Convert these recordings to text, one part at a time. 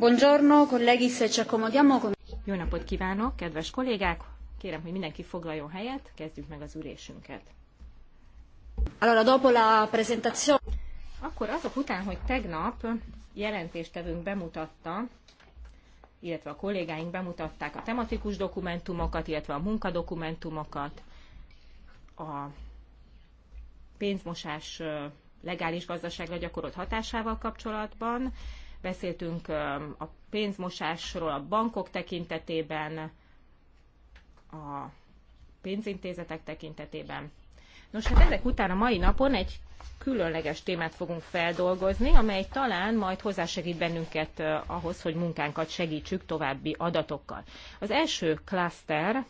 Buongiorno, colleghi, se ci accomodiamo... Jó napot kívánok, kedves kollégák! Kérem, hogy mindenki foglaljon helyet, kezdjük meg az ülésünket. Allora, dopo la presentazione... Akkor azok után, hogy tegnap jelentéstevünk bemutatta, illetve a kollégáink bemutatták a tematikus dokumentumokat, illetve a munkadokumentumokat, a pénzmosás legális gazdaságra gyakorolt hatásával kapcsolatban, beszéltünk um, a pénzmosásról a bankok tekintetében, a pénzintézetek tekintetében. Nos, hát ezek után a mai napon egy különleges témát fogunk feldolgozni, amely talán majd hozzásegít bennünket uh, ahhoz, hogy munkánkat segítsük további adatokkal. Az első klaszter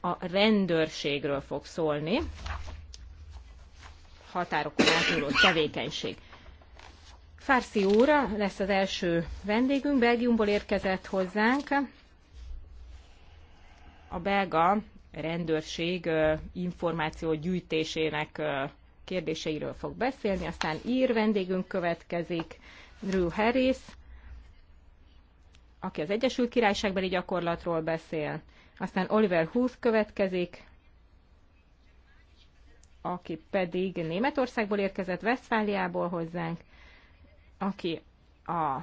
a rendőrségről fog szólni, határokon átnyúló tevékenység. Fárszi úr lesz az első vendégünk, Belgiumból érkezett hozzánk. A belga rendőrség információ gyűjtésének kérdéseiről fog beszélni, aztán ír vendégünk következik, Drew Harris, aki az Egyesült Királyságbeli gyakorlatról beszél, aztán Oliver Huth következik, aki pedig Németországból érkezett, Westfáliából hozzánk, aki a,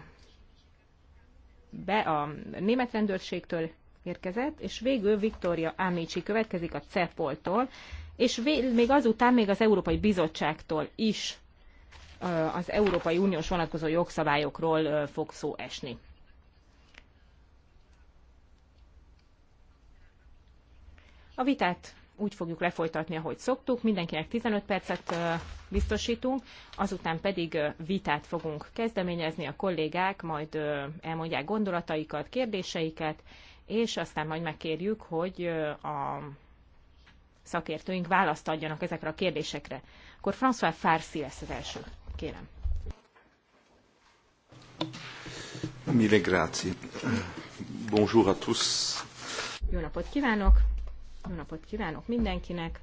be, a német rendőrségtől érkezett, és végül Viktória Amici következik a CEPOL-tól, és még azután még az Európai Bizottságtól is az Európai Uniós vonatkozó jogszabályokról fog szó esni. A vitát úgy fogjuk lefolytatni, ahogy szoktuk. Mindenkinek 15 percet biztosítunk, azután pedig vitát fogunk kezdeményezni. A kollégák majd elmondják gondolataikat, kérdéseiket, és aztán majd megkérjük, hogy a szakértőink választ adjanak ezekre a kérdésekre. Akkor François Farsi lesz az első. Kérem. Mille grazie. Bonjour à tous. Jó napot kívánok! Jó napot kívánok mindenkinek!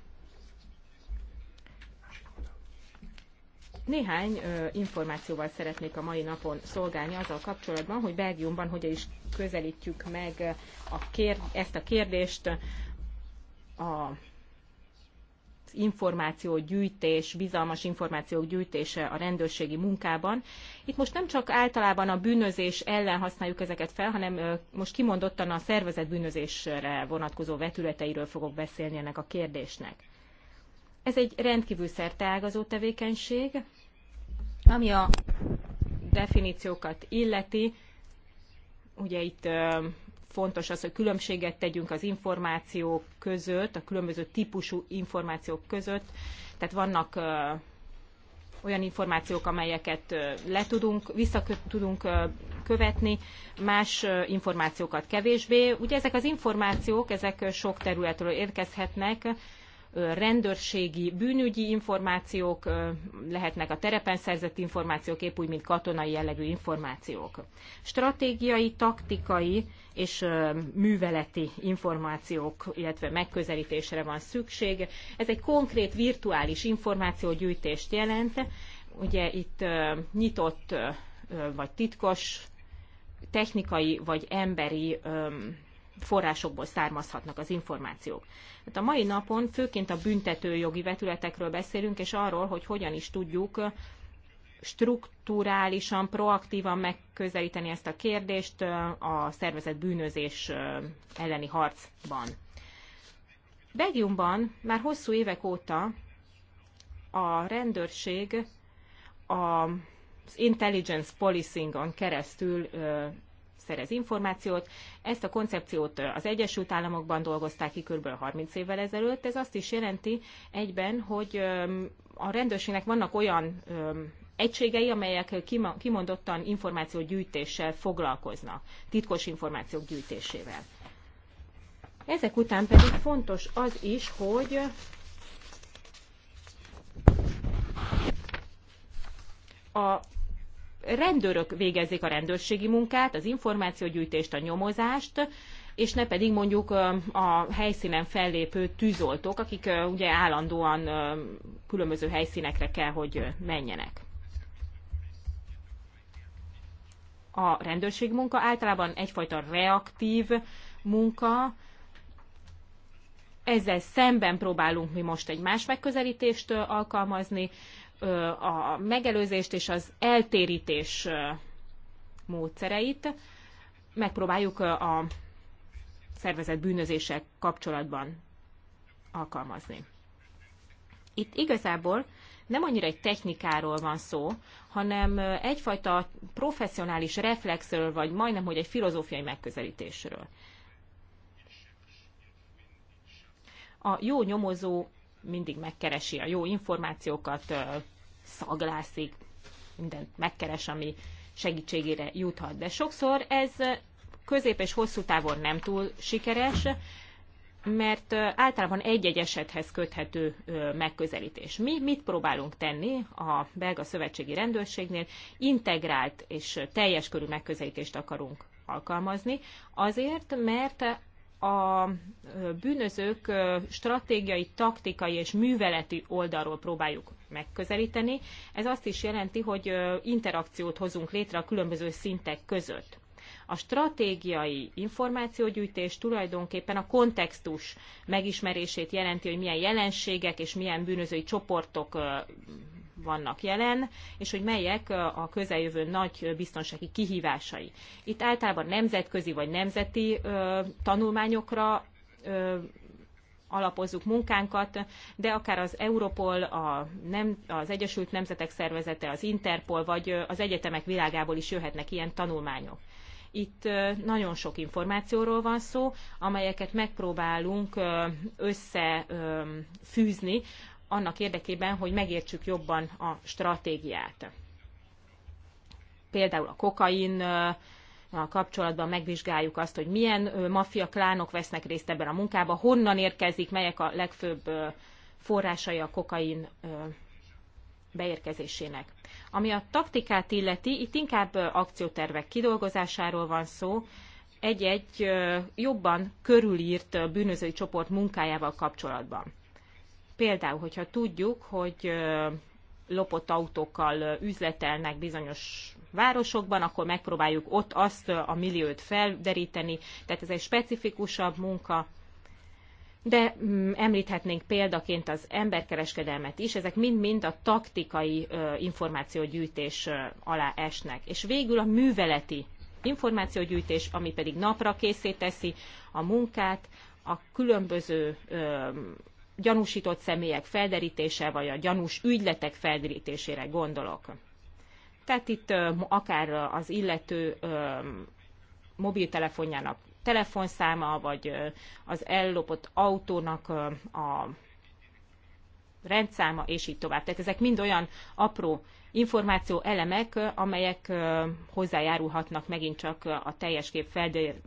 Néhány ö, információval szeretnék a mai napon szolgálni azzal kapcsolatban, hogy Belgiumban hogyan is közelítjük meg a kér, ezt a kérdést a információgyűjtés, bizalmas információk gyűjtése a rendőrségi munkában. Itt most nem csak általában a bűnözés ellen használjuk ezeket fel, hanem most kimondottan a szervezet bűnözésre vonatkozó vetületeiről fogok beszélni ennek a kérdésnek. Ez egy rendkívül szerteágazó tevékenység, ami a definíciókat illeti. Ugye itt fontos az, hogy különbséget tegyünk az információk között, a különböző típusú információk között. Tehát vannak olyan információk, amelyeket le tudunk, vissza tudunk követni, más információkat kevésbé. Ugye ezek az információk, ezek sok területről érkezhetnek, rendőrségi, bűnügyi információk, lehetnek a terepen szerzett információk, épp úgy, mint katonai jellegű információk. Stratégiai, taktikai és műveleti információk, illetve megközelítésre van szükség. Ez egy konkrét virtuális információgyűjtést jelent. Ugye itt nyitott vagy titkos technikai vagy emberi forrásokból származhatnak az információk. Hát a mai napon főként a büntető jogi vetületekről beszélünk, és arról, hogy hogyan is tudjuk strukturálisan, proaktívan megközelíteni ezt a kérdést a szervezet bűnözés elleni harcban. Belgiumban már hosszú évek óta a rendőrség az intelligence policingon keresztül szerez információt. Ezt a koncepciót az Egyesült Államokban dolgozták ki kb. 30 évvel ezelőtt. Ez azt is jelenti egyben, hogy a rendőrségnek vannak olyan egységei, amelyek kimondottan információgyűjtéssel foglalkoznak, titkos információk gyűjtésével. Ezek után pedig fontos az is, hogy a rendőrök végezzék a rendőrségi munkát, az információgyűjtést, a nyomozást, és ne pedig mondjuk a helyszínen fellépő tűzoltók, akik ugye állandóan különböző helyszínekre kell, hogy menjenek. A rendőrség munka általában egyfajta reaktív munka, ezzel szemben próbálunk mi most egy más megközelítést alkalmazni, a megelőzést és az eltérítés módszereit. Megpróbáljuk a szervezett bűnözések kapcsolatban alkalmazni. Itt igazából nem annyira egy technikáról van szó, hanem egyfajta professzionális reflexről, vagy majdnem, hogy egy filozófiai megközelítésről. A jó nyomozó mindig megkeresi a jó információkat, szaglászik, mindent megkeres, ami segítségére juthat. De sokszor ez közép és hosszú távon nem túl sikeres, mert általában egy-egy esethez köthető megközelítés. Mi mit próbálunk tenni a belga szövetségi rendőrségnél? Integrált és teljes körű megközelítést akarunk alkalmazni, azért, mert a bűnözők stratégiai, taktikai és műveleti oldalról próbáljuk megközelíteni. Ez azt is jelenti, hogy interakciót hozunk létre a különböző szintek között. A stratégiai információgyűjtés tulajdonképpen a kontextus megismerését jelenti, hogy milyen jelenségek és milyen bűnözői csoportok vannak jelen, és hogy melyek a közeljövő nagy biztonsági kihívásai. Itt általában nemzetközi vagy nemzeti tanulmányokra alapozzuk munkánkat, de akár az Europol, a nem, az Egyesült Nemzetek Szervezete, az Interpol, vagy az egyetemek világából is jöhetnek ilyen tanulmányok. Itt nagyon sok információról van szó, amelyeket megpróbálunk összefűzni annak érdekében, hogy megértsük jobban a stratégiát. Például a kokain a kapcsolatban megvizsgáljuk azt, hogy milyen mafia klánok vesznek részt ebben a munkában, honnan érkezik, melyek a legfőbb forrásai a kokain beérkezésének. Ami a taktikát illeti, itt inkább akciótervek kidolgozásáról van szó, egy-egy jobban körülírt bűnözői csoport munkájával kapcsolatban. Például, hogyha tudjuk, hogy lopott autókkal üzletelnek bizonyos városokban, akkor megpróbáljuk ott azt a milliót felderíteni, tehát ez egy specifikusabb munka, de mm, említhetnénk példaként az emberkereskedelmet is, ezek mind-mind a taktikai információgyűjtés alá esnek. És végül a műveleti információgyűjtés, ami pedig napra készíteszi a munkát, a különböző gyanúsított személyek felderítése, vagy a gyanús ügyletek felderítésére gondolok. Tehát itt akár az illető mobiltelefonjának telefonszáma, vagy az ellopott autónak a rendszáma, és így tovább. Tehát ezek mind olyan apró információ elemek, amelyek hozzájárulhatnak megint csak a teljes kép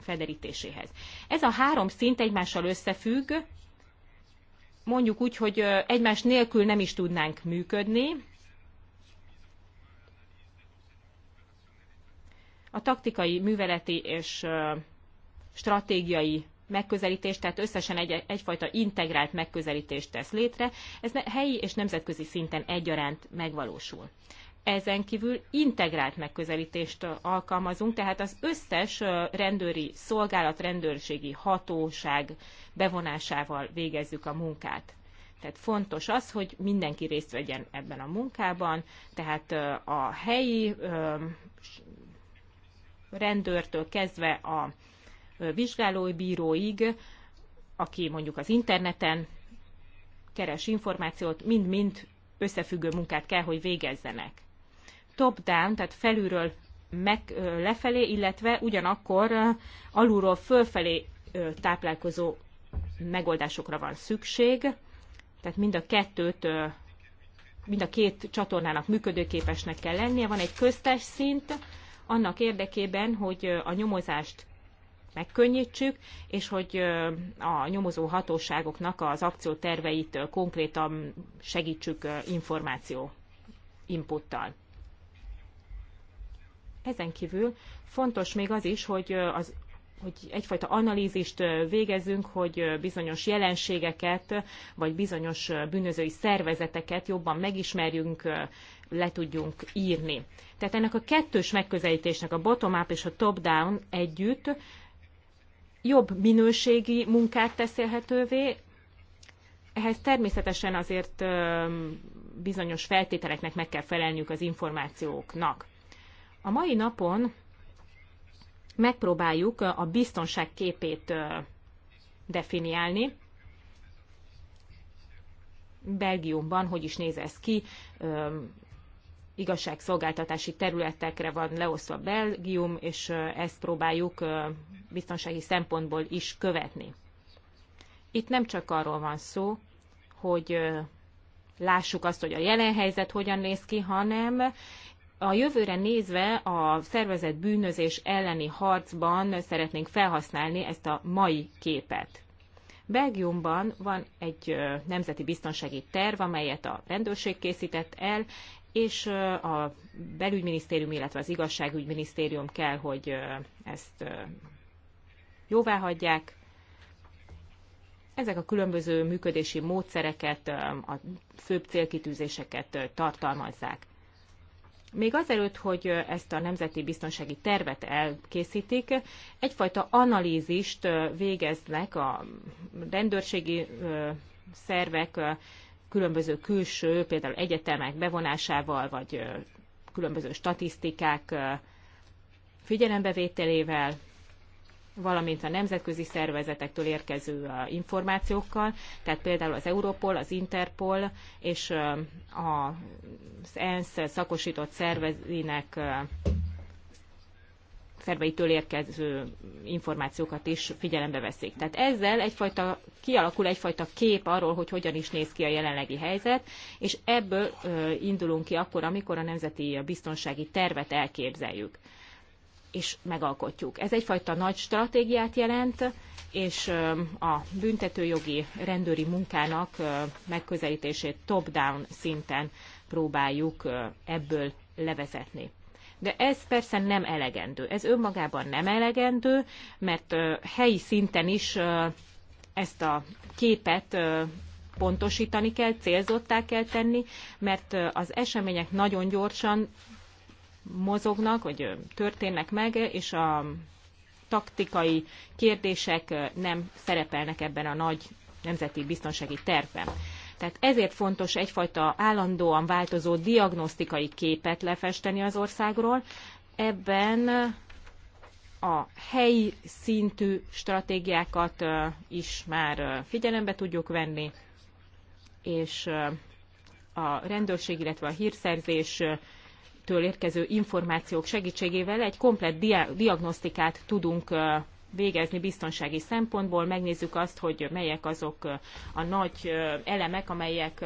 felderítéséhez. Ez a három szint egymással összefügg, mondjuk úgy, hogy egymás nélkül nem is tudnánk működni. A taktikai, műveleti és stratégiai megközelítést, tehát összesen egy, egyfajta integrált megközelítést tesz létre, ez helyi és nemzetközi szinten egyaránt megvalósul ezen kívül integrált megközelítést alkalmazunk, tehát az összes rendőri szolgálat, rendőrségi hatóság bevonásával végezzük a munkát. Tehát fontos az, hogy mindenki részt vegyen ebben a munkában, tehát a helyi rendőrtől kezdve a vizsgálói bíróig, aki mondjuk az interneten keres információt, mind-mind összefüggő munkát kell, hogy végezzenek top-down, tehát felülről meg, lefelé, illetve ugyanakkor alulról fölfelé táplálkozó megoldásokra van szükség, tehát mind a kettőt, mind a két csatornának működőképesnek kell lennie. Van egy köztes szint, annak érdekében, hogy a nyomozást megkönnyítsük, és hogy a nyomozó hatóságoknak az akcióterveit konkrétan segítsük információ inputtal. Ezen kívül fontos még az is, hogy az hogy egyfajta analízist végezzünk, hogy bizonyos jelenségeket, vagy bizonyos bűnözői szervezeteket jobban megismerjünk, le tudjunk írni. Tehát ennek a kettős megközelítésnek, a bottom-up és a top-down együtt jobb minőségi munkát teszélhetővé, ehhez természetesen azért bizonyos feltételeknek meg kell felelniük az információknak. A mai napon megpróbáljuk a biztonság képét definiálni. Belgiumban hogy is néz ez ki, igazságszolgáltatási területekre van leosztva Belgium, és ezt próbáljuk biztonsági szempontból is követni. Itt nem csak arról van szó, hogy lássuk azt, hogy a jelen helyzet hogyan néz ki, hanem a jövőre nézve a szervezet bűnözés elleni harcban szeretnénk felhasználni ezt a mai képet. Belgiumban van egy nemzeti biztonsági terv, amelyet a rendőrség készített el, és a belügyminisztérium, illetve az igazságügyminisztérium kell, hogy ezt jóvá hagyják. Ezek a különböző működési módszereket, a főbb célkitűzéseket tartalmazzák. Még azelőtt, hogy ezt a nemzeti biztonsági tervet elkészítik, egyfajta analízist végeznek a rendőrségi szervek különböző külső, például egyetemek bevonásával, vagy különböző statisztikák figyelembevételével, valamint a nemzetközi szervezetektől érkező információkkal, tehát például az Europol, az Interpol és az ENSZ szakosított szervezének szerveitől érkező információkat is figyelembe veszik. Tehát ezzel egyfajta, kialakul egyfajta kép arról, hogy hogyan is néz ki a jelenlegi helyzet, és ebből indulunk ki akkor, amikor a nemzeti biztonsági tervet elképzeljük és megalkotjuk. Ez egyfajta nagy stratégiát jelent, és a büntetőjogi rendőri munkának megközelítését top-down szinten próbáljuk ebből levezetni. De ez persze nem elegendő. Ez önmagában nem elegendő, mert helyi szinten is ezt a képet pontosítani kell, célzottá kell tenni, mert az események nagyon gyorsan mozognak, vagy történnek meg, és a taktikai kérdések nem szerepelnek ebben a nagy nemzeti biztonsági tervben. Tehát ezért fontos egyfajta állandóan változó diagnosztikai képet lefesteni az országról. Ebben a helyi szintű stratégiákat is már figyelembe tudjuk venni, és a rendőrség, illetve a hírszerzés től érkező információk segítségével egy komplett diagnosztikát tudunk végezni biztonsági szempontból, megnézzük azt, hogy melyek azok a nagy elemek, amelyek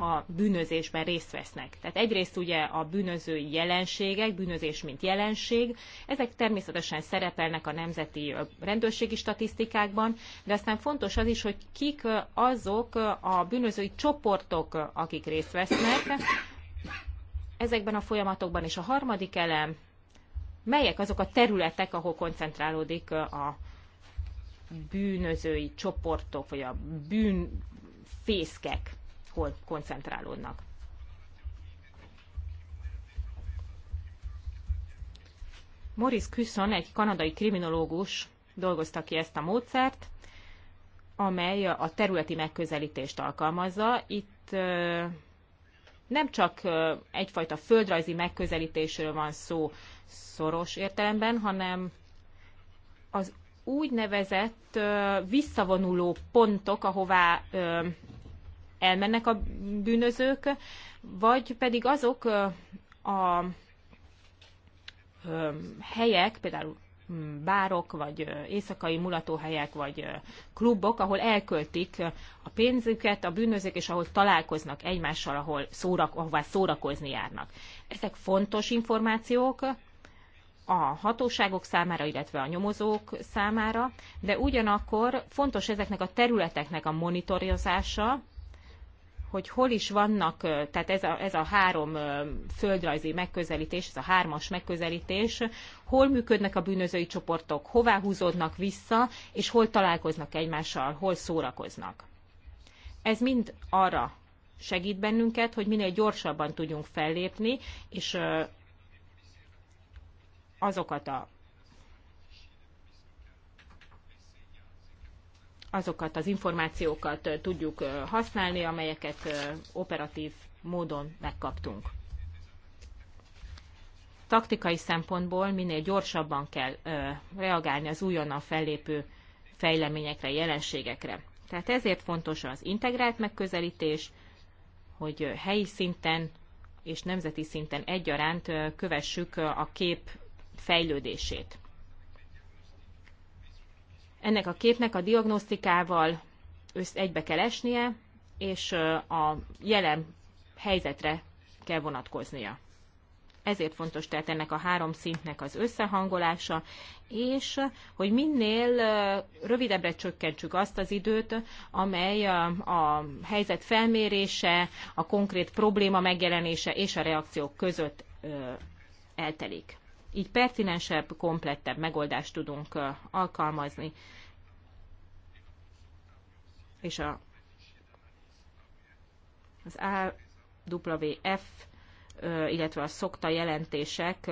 a bűnözésben részt vesznek. Tehát egyrészt ugye a bűnözői jelenségek, bűnözés mint jelenség, ezek természetesen szerepelnek a nemzeti rendőrségi statisztikákban, de aztán fontos az is, hogy kik azok a bűnözői csoportok, akik részt vesznek, ezekben a folyamatokban, és a harmadik elem, melyek azok a területek, ahol koncentrálódik a bűnözői csoportok, vagy a bűnfészkek, hol koncentrálódnak. Maurice Cusson, egy kanadai kriminológus dolgozta ki ezt a módszert, amely a területi megközelítést alkalmazza. Itt nem csak egyfajta földrajzi megközelítésről van szó szoros értelemben, hanem az úgynevezett visszavonuló pontok, ahová elmennek a bűnözők, vagy pedig azok a helyek, például bárok, vagy éjszakai mulatóhelyek, vagy klubok, ahol elköltik a pénzüket a bűnözők, és ahol találkoznak egymással, ahol szórak, ahová szórakozni járnak. Ezek fontos információk a hatóságok számára, illetve a nyomozók számára, de ugyanakkor fontos ezeknek a területeknek a monitorozása, hogy hol is vannak, tehát ez a, ez a három földrajzi megközelítés, ez a hármas megközelítés, hol működnek a bűnözői csoportok, hová húzódnak vissza, és hol találkoznak egymással, hol szórakoznak. Ez mind arra segít bennünket, hogy minél gyorsabban tudjunk fellépni, és azokat a azokat az információkat tudjuk használni, amelyeket operatív módon megkaptunk. Taktikai szempontból minél gyorsabban kell reagálni az újonnan fellépő fejleményekre, jelenségekre. Tehát ezért fontos az integrált megközelítés, hogy helyi szinten és nemzeti szinten egyaránt kövessük a kép fejlődését ennek a képnek a diagnosztikával össz egybe kell esnie, és a jelen helyzetre kell vonatkoznia. Ezért fontos tehát ennek a három szintnek az összehangolása, és hogy minél rövidebbre csökkentsük azt az időt, amely a, a helyzet felmérése, a konkrét probléma megjelenése és a reakciók között eltelik így pertinensebb, komplettebb megoldást tudunk alkalmazni. És a, az AWF, illetve a szokta jelentések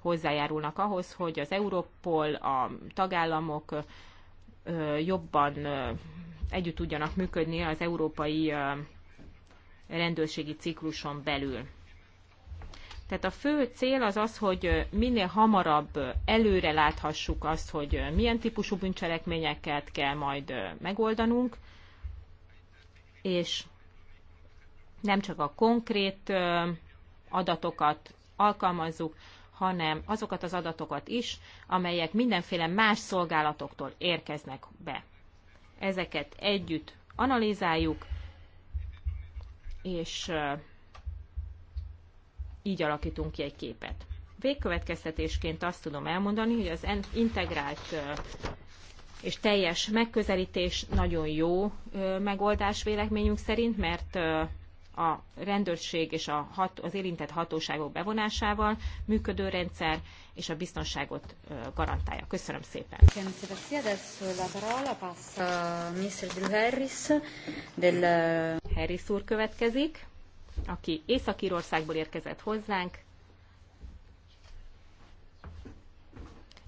hozzájárulnak ahhoz, hogy az Európol, a tagállamok jobban együtt tudjanak működni az európai rendőrségi cikluson belül. Tehát a fő cél az az, hogy minél hamarabb előre láthassuk azt, hogy milyen típusú bűncselekményeket kell majd megoldanunk, és nem csak a konkrét adatokat alkalmazzuk, hanem azokat az adatokat is, amelyek mindenféle más szolgálatoktól érkeznek be. Ezeket együtt analizáljuk, és így alakítunk ki egy képet. Végkövetkeztetésként azt tudom elmondani, hogy az integrált és teljes megközelítés nagyon jó megoldás véleményünk szerint, mert a rendőrség és a az érintett hatóságok bevonásával működő rendszer és a biztonságot garantálja. Köszönöm szépen. Mr. Harris úr következik aki Észak-Írországból érkezett hozzánk,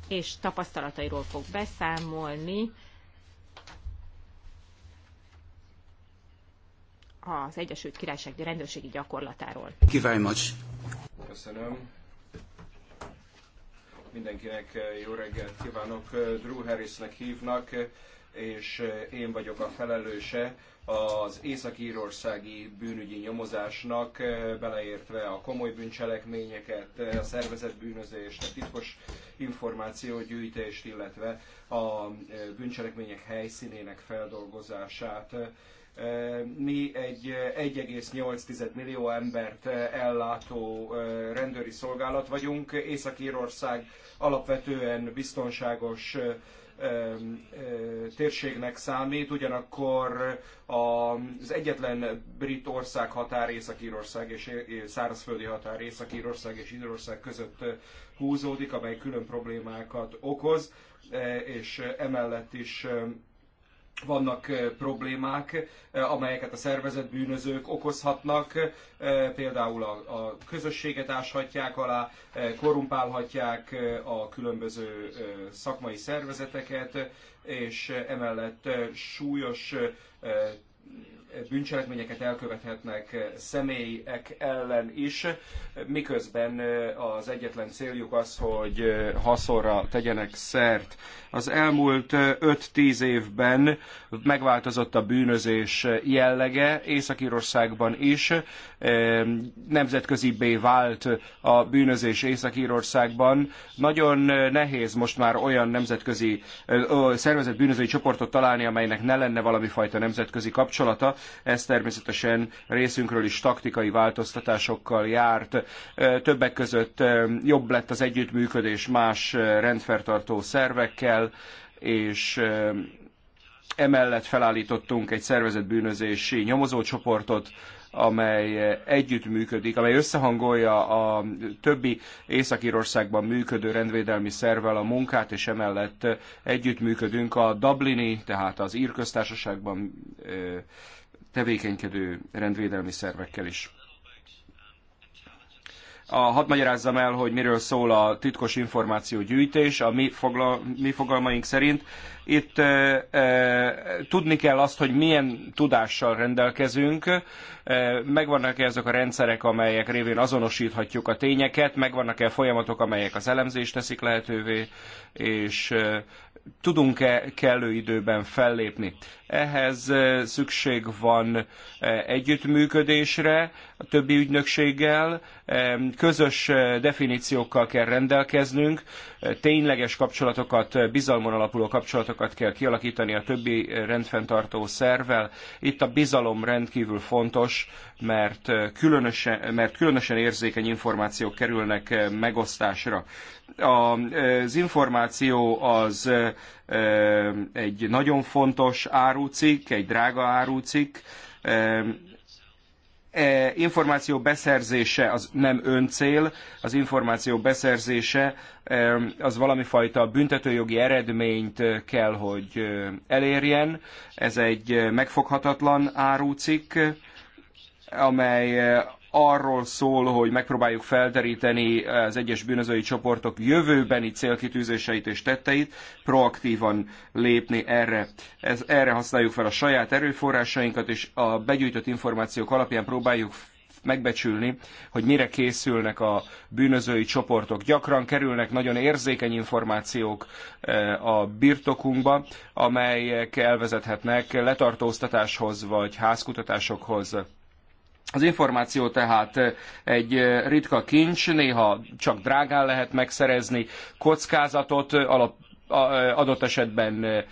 és tapasztalatairól fog beszámolni az Egyesült Királyság rendőrségi gyakorlatáról. Thank Köszönöm. Mindenkinek eh, jó reggelt kívánok. Eh, Drew Harrisnek hívnak, és eh, én vagyok a felelőse az észak-írországi bűnügyi nyomozásnak, eh, beleértve a komoly bűncselekményeket, eh, a szervezett bűnözést, a titkos információgyűjtést, illetve a bűncselekmények helyszínének feldolgozását. Mi egy 1,8 millió embert ellátó rendőri szolgálat vagyunk. Észak-Írország alapvetően biztonságos térségnek számít, ugyanakkor az egyetlen brit ország határ Észak-Írország és szárazföldi határ Észak-Írország és Írország között eh, húzódik, amely külön problémákat okoz, eh, és emellett is vannak problémák, amelyeket a szervezett bűnözők okozhatnak, például a, közösséget áshatják alá, korrumpálhatják a különböző szakmai szervezeteket, és emellett súlyos bűncselekményeket elkövethetnek személyek ellen is, miközben az egyetlen céljuk az, hogy haszonra tegyenek szert. Az elmúlt 5-10 évben megváltozott a bűnözés jellege, Észak-Írországban is, nemzetközibbé vált a bűnözés Észak-Írországban. Nagyon nehéz most már olyan nemzetközi szervezett bűnözői csoportot találni, amelynek ne lenne valami fajta nemzetközi kapcsolata. Ez természetesen részünkről is taktikai változtatásokkal járt. Többek között jobb lett az együttműködés más rendfertartó szervekkel, és emellett felállítottunk egy szervezetbűnözési nyomozócsoportot, amely együttműködik, amely összehangolja a többi Észak-Írországban működő rendvédelmi szervvel a munkát, és emellett együttműködünk a Dublini, tehát az Ír köztársaságban tevékenykedő rendvédelmi szervekkel is. A, hadd magyarázzam el, hogy miről szól a titkos információ gyűjtés. A mi, fogla, mi fogalmaink szerint itt tudni kell azt, hogy milyen tudással rendelkezünk, megvannak-e ezek a rendszerek, amelyek révén azonosíthatjuk a tényeket, megvannak-e folyamatok, amelyek az elemzést teszik lehetővé, és tudunk-e kellő időben fellépni. Ehhez szükség van együttműködésre a többi ügynökséggel, közös definíciókkal kell rendelkeznünk, tényleges kapcsolatokat, bizalmon alapuló kapcsolatokat kapcsolatokat kell kialakítani a többi rendfenntartó szervvel. Itt a bizalom rendkívül fontos, mert különösen, mert különösen érzékeny információk kerülnek megosztásra. Az információ az egy nagyon fontos árucikk, egy drága árucikk, E, információ beszerzése az nem öncél, az információ beszerzése e, az valami fajta büntetőjogi eredményt kell, hogy e, elérjen. Ez egy megfoghatatlan árucikk, amely arról szól, hogy megpróbáljuk felderíteni az egyes bűnözői csoportok jövőbeni célkitűzéseit és tetteit, proaktívan lépni erre. Ez, erre használjuk fel a saját erőforrásainkat, és a begyűjtött információk alapján próbáljuk megbecsülni, hogy mire készülnek a bűnözői csoportok. Gyakran kerülnek nagyon érzékeny információk eh, a birtokunkba, amelyek elvezethetnek letartóztatáshoz vagy házkutatásokhoz. Az információ tehát eh, egy eh, ritka kincs, néha csak drágán lehet megszerezni, kockázatot eh, alap, adott esetben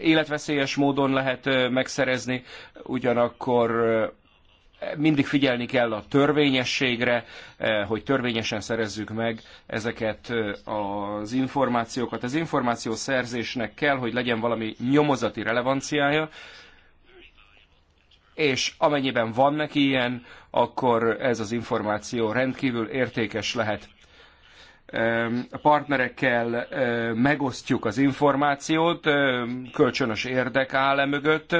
életveszélyes módon lehet megszerezni, ugyanakkor mindig figyelni kell a törvényességre, hogy törvényesen szerezzük meg ezeket az információkat. Az információszerzésnek kell, hogy legyen valami nyomozati relevanciája, és amennyiben van neki ilyen, akkor ez az információ rendkívül értékes lehet. A partnerekkel megosztjuk az információt, kölcsönös érdek áll e mögött,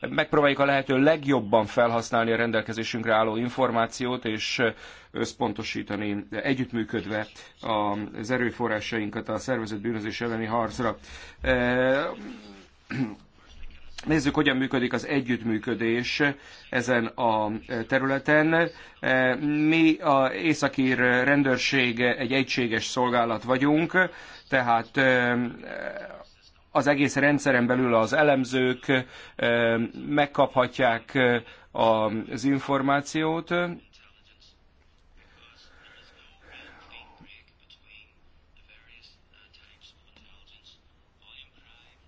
megpróbáljuk a lehető legjobban felhasználni a rendelkezésünkre álló információt, és összpontosítani együttműködve az erőforrásainkat a szervezett bűnözés elleni harcra Nézzük, hogyan működik az együttműködés ezen a területen. Mi a északír rendőrség egy egységes szolgálat vagyunk, tehát az egész rendszeren belül az elemzők megkaphatják az információt,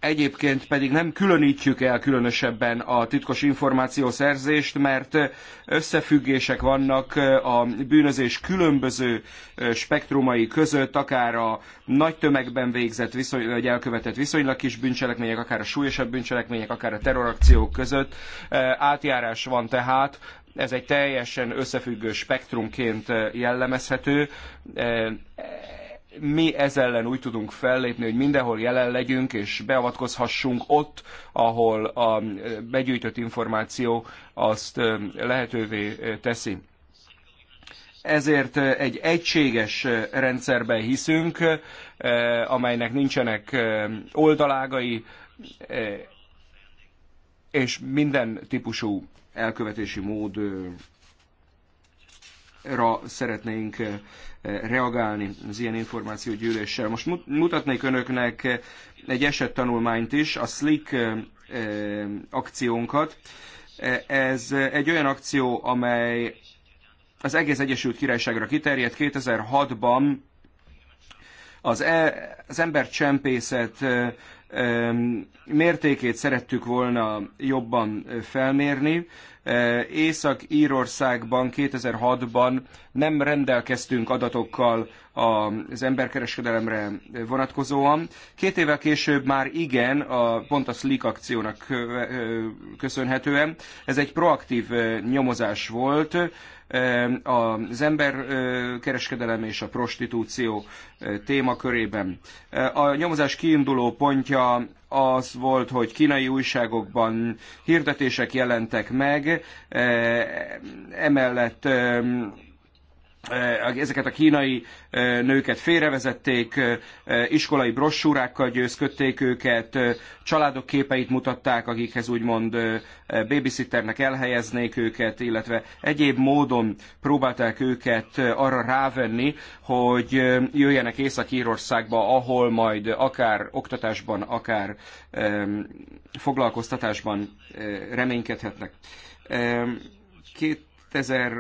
Egyébként pedig nem különítjük el különösebben a titkos információszerzést, mert összefüggések vannak a bűnözés különböző spektrumai között, akár a nagy tömegben végzett, viszony, vagy elkövetett viszonylag kis bűncselekmények, akár a súlyosabb bűncselekmények, akár a terrorakciók között. Átjárás van tehát, ez egy teljesen összefüggő spektrumként jellemezhető mi ez ellen úgy tudunk fellépni, hogy mindenhol jelen legyünk és beavatkozhassunk ott, ahol a begyűjtött információ azt lehetővé teszi. Ezért egy egységes rendszerben hiszünk, amelynek nincsenek oldalágai, és minden típusú elkövetési módra szeretnénk reagálni az ilyen információgyűléssel. Most mutatnék önöknek egy esettanulmányt is, a Slick akciónkat. Ez egy olyan akció, amely az egész Egyesült Királyságra kiterjedt. 2006-ban az, e, az embercsempészet mértékét szerettük volna jobban felmérni. Eh, Észak-Írországban 2006-ban nem rendelkeztünk adatokkal az emberkereskedelemre vonatkozóan. Két évvel később már igen, a, pont a Slick akciónak eh, eh, köszönhetően. Ez egy proaktív nyomozás volt, az emberkereskedelem és a prostitúció témakörében. A nyomozás kiinduló pontja az volt, hogy kínai újságokban hirdetések jelentek meg, emellett Eh, ezeket a kínai eh, nőket félrevezették, eh, iskolai brossúrákkal győzködték őket, családok képeit mutatták, akikhez úgymond babysitternek elhelyeznék őket, illetve egyéb módon próbálták őket arra rávenni, hogy jöjjenek Észak-Írországba, ahol majd akár oktatásban, akár foglalkoztatásban reménykedhetnek. 2000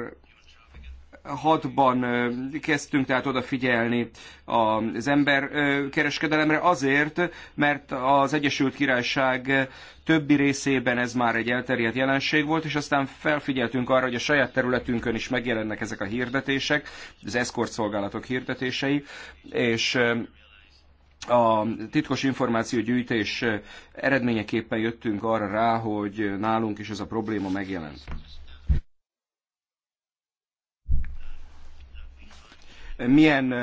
2006-ban kezdtünk tehát odafigyelni az emberkereskedelemre azért, mert az Egyesült Királyság többi részében ez már egy elterjedt jelenség volt, és aztán felfigyeltünk arra, hogy a saját területünkön is megjelennek ezek a hirdetések, az eszkort szolgálatok hirdetései, és a titkos információgyűjtés eredményeképpen jöttünk arra rá, hogy nálunk is ez a probléma megjelent. milyen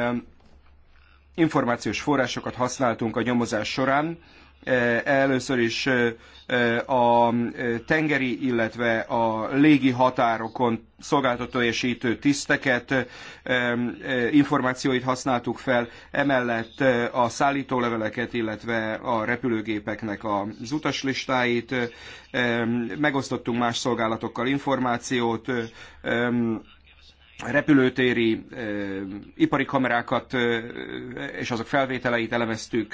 információs forrásokat használtunk a nyomozás során. Először is a tengeri, illetve a légi határokon szolgáltatóesítő tiszteket, információit használtuk fel, emellett a szállítóleveleket, illetve a repülőgépeknek az utaslistáit, megosztottunk más szolgálatokkal információt, repülőtéri ipari kamerákat és azok felvételeit elemeztük,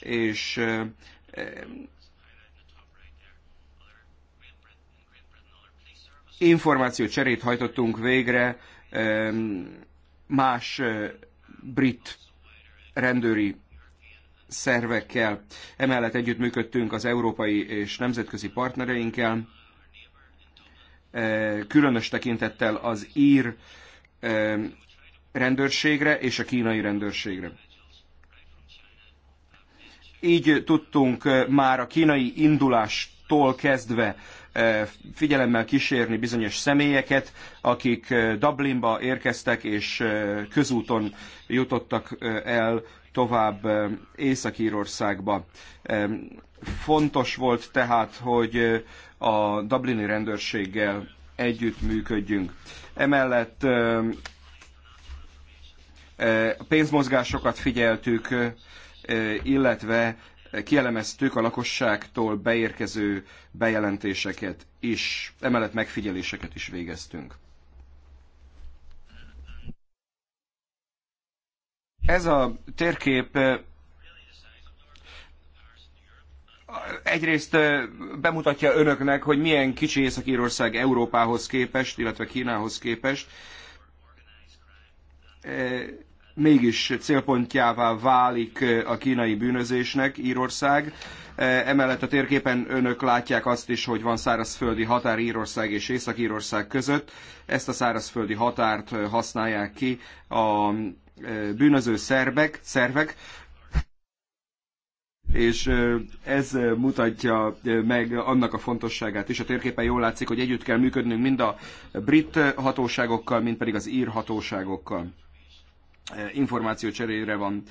és információ cserét hajtottunk végre más brit rendőri szervekkel. Emellett együttműködtünk az európai és nemzetközi partnereinkkel. E, különös tekintettel az ír e, rendőrségre és a kínai rendőrségre. Így tudtunk e, már a kínai indulástól kezdve figyelemmel kísérni bizonyos személyeket, akik Dublinba érkeztek és közúton jutottak el tovább Észak-Írországba. Fontos volt tehát, hogy a Dublini rendőrséggel együttműködjünk. Emellett a pénzmozgásokat figyeltük, illetve kielemeztük a lakosságtól beérkező bejelentéseket is, emellett megfigyeléseket is végeztünk. Ez a térkép egyrészt bemutatja önöknek, hogy milyen kicsi Észak-Írország Európához képest, illetve Kínához képest, mégis célpontjává válik a kínai bűnözésnek Írország. Emellett a térképen önök látják azt is, hogy van szárazföldi határ Írország és Észak-Írország között. Ezt a szárazföldi határt használják ki a bűnöző szerbek, szervek, és ez mutatja meg annak a fontosságát is. A térképen jól látszik, hogy együtt kell működnünk mind a brit hatóságokkal, mind pedig az ír hatóságokkal. információ cserére van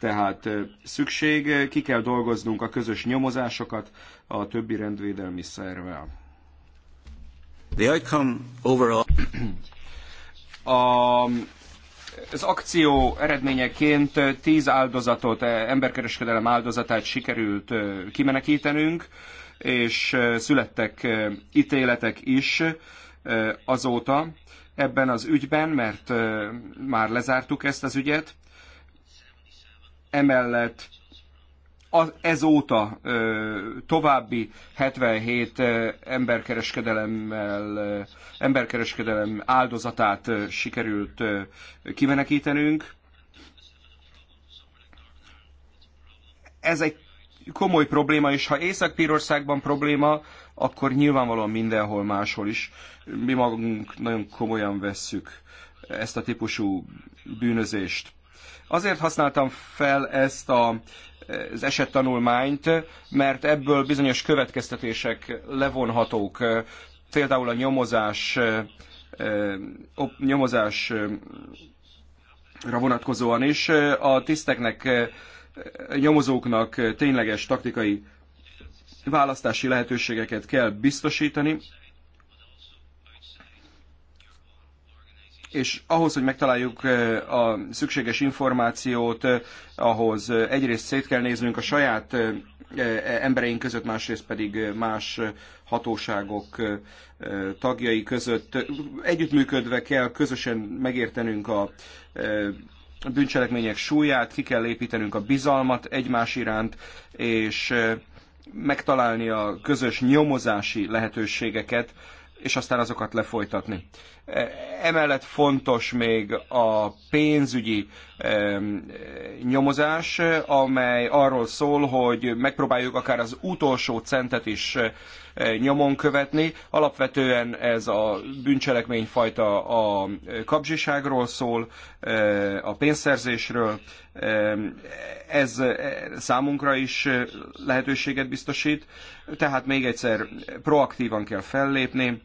tehát szükség, ki kell dolgoznunk a közös nyomozásokat a többi rendvédelmi szervvel. The outcome overall... A az akció eredményeként tíz áldozatot, e, emberkereskedelem áldozatát sikerült e, kimenekítenünk, és e, születtek ítéletek is azóta ebben az ügyben, mert már lezártuk ezt az ügyet. Emellett az, ezóta további 77 emberkereskedelemmel, emberkereskedelem áldozatát sikerült kimenekítenünk. Ez egy komoly probléma, és ha Észak-Pírországban probléma, akkor nyilvánvalóan mindenhol máshol is. Mi magunk nagyon komolyan vesszük ezt a típusú bűnözést. Azért használtam fel ezt a, az esettanulmányt, mert ebből bizonyos következtetések levonhatók, például a nyomozás, eh, nyomozásra eh, vonatkozóan is. A tiszteknek, eh, nyomozóknak tényleges taktikai választási lehetőségeket kell biztosítani, és ahhoz, hogy megtaláljuk eh, a szükséges információt, eh, ahhoz eh, egyrészt szét kell néznünk a saját embereink között, másrészt pedig más hatóságok tagjai között. Együttműködve kell közösen megértenünk a bűncselekmények súlyát, ki kell építenünk a bizalmat egymás iránt, és megtalálni a közös nyomozási lehetőségeket, és aztán azokat lefolytatni. E, emellett fontos még a pénzügyi nyomozás, amely arról szól, hogy megpróbáljuk akár az utolsó centet is eh, nyomon követni. Alapvetően ez a bűncselekményfajta a kapzsiságról szól, eh, a pénzszerzésről. Ez eh, számunkra is lehetőséget biztosít, tehát még egyszer proaktívan kell fellépni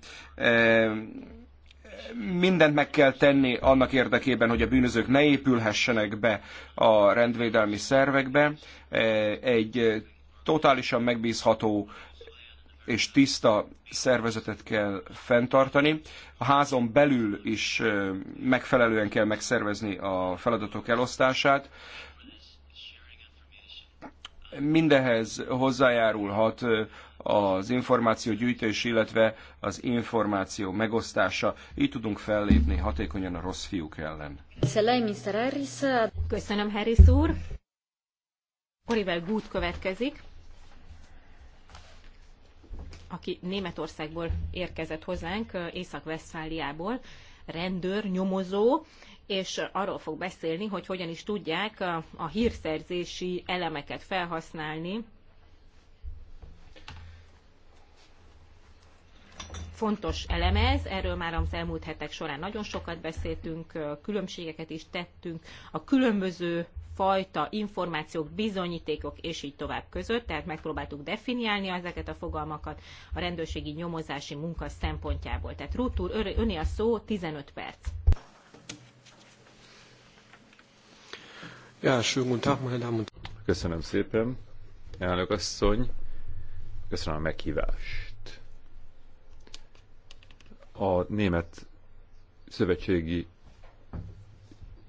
mindent meg kell tenni annak érdekében, hogy a bűnözők ne épülhessenek be a rendvédelmi szervekbe. E, egy totálisan megbízható és tiszta szervezetet kell fenntartani. A házon belül is e, megfelelően kell megszervezni a feladatok elosztását. Mindehez hozzájárulhat e, az információ gyűjtés, illetve az információ megosztása. Így tudunk fellépni hatékonyan a rossz fiúk ellen. Köszönöm, Harris úr. Oliver Gut következik, aki Németországból érkezett hozzánk, Észak-Veszfáliából, rendőr, nyomozó, és arról fog beszélni, hogy hogyan is tudják a hírszerzési elemeket felhasználni fontos elem ez, erről már az elmúlt hetek során nagyon sokat beszéltünk, különbségeket is tettünk a különböző fajta információk, bizonyítékok és így tovább között, tehát megpróbáltuk definiálni ezeket a fogalmakat a rendőrségi nyomozási munka szempontjából. Tehát Ruth úr, öné a szó 15 perc. Ja, guten Tag, meine Damen und Köszönöm szépen, elnök asszony. Köszönöm a meghívást a német szövetségi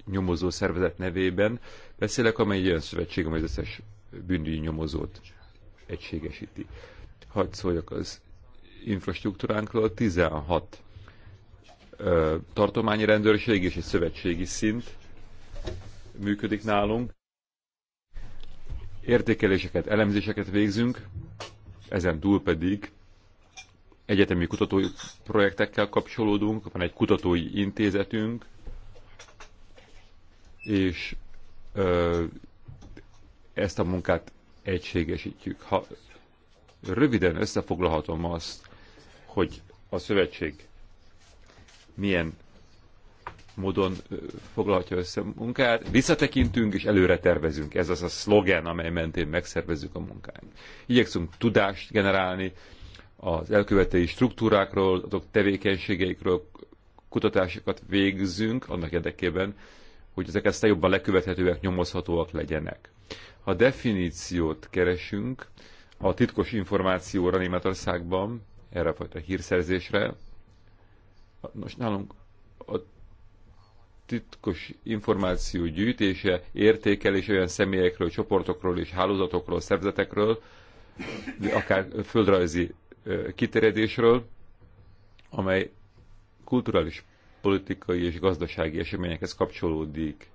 nyomozó szervezet nevében beszélek, amely egy olyan szövetség, amely az összes bűnügyi nyomozót egységesíti. Hadd szóljak az infrastruktúránkról, 16 ö, tartományi rendőrség és egy szövetségi szint működik nálunk. Értékeléseket, elemzéseket végzünk, ezen túl pedig egyetemi kutatói projektekkel kapcsolódunk, van egy kutatói intézetünk, és ö, ezt a munkát egységesítjük. Ha röviden összefoglalhatom azt, hogy a szövetség milyen módon foglalhatja össze a munkát. Visszatekintünk és előre tervezünk. Ez az a szlogen, amely mentén megszervezzük a munkánk. Igyekszünk tudást generálni, az elkövetői struktúrákról, azok tevékenységeikről kutatásokat végzünk annak érdekében, hogy ezek ezt jobban lekövethetőek, nyomozhatóak legyenek. Ha definíciót keresünk a titkos információra Németországban, erre a fajta hírszerzésre, most nálunk a titkos információ gyűjtése, értékelés olyan személyekről, csoportokról és hálózatokról, szervezetekről, akár földrajzi kiterjedésről, amely kulturális, politikai és gazdasági eseményekhez kapcsolódik.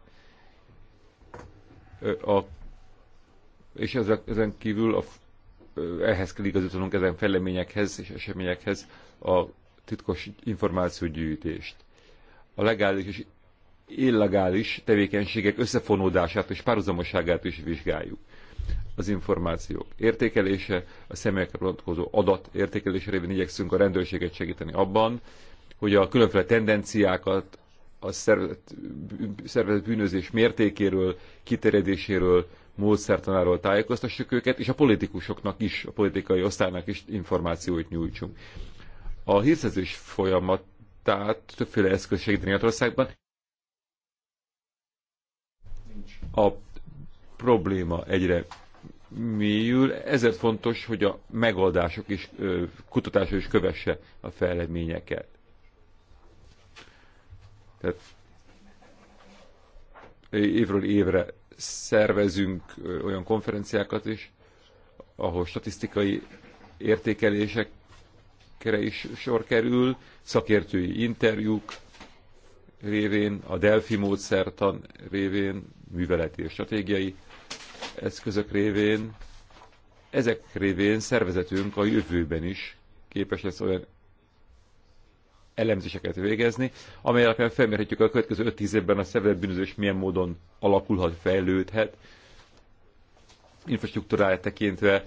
A, és ezen kívül a, ehhez kell igazítanunk ezen fejleményekhez és eseményekhez a titkos információgyűjtést. A legális és illegális tevékenységek összefonódását és párhuzamoságát is vizsgáljuk az információk értékelése, a személyekre vonatkozó adat értékelése révén igyekszünk a rendőrséget segíteni abban, hogy a különféle tendenciákat a szervezet, szervezet bűnözés mértékéről, kiterjedéséről, módszertanáról tájékoztassuk őket, és a politikusoknak is, a politikai osztálynak is információit nyújtsunk. A hírszerzés folyamatát többféle eszköz segíteni Németországban. A probléma egyre mélyül, ezért fontos, hogy a megoldások is, kutatása is kövesse a fejleményeket. Tehát évről évre szervezünk olyan konferenciákat is, ahol statisztikai értékelésekre is sor kerül, szakértői interjúk révén, a Delphi módszertan révén, műveleti és stratégiai eszközök révén, ezek révén szervezetünk a jövőben is képes lesz olyan elemzéseket végezni, amely alapján felmérhetjük a következő 5-10 évben a szervezett bűnözés milyen módon alakulhat, fejlődhet, infrastruktúráját tekintve,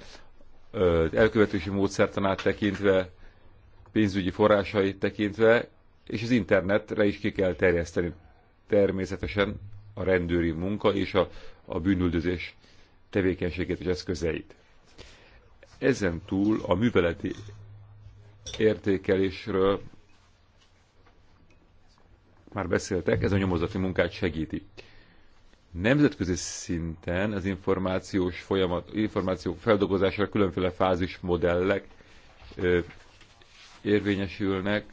elkövetési módszertanát tekintve, pénzügyi forrásait tekintve, és az internetre is ki kell terjeszteni természetesen a rendőri munka és a, a bűnüldözés tevékenységét és eszközeit. Ezen túl a műveleti értékelésről már beszéltek, ez a nyomozati munkát segíti. Nemzetközi szinten az információs folyamat, információk feldolgozására különféle fázis modellek ö, érvényesülnek,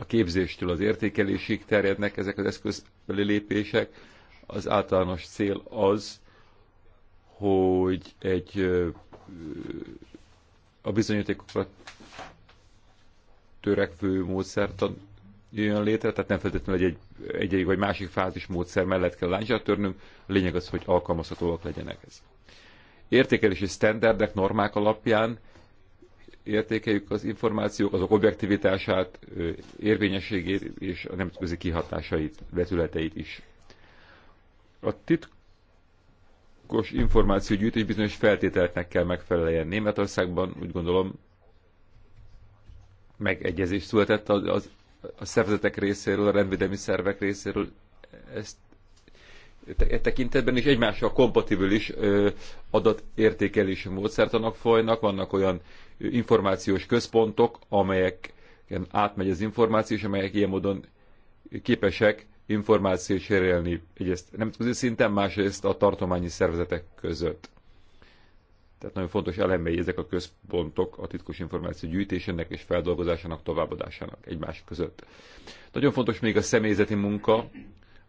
a képzéstől az értékelésig terjednek ezek az eszközbeli lépések. Az általános cél az, hogy egy a bizonyítékokra törekvő módszert jön létre, tehát nem feltétlenül egy, egy egyik vagy másik fázis módszer mellett kell láncsát törnünk, a lényeg az, hogy alkalmazhatóak legyenek ez. Értékelési standardek, normák alapján értékeljük az információk, azok objektivitását, érvényességét és a nemzetközi kihatásait, vetületeit is. A titk titkos információgyűjtés bizonyos feltételeknek kell megfeleljen. Németországban úgy gondolom megegyezés született az, az, a szervezetek részéről, a rendvédelmi szervek részéről ezt e tekintetben is egymással kompatibilis adatértékelési módszertanak folynak, vannak olyan információs központok, amelyek átmegy az információ, és amelyek ilyen módon képesek információt cserélni egyrészt nemzetközi szinten, másrészt a tartományi szervezetek között. Tehát nagyon fontos elemei ezek a központok a titkos információ gyűjtésének és feldolgozásának, továbbadásának egymás között. Nagyon fontos még a személyzeti munka.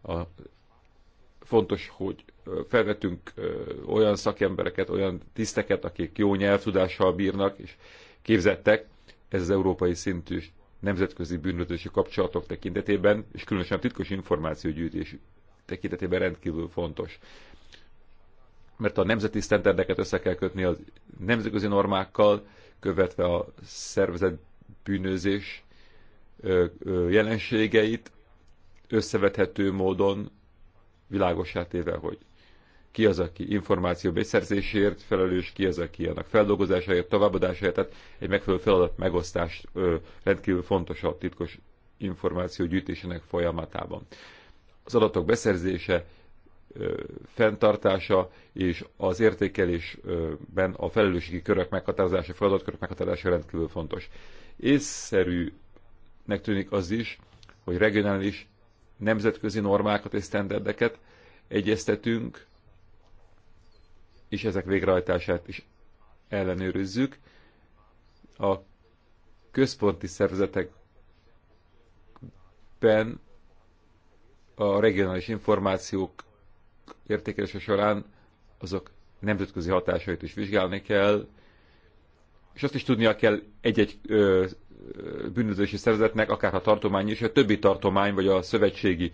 A, fontos, hogy felvetünk olyan szakembereket, olyan tiszteket, akik jó nyelvtudással bírnak és képzettek. Ez az európai szintű nemzetközi bűnözési kapcsolatok tekintetében, és különösen a titkos információgyűjtés tekintetében rendkívül fontos. Mert a nemzeti sztenderdeket össze kell kötni a nemzetközi normákkal, követve a szervezet bűnözés jelenségeit, összevethető módon világosá téve, hogy ki az, aki információ beszerzésért felelős, ki az, aki annak feldolgozásáért, továbbadásáért, tehát egy megfelelő feladat megosztás ö, rendkívül fontos a titkos információ gyűjtésének folyamatában. Az adatok beszerzése, ö, fenntartása és az értékelésben a felelősségi körök meghatározása, feladatkörök meghatározása rendkívül fontos. Észszerűnek tűnik az is, hogy regionális nemzetközi normákat és standardeket egyeztetünk, és ezek végrehajtását is ellenőrizzük. A központi szervezetekben a regionális információk értékelése során azok nemzetközi hatásait is vizsgálni kell, és azt is tudnia kell egy-egy bűnözési szervezetnek, akár a tartomány is, a többi tartomány vagy a szövetségi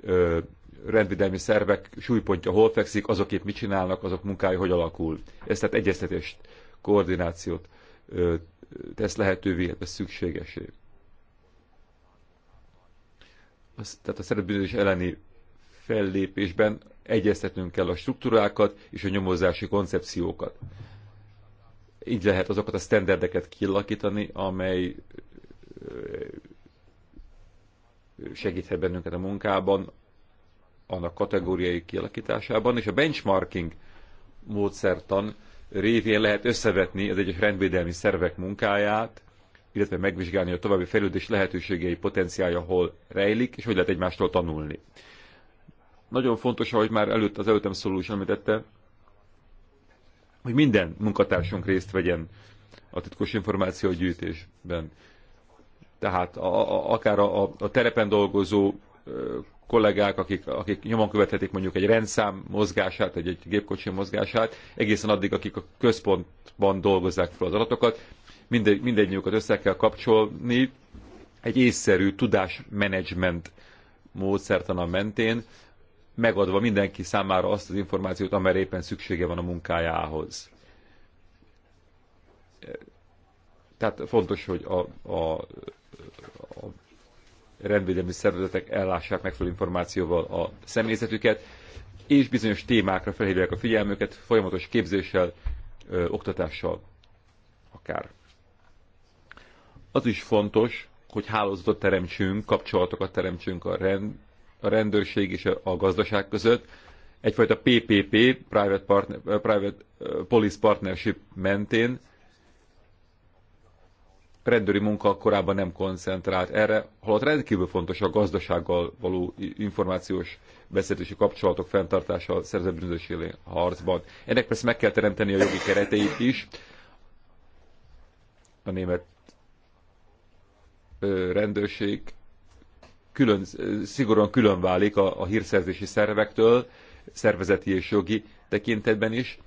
ö, rendvédelmi szervek súlypontja hol fekszik, azok épp mit csinálnak, azok munkája hogy alakul. Ez tehát egyeztetést, koordinációt tesz lehetővé, illetve szükségesé. Az, tehát a szerepbűnözés elleni fellépésben egyeztetnünk kell a struktúrákat és a nyomozási koncepciókat. Így lehet azokat a standardeket kilakítani, amely segíthet bennünket a munkában, annak kategóriai kialakításában, és a benchmarking módszertan révén lehet összevetni az egyes rendvédelmi szervek munkáját, illetve megvizsgálni a további fejlődés lehetőségei potenciálja hol rejlik, és hogy lehet egymástól tanulni. Nagyon fontos, ahogy már előtt az előttem szóló is említette, hogy minden munkatársunk részt vegyen a titkos információ gyűjtésben, Tehát a, a, akár a, a terepen dolgozó kollégák, akik, akik nyomon követhetik mondjuk egy rendszám mozgását, egy, egy gépkocsi mozgását, egészen addig, akik a központban dolgozzák fel az adatokat, mindegy, mindegyüket össze kell kapcsolni egy észszerű tudásmenedzsment módszertana mentén, megadva mindenki számára azt az információt, amely éppen szüksége van a munkájához. Tehát fontos, hogy a, a, a rendvédelmi szervezetek ellássák megfelelő információval a személyzetüket, és bizonyos témákra felhívják a figyelmüket folyamatos képzéssel, ö, oktatással akár. Az is fontos, hogy hálózatot teremtsünk, kapcsolatokat teremtsünk a, rend, a rendőrség és a, a gazdaság között. Egyfajta PPP, Private, partner, private Police Partnership mentén rendőri munka korábban nem koncentrált erre, holott rendkívül fontos a gazdasággal való információs beszélési kapcsolatok fenntartása a szerzett harcban. Ennek persze meg kell teremteni a jogi kereteit is. A német rendőrség külön, szigorúan külön válik a, a hírszerzési szervektől, szervezeti és jogi tekintetben is.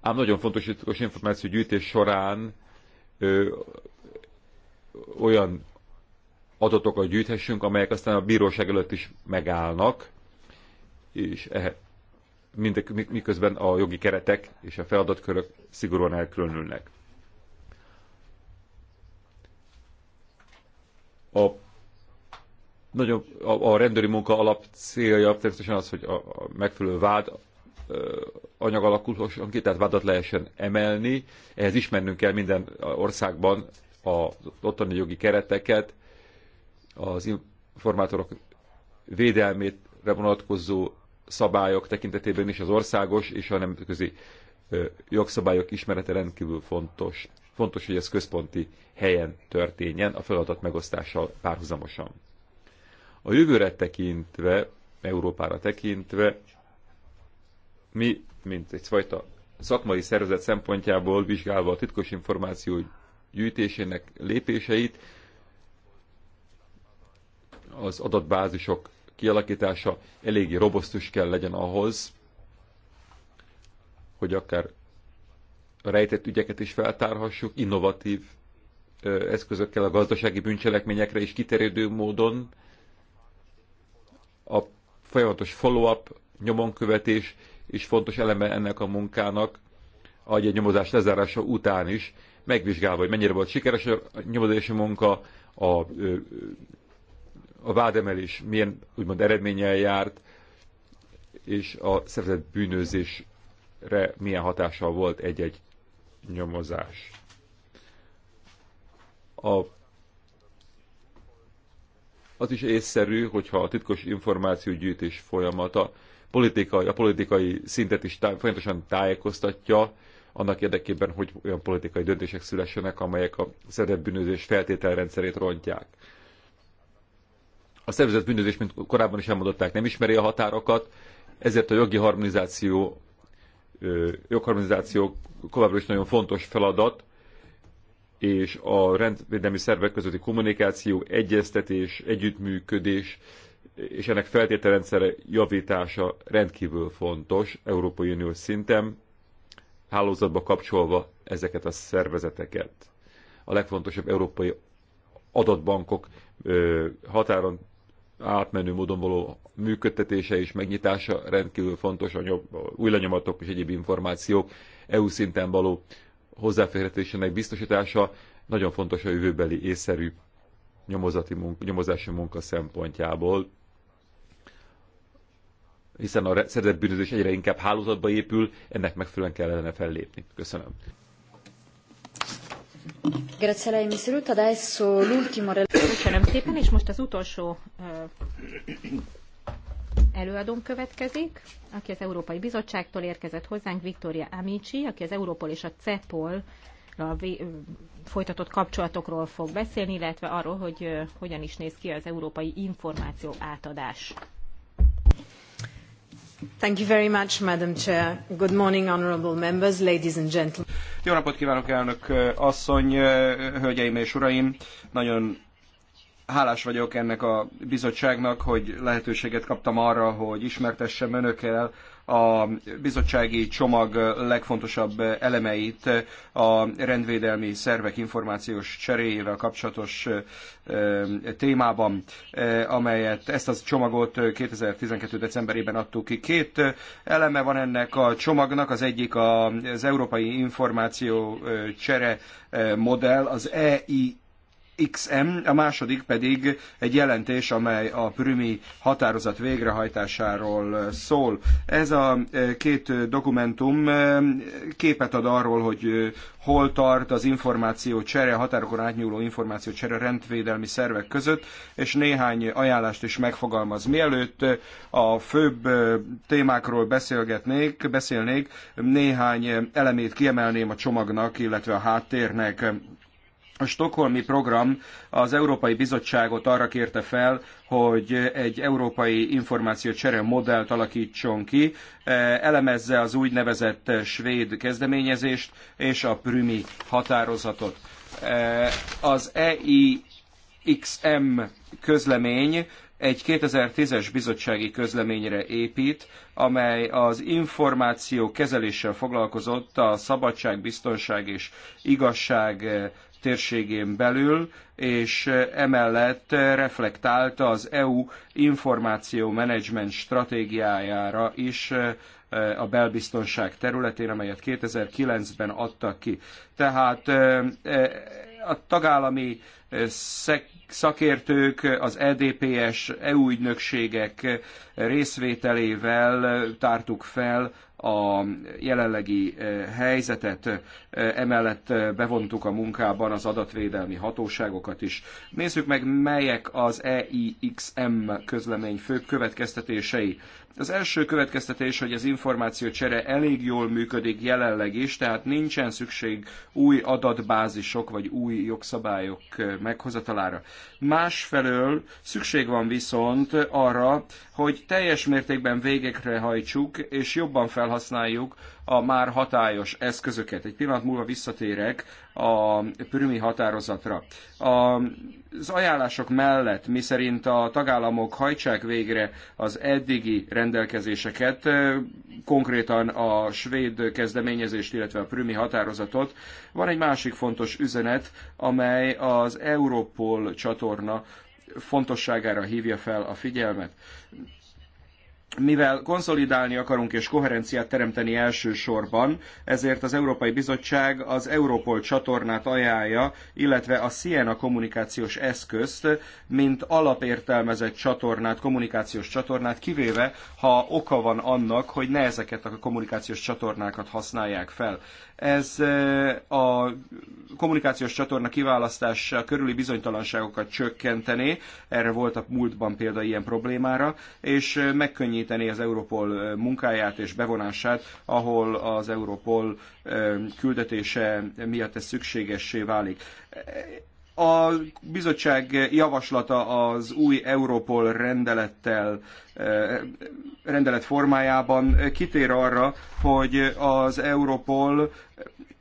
Ám nagyon fontos, hogy titkos információgyűjtés során olyan adatokat gyűjthessünk, amelyek aztán a bíróság előtt is megállnak, és ehhez miközben a jogi keretek és a feladatkörök szigorúan elkülönülnek. A, nagyon, a, a rendőri munka alap célja természetesen az, hogy a, a megfelelő vád anyag alakulhasson ki, tehát vádat lehessen emelni. Ehhez ismernünk kell minden országban az ottani jogi kereteket, az informátorok védelmétre vonatkozó szabályok tekintetében is az országos és a nemzetközi jogszabályok ismerete rendkívül fontos. Fontos, hogy ez központi helyen történjen, a feladat megosztással párhuzamosan. A jövőre tekintve, Európára tekintve, mi, mint egyfajta szakmai szervezet szempontjából vizsgálva a titkos információ gyűjtésének lépéseit, az adatbázisok kialakítása eléggé robosztus kell legyen ahhoz, hogy akár rejtett ügyeket is feltárhassuk, innovatív eszközökkel a gazdasági bűncselekményekre is kiterjedő módon. A folyamatos follow-up, nyomonkövetés is fontos eleme ennek a munkának, ahogy a nyomozás lezárása után is megvizsgálva, hogy mennyire volt sikeres a nyomozási munka, a, a vádemelés milyen úgymond eredménnyel járt, és a szervezett bűnözésre milyen hatással volt egy-egy nyomozás. A, az is észszerű, hogyha a titkos információgyűjtés folyamata politikai, a politikai szintet is tá, folyamatosan tájékoztatja, annak érdekében, hogy olyan politikai döntések szülessenek, amelyek a szervezett bűnözés feltételrendszerét rontják. A szervezett bűnözés, mint korábban is elmondották, nem ismeri a határokat, ezért a jogi harmonizáció, jogharmonizáció továbbra is nagyon fontos feladat, és a rendvédelmi szervek közötti kommunikáció, egyeztetés, együttműködés és ennek feltételrendszere javítása rendkívül fontos Európai Uniós szinten, hálózatba kapcsolva ezeket a szervezeteket. A legfontosabb európai adatbankok határon átmenő módon való működtetése és megnyitása rendkívül fontos, anyag, új lenyomatok és egyéb információk EU szinten való hozzáférhetésének biztosítása nagyon fontos a jövőbeli észszerű nyomozati nyomozási munka szempontjából hiszen a szerzett bűnözés egyre inkább hálózatba épül, ennek megfelelően kellene fellépni. Köszönöm. Köszönöm szépen, és most az utolsó előadónk következik, aki az Európai Bizottságtól érkezett hozzánk, Viktória Amici, aki az Európol és a CEPOL a folytatott kapcsolatokról fog beszélni, illetve arról, hogy hogyan is néz ki az európai információ átadás. Thank you very much, Madam Chair. Good morning, honorable members, ladies and gentlemen. Jó napot kívánok, elnök asszony, hölgyeim és uraim. Nagyon hálás vagyok ennek a bizottságnak, hogy lehetőséget kaptam arra, hogy ismertessem önökkel a bizottsági csomag legfontosabb elemeit a rendvédelmi szervek információs cseréjével kapcsolatos témában, amelyet ezt a csomagot 2012. decemberében adtuk ki. Két eleme van ennek a csomagnak, az egyik az Európai Információ Csere modell, az EI XM, a második pedig egy jelentés, amely a prümi határozat végrehajtásáról szól. Ez a e, két dokumentum e, képet ad arról, hogy e, hol tart az információ csere, határokon átnyúló információ csere rendvédelmi szervek között, és néhány ajánlást is megfogalmaz. Mielőtt a főbb témákról beszélgetnék, beszélnék, néhány elemét kiemelném a csomagnak, illetve a háttérnek. A Stockholmi program az Európai Bizottságot arra kérte fel, hogy egy európai információcsere modellt alakítson ki, e, elemezze az úgynevezett svéd kezdeményezést és a prümi határozatot. E, az EIXM közlemény egy 2010-es bizottsági közleményre épít, amely az információ kezeléssel foglalkozott a szabadság, biztonság és igazság térségén belül, és emellett reflektált az EU információ menedzsment stratégiájára is eh, a belbiztonság területén, amelyet 2009-ben adtak ki. Tehát eh, eh, a tagállami szakértők, az EDPS, EU ügynökségek részvételével tártuk fel a jelenlegi eh, helyzetet, eh, emellett eh, bevontuk a munkában az adatvédelmi hatóságokat is. Nézzük meg, melyek az EIXM közlemény fő következtetései. Az első következtetés, hogy az információcsere elég jól működik jelenleg is, tehát nincsen szükség új adatbázisok vagy új jogszabályok meghozatalára. Másfelől szükség van viszont arra, hogy teljes mértékben végekre hajtsuk és jobban felhasználjuk a már hatályos eszközöket. Egy pillanat múlva visszatérek a prümi határozatra. Az ajánlások mellett, szerint a tagállamok hajtsák végre az eddigi rendelkezéseket, konkrétan a svéd kezdeményezést, illetve a prümi határozatot, van egy másik fontos üzenet, amely az Europol csatorna fontosságára hívja fel a figyelmet mivel konszolidálni akarunk és koherenciát teremteni elsősorban, ezért az Európai Bizottság az Europol csatornát ajánlja, illetve a Siena kommunikációs eszközt, mint alapértelmezett csatornát, kommunikációs csatornát, kivéve, ha oka van annak, hogy ne ezeket a kommunikációs csatornákat használják fel. Ez eh, a kommunikációs csatorna kiválasztása körüli bizonytalanságokat csökkenteni, erre volt a múltban példa ilyen problémára, és eh, megkönnyíti megkönnyíteni az Europol munkáját és bevonását, ahol az Europol küldetése miatt ez szükségessé válik. A bizottság javaslata az új Europol rendelettel, rendelet formájában kitér arra, hogy az Europol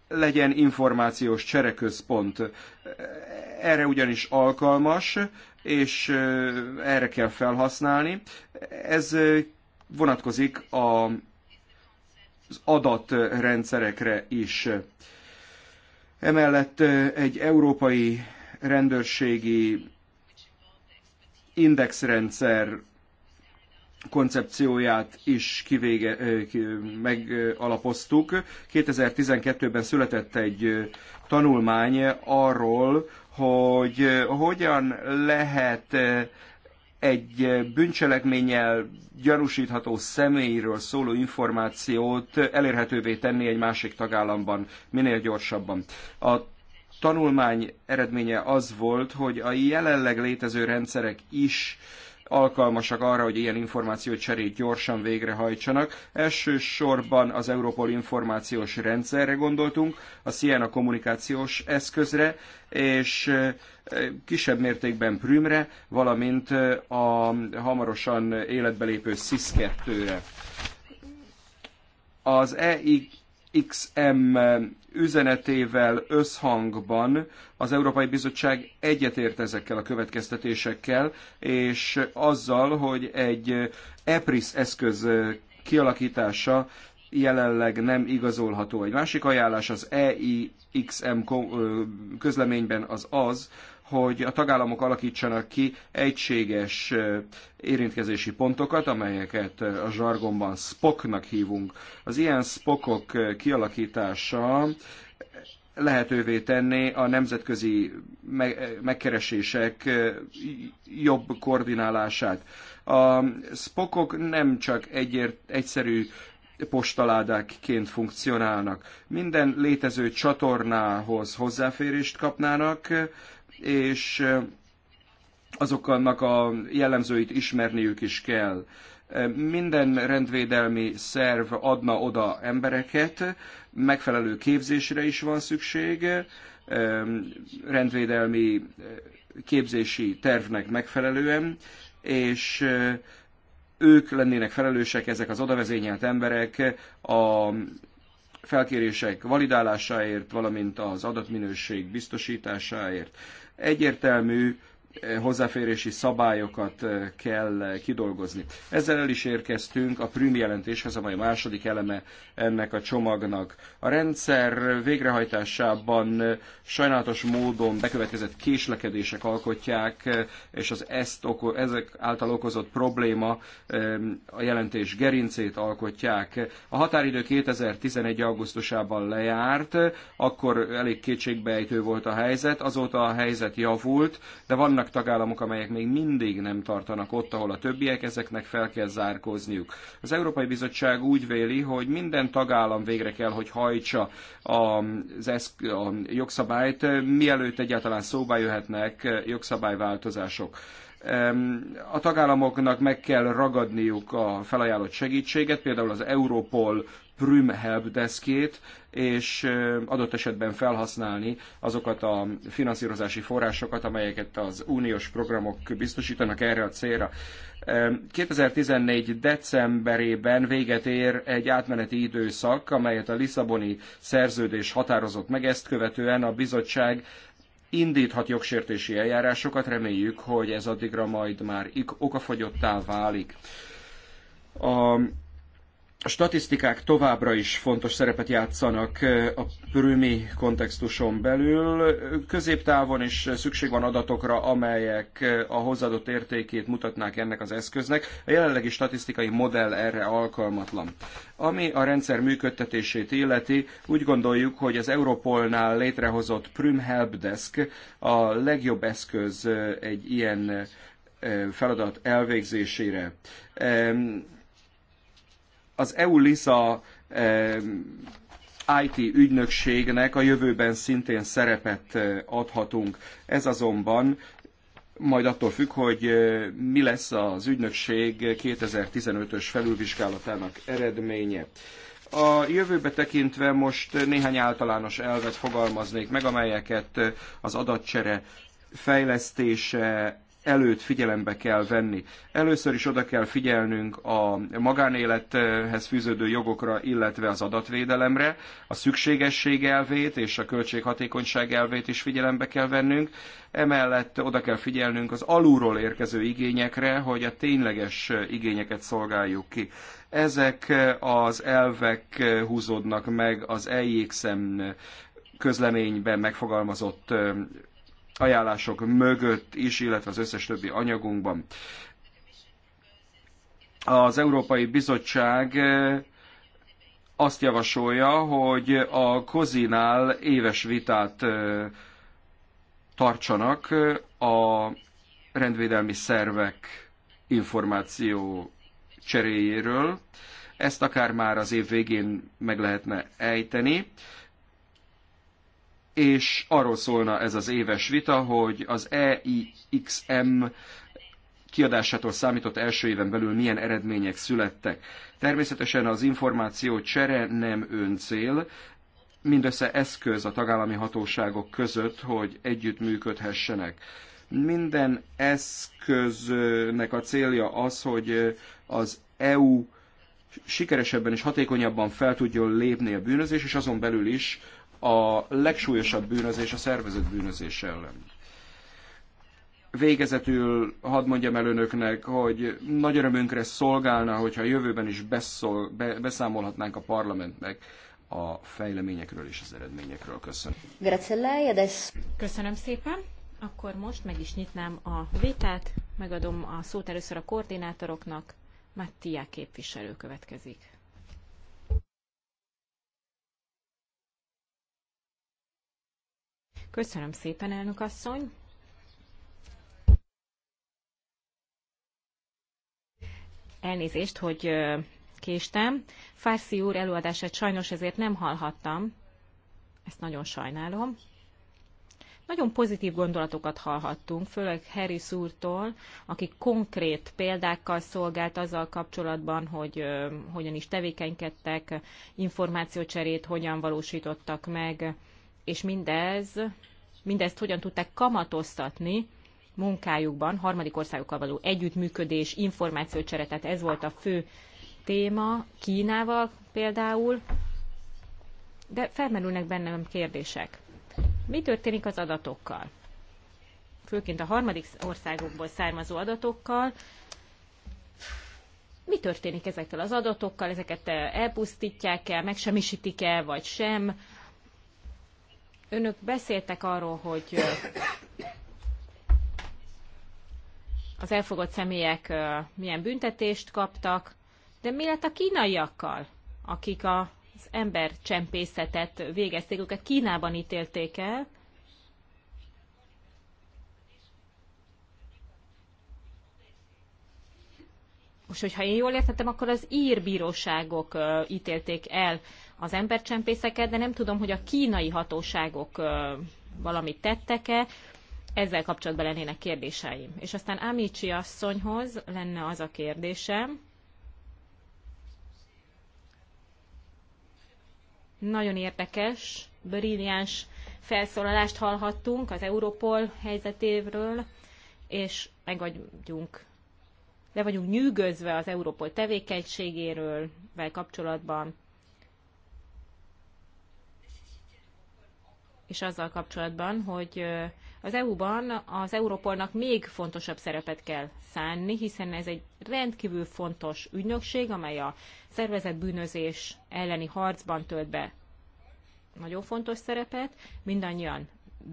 legyen információs csereközpont. Erre ugyanis alkalmas, és erre kell felhasználni. Ez vonatkozik a, az adatrendszerekre is. Emellett egy európai rendőrségi indexrendszer koncepcióját is kivége, megalapoztuk. 2012-ben született egy tanulmány arról, hogy hogyan lehet egy bűncselekménnyel gyanúsítható személyről szóló információt elérhetővé tenni egy másik tagállamban minél gyorsabban. A tanulmány eredménye az volt, hogy a jelenleg létező rendszerek is alkalmasak arra, hogy ilyen információt cserét gyorsan végrehajtsanak. Elsősorban az Europol információs rendszerre gondoltunk, a Siena kommunikációs eszközre, és kisebb mértékben Prümre, valamint a hamarosan életbe lépő SIS-2-re. Az EI XM üzenetével összhangban az Európai Bizottság egyetért ezekkel a következtetésekkel, és azzal, hogy egy EPRIS eszköz kialakítása jelenleg nem igazolható. Egy másik ajánlás az EIXM közleményben az az, hogy a tagállamok alakítsanak ki egységes érintkezési pontokat, amelyeket a zsargonban spoknak hívunk. Az ilyen spokok kialakítása lehetővé tenni a nemzetközi megkeresések jobb koordinálását. A spokok -ok nem csak egyért, egyszerű postaládákként funkcionálnak. Minden létező csatornához hozzáférést kapnának, és azoknak a jellemzőit ismerniük is kell. Minden rendvédelmi szerv adna oda embereket, megfelelő képzésre is van szükség, rendvédelmi képzési tervnek megfelelően, és ők lennének felelősek, ezek az odavezényelt emberek a felkérések validálásáért, valamint az adatminőség biztosításáért egyértelmű hozzáférési szabályokat eh, kell eh, kidolgozni. Ezzel el is érkeztünk a Prüm jelentéshez, amely a második eleme ennek a csomagnak. A rendszer végrehajtásában eh, sajnálatos módon bekövetkezett késlekedések alkotják, és az ezt oko- ezek által okozott probléma a jelentés gerincét alkotják. A határidő 2011. augusztusában lejárt, akkor elég kétségbejtő volt a helyzet, azóta a helyzet javult, de vannak vannak tagállamok, amelyek még mindig nem tartanak ott, ahol a többiek, ezeknek fel kell zárkózniuk. Az Európai Bizottság úgy véli, hogy minden tagállam végre kell, hogy hajtsa az eszk- a jogszabályt, mielőtt egyáltalán szóba jöhetnek jogszabályváltozások. A tagállamoknak meg kell ragadniuk a felajánlott segítséget, például az Europol Prüm helpdeskét, és adott esetben felhasználni azokat a finanszírozási forrásokat, amelyeket az uniós programok biztosítanak erre a célra. 2014. decemberében véget ér egy átmeneti időszak, amelyet a Lisszaboni szerződés határozott meg, ezt követően a bizottság indíthat jogsértési eljárásokat, reméljük, hogy ez addigra majd már okafogyottá válik. A a statisztikák továbbra is fontos szerepet játszanak a prümi kontextuson belül. Középtávon is szükség van adatokra, amelyek a hozzáadott értékét mutatnák ennek az eszköznek. A jelenlegi statisztikai modell erre alkalmatlan. Ami a rendszer működtetését illeti, úgy gondoljuk, hogy az Europolnál létrehozott Prüm Helpdesk a legjobb eszköz egy ilyen feladat elvégzésére az EU-LISA IT ügynökségnek a jövőben szintén szerepet adhatunk. Ez azonban majd attól függ, hogy mi lesz az ügynökség 2015-ös felülvizsgálatának eredménye. A jövőbe tekintve most néhány általános elvet fogalmaznék meg, amelyeket az adatcsere fejlesztése előtt figyelembe kell venni. Először is oda kell figyelnünk a magánélethez fűződő jogokra, illetve az adatvédelemre, a szükségesség elvét és a költséghatékonyság elvét is figyelembe kell vennünk. Emellett oda kell figyelnünk az alulról érkező igényekre, hogy a tényleges igényeket szolgáljuk ki. Ezek az elvek húzódnak meg az EIXM közleményben megfogalmazott ajánlások mögött is, illetve az összes többi anyagunkban. Az Európai Bizottság eh, azt javasolja, hogy a Kozinál éves vitát eh, tartsanak eh, a rendvédelmi szervek információ cseréjéről. Ezt akár már az év végén meg lehetne ejteni és arról szólna ez az éves vita, hogy az EIXM kiadásától számított első éven belül milyen eredmények születtek. Természetesen az információ csere nem öncél, mindössze eszköz a tagállami hatóságok között, hogy együttműködhessenek. Minden eszköznek a célja az, hogy az EU sikeresebben és hatékonyabban fel tudjon lépni a bűnözés, és azon belül is a legsúlyosabb bűnözés a szervezett bűnözés ellen. Végezetül hadd mondjam el önöknek, hogy nagy örömünkre szolgálna, hogyha a jövőben is beszol, be, beszámolhatnánk a parlamentnek a fejleményekről és az eredményekről. Köszönöm. Köszönöm szépen. Akkor most meg is nyitnám a vitát, megadom a szót először a koordinátoroknak, Mattia képviselő következik. Köszönöm szépen, elnök asszony. Elnézést, hogy késtem. Fárszi úr előadását sajnos ezért nem hallhattam. Ezt nagyon sajnálom. Nagyon pozitív gondolatokat hallhattunk, főleg Harry úrtól, aki konkrét példákkal szolgált azzal kapcsolatban, hogy hogyan is tevékenykedtek, információcserét hogyan valósítottak meg, és mindez, mindezt hogyan tudták kamatoztatni munkájukban, harmadik országokkal való együttműködés, információcsere, tehát ez volt a fő téma Kínával például, de felmerülnek bennem kérdések. Mi történik az adatokkal? Főként a harmadik országokból származó adatokkal. Mi történik ezekkel az adatokkal? Ezeket eh, elpusztítják-e, megsemmisítik-e, vagy sem? Önök beszéltek arról, hogy az elfogott személyek milyen büntetést kaptak, de mi lett a kínaiakkal, akik az ember csempészetet végezték, őket Kínában ítélték el, Most, hogyha én jól értettem, akkor az írbíróságok ítélték el az embercsempészeket, de nem tudom, hogy a kínai hatóságok valamit tettek-e, ezzel kapcsolatban lennének kérdéseim. És aztán Amici asszonyhoz lenne az a kérdésem, nagyon érdekes, brilliáns felszólalást hallhattunk az Európol helyzetéről, és meg vagyunk, le vagyunk nyűgözve az Európol tevékenységéről, vagy kapcsolatban. és azzal kapcsolatban, hogy az EU-ban az Európolnak még fontosabb szerepet kell szánni, hiszen ez egy rendkívül fontos ügynökség, amely a szervezett bűnözés elleni harcban tölt be nagyon fontos szerepet, mindannyian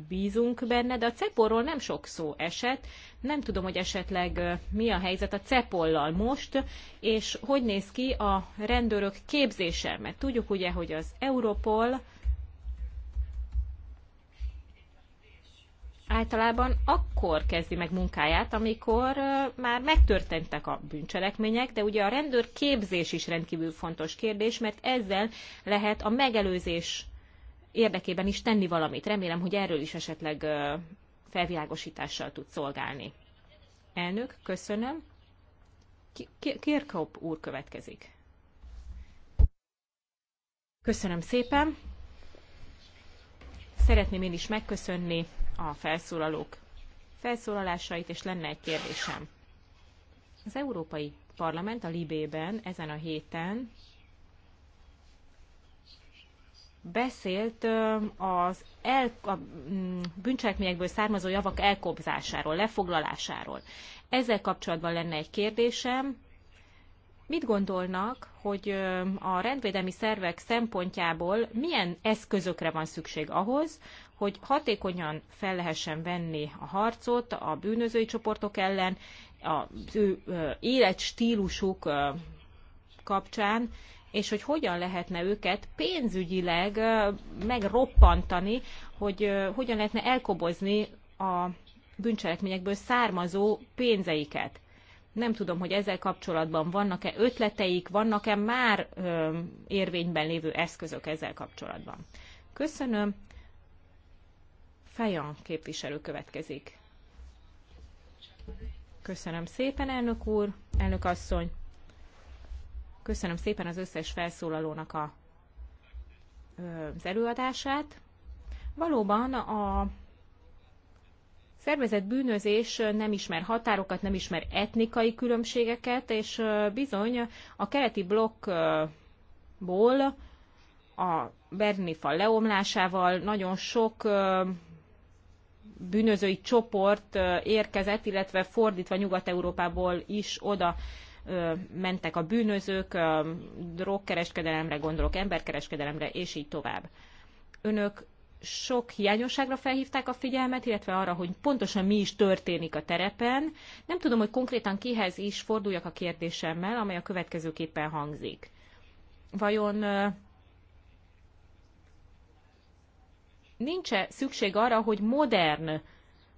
bízunk benne, de a CEPOL-ról nem sok szó esett. Nem tudom, hogy esetleg mi a helyzet a CEPOL-lal most, és hogy néz ki a rendőrök képzése, mert tudjuk ugye, hogy az Europol általában akkor kezdi meg munkáját, amikor már megtörténtek a bűncselekmények, de ugye a rendőr képzés is rendkívül fontos kérdés, mert ezzel lehet a megelőzés érdekében is tenni valamit. Remélem, hogy erről is esetleg felvilágosítással tud szolgálni. Elnök, köszönöm. Kirkhope úr következik. Köszönöm szépen. Szeretném én is megköszönni a felszólalók felszólalásait, és lenne egy kérdésem. Az Európai Parlament a Libében ezen a héten beszélt az el, a mm, bűncselekményekből származó javak elkobzásáról, lefoglalásáról. Ezzel kapcsolatban lenne egy kérdésem. Mit gondolnak, hogy a rendvédelmi szervek szempontjából milyen eszközökre van szükség ahhoz, hogy hatékonyan fel lehessen venni a harcot a bűnözői csoportok ellen, az ő életstílusuk kapcsán, és hogy hogyan lehetne őket pénzügyileg megroppantani, hogy hogyan lehetne elkobozni a bűncselekményekből származó pénzeiket. Nem tudom, hogy ezzel kapcsolatban vannak-e ötleteik, vannak-e már ö, érvényben lévő eszközök ezzel kapcsolatban. Köszönöm. Fejan képviselő következik. Köszönöm szépen, elnök úr, elnök asszony. Köszönöm szépen az összes felszólalónak a, az előadását. Valóban a szervezett bűnözés nem ismer határokat, nem ismer etnikai különbségeket, és bizony a keleti blokkból a Berni fal leomlásával nagyon sok bűnözői csoport érkezett, illetve fordítva Nyugat-Európából is oda mentek a bűnözők, drogkereskedelemre gondolok, emberkereskedelemre, és így tovább. Önök sok hiányosságra felhívták a figyelmet, illetve arra, hogy pontosan mi is történik a terepen. Nem tudom, hogy konkrétan kihez is forduljak a kérdésemmel, amely a következőképpen hangzik. Vajon nincs -e szükség arra, hogy modern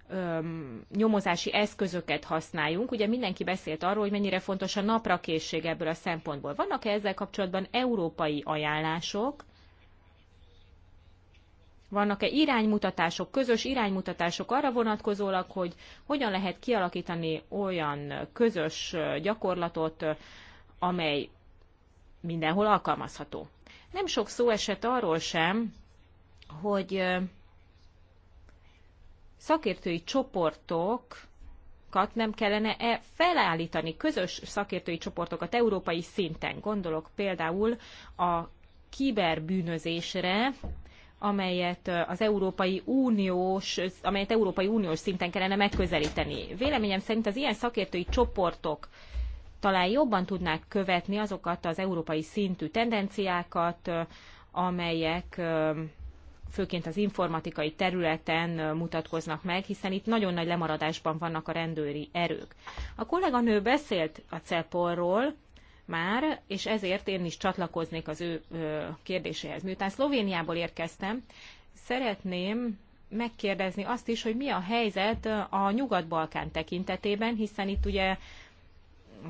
öm, nyomozási eszközöket használjunk. Ugye mindenki beszélt arról, hogy mennyire fontos a naprakészség ebből a szempontból. Vannak-e ezzel kapcsolatban európai ajánlások? Vannak-e iránymutatások, közös iránymutatások arra vonatkozólag, hogy hogyan lehet kialakítani olyan közös gyakorlatot, amely mindenhol alkalmazható? Nem sok szó esett arról sem, hogy szakértői csoportok csoportokat nem kellene-e felállítani, közös szakértői csoportokat európai szinten. Gondolok például a kiberbűnözésre, amelyet az Európai Uniós, amelyet Európai Uniós szinten kellene megközelíteni. Véleményem szerint az ilyen szakértői csoportok talán jobban tudnák követni azokat az európai szintű tendenciákat, amelyek főként az informatikai területen mutatkoznak meg, hiszen itt nagyon nagy lemaradásban vannak a rendőri erők. A kolléganő beszélt a CEPOL-ról már, és ezért én is csatlakoznék az ő kérdéséhez. Miután Szlovéniából érkeztem, szeretném megkérdezni azt is, hogy mi a helyzet a Nyugat-Balkán tekintetében, hiszen itt ugye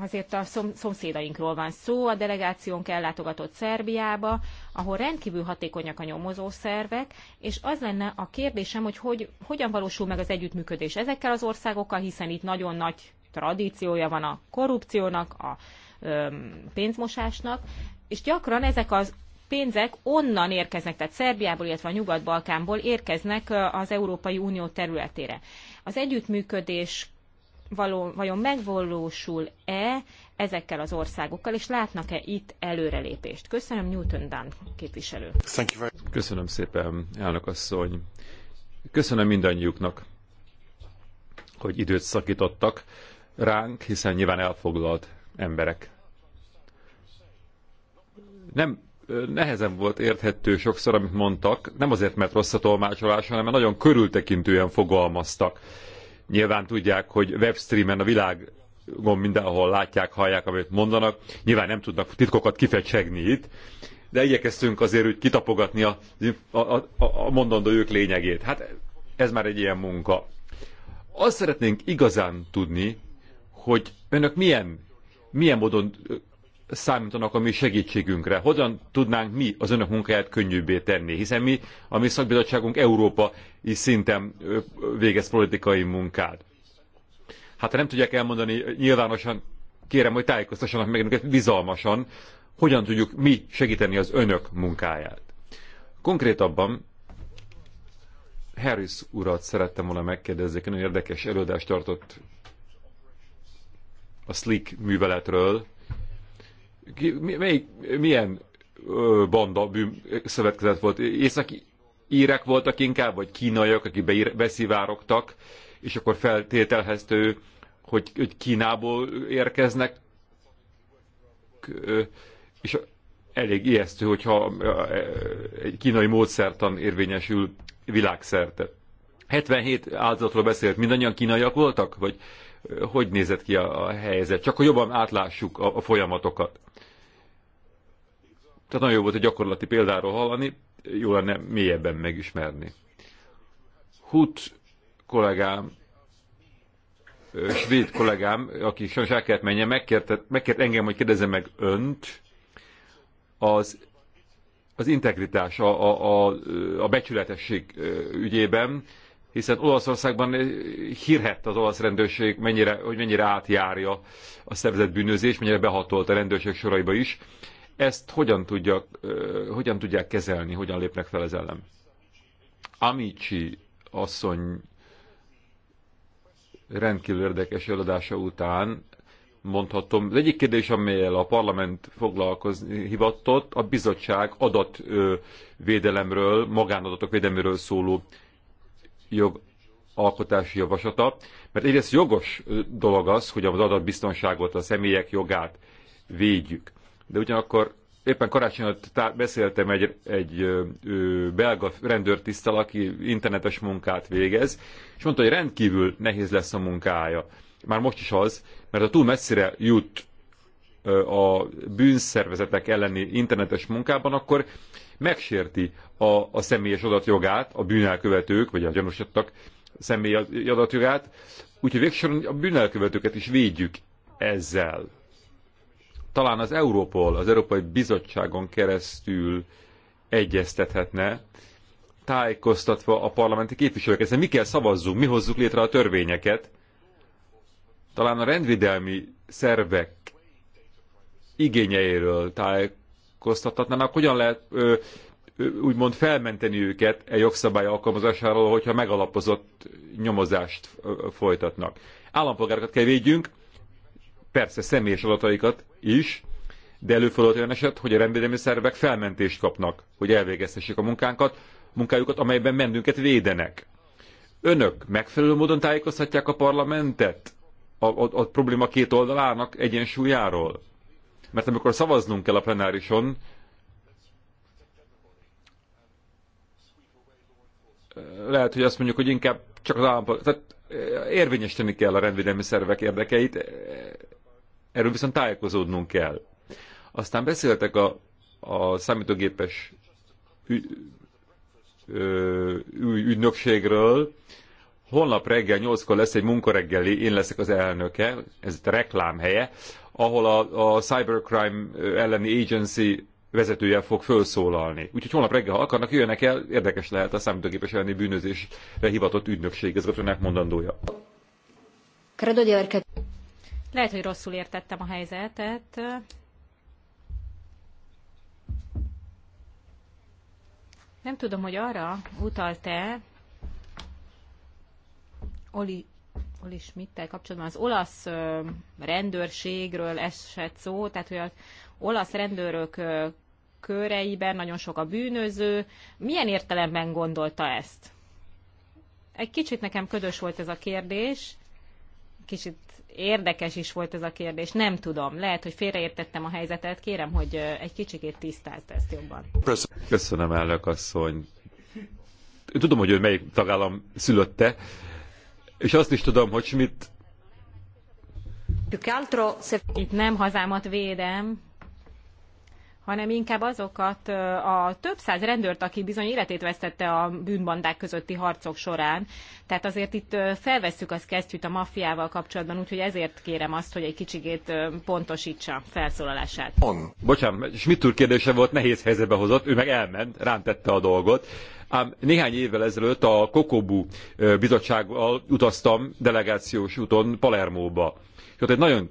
azért a szomszédainkról van szó. A delegációnk ellátogatott Szerbiába, ahol rendkívül hatékonyak a nyomozó szervek, és az lenne a kérdésem, hogy, hogy hogyan valósul meg az együttműködés ezekkel az országokkal, hiszen itt nagyon nagy tradíciója van a korrupciónak, a ö, pénzmosásnak, és gyakran ezek az pénzek onnan érkeznek, tehát Szerbiából, illetve a Nyugat-Balkánból érkeznek az Európai Unió területére. Az együttműködés való, vajon megvalósul-e ezekkel az országokkal, és látnak-e itt előrelépést? Köszönöm, Newton Dunn képviselő. Köszönöm szépen, elnök asszony. Köszönöm mindannyiuknak, hogy időt szakítottak ránk, hiszen nyilván elfoglalt emberek. Nem nehezen volt érthető sokszor, amit mondtak, nem azért, mert rossz a tolmácsolás, hanem mert nagyon körültekintően fogalmaztak Nyilván tudják, hogy webstreamen a világ mindenhol látják, hallják, amit mondanak. Nyilván nem tudnak titkokat kifecsegni itt, de igyekeztünk azért úgy kitapogatni a, a, a, a mondandó ők lényegét. Hát ez már egy ilyen munka. Azt szeretnénk igazán tudni, hogy önök milyen, milyen módon számítanak a mi segítségünkre? Hogyan tudnánk mi az önök munkáját könnyűbbé tenni? Hiszen mi, a mi szakbizottságunk Európa szinten végez politikai munkát. Hát ha nem tudják elmondani nyilvánosan, kérem, hogy tájékoztassanak meg minket bizalmasan, hogyan tudjuk mi segíteni az önök munkáját. Konkrétabban Harris urat szerettem volna megkérdezni, nagyon érdekes előadást tartott a Slick műveletről, ki, melyik, milyen ö, banda bűn szövetkezet volt? Északi írek voltak inkább, vagy kínaiak, akik beír, beszivárogtak, és akkor feltételhető, hogy, hogy Kínából érkeznek, és elég ijesztő, hogyha egy kínai módszertan érvényesül világszerte. 77 áldozatról beszélt, mindannyian kínaiak voltak? Vagy hogy nézett ki a, helyzet? Csak hogy jobban átlássuk a folyamatokat. Tehát nagyon jó volt a gyakorlati példáról hallani, jó lenne mélyebben megismerni. Hut kollégám, svéd kollégám, aki sajnos el kellett menjen, megkért, megkért engem, hogy kérdezzem meg önt, az, az integritás, a, a, a, a becsületesség ügyében, hiszen Olaszországban hírhett az olasz rendőrség, mennyire, hogy mennyire átjárja a szervezett bűnözés, mennyire behatolt a rendőrség soraiba is, ezt hogyan, tudja, hogyan tudják kezelni, hogyan lépnek fel ez ellen. Amici asszony rendkívül érdekes előadása után mondhatom, az egyik kérdés, amelyel a parlament foglalkozni hivatott, a bizottság adatvédelemről, magánadatok védelméről szóló jogalkotási javaslata, mert egyrészt jogos dolog az, hogy az adatbiztonságot, a személyek jogát védjük de ugyanakkor éppen karácsony beszéltem egy, egy ö, ö, belga rendőrtisztel, aki internetes munkát végez, és mondta, hogy rendkívül nehéz lesz a munkája. Már most is az, mert a túl messzire jut ö, a bűnszervezetek elleni internetes munkában, akkor megsérti a, a személyes adatjogát, a bűnelkövetők, vagy a gyanúsítottak személyi adatjogát, úgyhogy végsősorban a bűnelkövetőket is védjük ezzel talán az Európol, az Európai Bizottságon keresztül egyeztethetne, tájékoztatva a parlamenti képviselőket. Ezen mi kell szavazzunk, mi hozzuk létre a törvényeket. Talán a rendvédelmi szervek igényeiről tájékoztathatnának, hogyan lehet ö, úgymond felmenteni őket e jogszabály alkalmazásáról, hogyha megalapozott nyomozást folytatnak. Állampolgárokat kell védjünk, persze személyes adataikat is, de előfordult olyan eset, hogy a rendvédelmi szervek felmentést kapnak, hogy elvégeztessék a munkánkat, munkájukat, amelyben mennünket védenek. Önök megfelelő módon tájékoztatják a parlamentet a, a, a probléma két oldalának egyensúlyáról? Mert amikor szavaznunk kell a plenárison, lehet, hogy azt mondjuk, hogy inkább csak az állampolgár, tehát eh, érvényesíteni kell a rendvédelmi szervek érdekeit, eh, Erről viszont tájékozódnunk kell. Aztán beszéltek a, a számítógépes ügy, ö, ügynökségről. Holnap reggel 8-kor lesz egy munkareggeli, én leszek az elnöke, ez itt a reklámhelye, ahol a, a Cybercrime elleni agency vezetője fog felszólalni. Úgyhogy holnap reggel, ha akarnak, jöjjenek el, érdekes lehet a számítógépes elleni bűnözésre hivatott ügynökség, ez a mondandója. Lehet, hogy rosszul értettem a helyzetet. Nem tudom, hogy arra utalt-e Oli, Oli Schmidt-tel kapcsolatban az olasz rendőrségről esett szó, tehát hogy az olasz rendőrök köreiben nagyon sok a bűnöző. Milyen értelemben gondolta ezt? Egy kicsit nekem ködös volt ez a kérdés, kicsit érdekes is volt ez a kérdés, nem tudom. Lehet, hogy félreértettem a helyzetet, kérem, hogy egy kicsikét tisztázd ezt jobban. Köszönöm, elnök asszony. Tudom, hogy ő melyik tagállam szülötte, és azt is tudom, hogy mit. Itt nem hazámat védem, hanem inkább azokat a több száz rendőrt, aki bizony életét vesztette a bűnbandák közötti harcok során. Tehát azért itt felvesszük az kesztyűt a maffiával kapcsolatban, úgyhogy ezért kérem azt, hogy egy kicsigét pontosítsa felszólalását. On. Bocsánat, Schmidt úr kérdése volt, nehéz helyzetbe hozott, ő meg elment, rám tette a dolgot. Ám néhány évvel ezelőtt a Kokobu bizottsággal utaztam delegációs úton Palermóba. És ott egy nagyon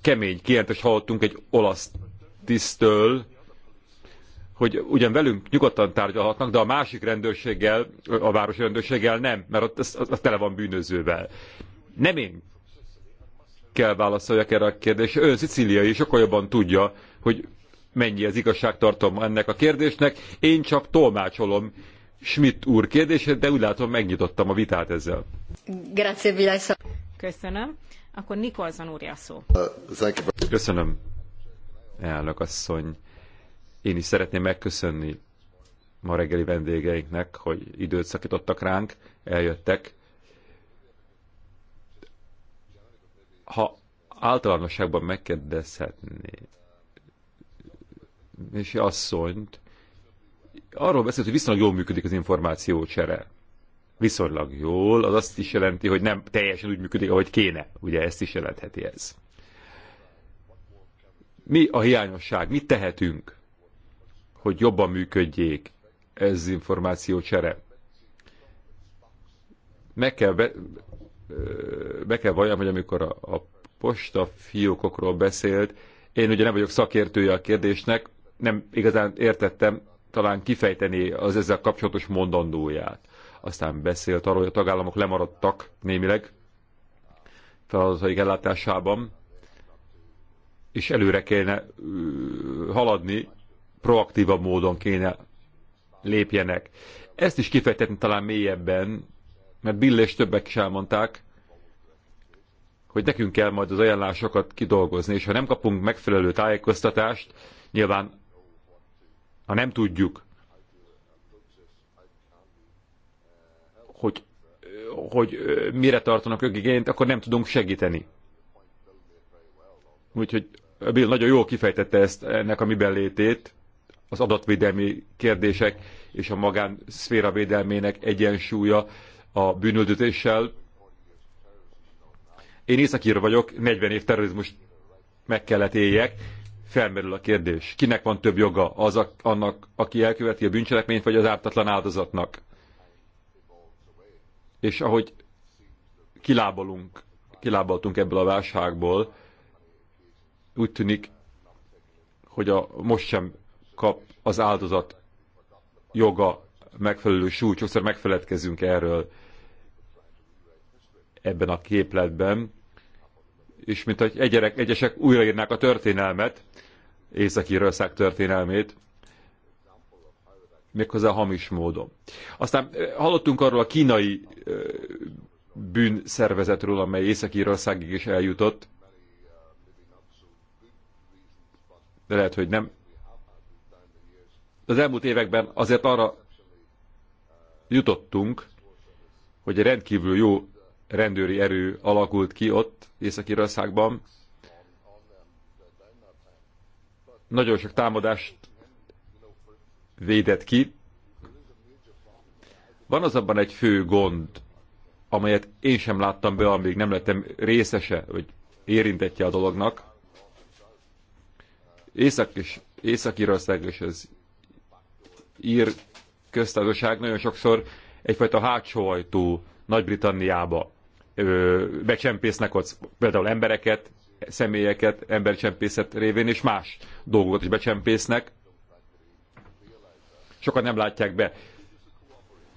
kemény kijelentést hallottunk egy olasz tisztől, hogy ugyan velünk nyugodtan tárgyalhatnak, de a másik rendőrséggel, a városi rendőrséggel nem, mert ott az, az tele van bűnözővel. Nem én kell válaszoljak erre a kérdésre. Ön szicíliai sokkal jobban tudja, hogy mennyi az igazságtartalma ennek a kérdésnek. Én csak tolmácsolom Schmidt úr kérdését, de úgy látom megnyitottam a vitát ezzel. Köszönöm. Akkor Nikolson úrja szó. Uh, Köszönöm elnök asszony. Én is szeretném megköszönni ma reggeli vendégeinknek, hogy időt szakítottak ránk, eljöttek. Ha általánosságban megkérdezhetné és asszonyt, arról beszélt, hogy viszonylag jól működik az információ csere. Viszonylag jól, az azt is jelenti, hogy nem teljesen úgy működik, ahogy kéne. Ugye ezt is jelentheti ez. Mi a hiányosság? Mit tehetünk, hogy jobban működjék ez információ csere? Meg kell, be, be kell valljam, hogy amikor a, a posta fiókokról beszélt, én ugye nem vagyok szakértője a kérdésnek, nem igazán értettem talán kifejteni az ezzel kapcsolatos mondandóját. Aztán beszélt arról, hogy a tagállamok lemaradtak némileg feladataik ellátásában, és előre kéne haladni, proaktívabb módon kéne lépjenek. Ezt is kifejtetni talán mélyebben, mert Bill és többek is elmondták, hogy nekünk kell majd az ajánlásokat kidolgozni, és ha nem kapunk megfelelő tájékoztatást, nyilván, ha nem tudjuk, hogy, hogy mire tartanak ők igényt, akkor nem tudunk segíteni. Úgyhogy Bill nagyon jól kifejtette ezt, ennek a miben létét, az adatvédelmi kérdések és a magán szféra védelmének egyensúlya a bűnöldözéssel. Én északír vagyok, 40 év terrorizmus meg kellett éljek, felmerül a kérdés. Kinek van több joga? Az a, annak, aki elköveti a bűncselekményt, vagy az ártatlan áldozatnak? És ahogy kilábalunk, kilábaltunk ebből a válságból, úgy tűnik, hogy a, most sem kap az áldozat joga megfelelő súlyt, sokszor megfeledkezünk erről ebben a képletben, és mint hogy egyerek, egyesek újraírnák a történelmet, északi írország történelmét, méghozzá hamis módon. Aztán eh, hallottunk arról a kínai eh, bűnszervezetről, amely Északi írországig is eljutott, de lehet, hogy nem. Az elmúlt években azért arra jutottunk, hogy egy rendkívül jó rendőri erő alakult ki ott, Észak-Írországban. Nagyon sok támadást védett ki. Van azonban egy fő gond, amelyet én sem láttam be, amíg nem lettem részese, vagy érintettje a dolognak. Észak és, észak és az ír köztársaság nagyon sokszor egyfajta hátsó ajtó Nagy-Britanniába becsempésznek ott például embereket, személyeket, embercsempészet révén és más dolgokat is becsempésznek. Sokan nem látják be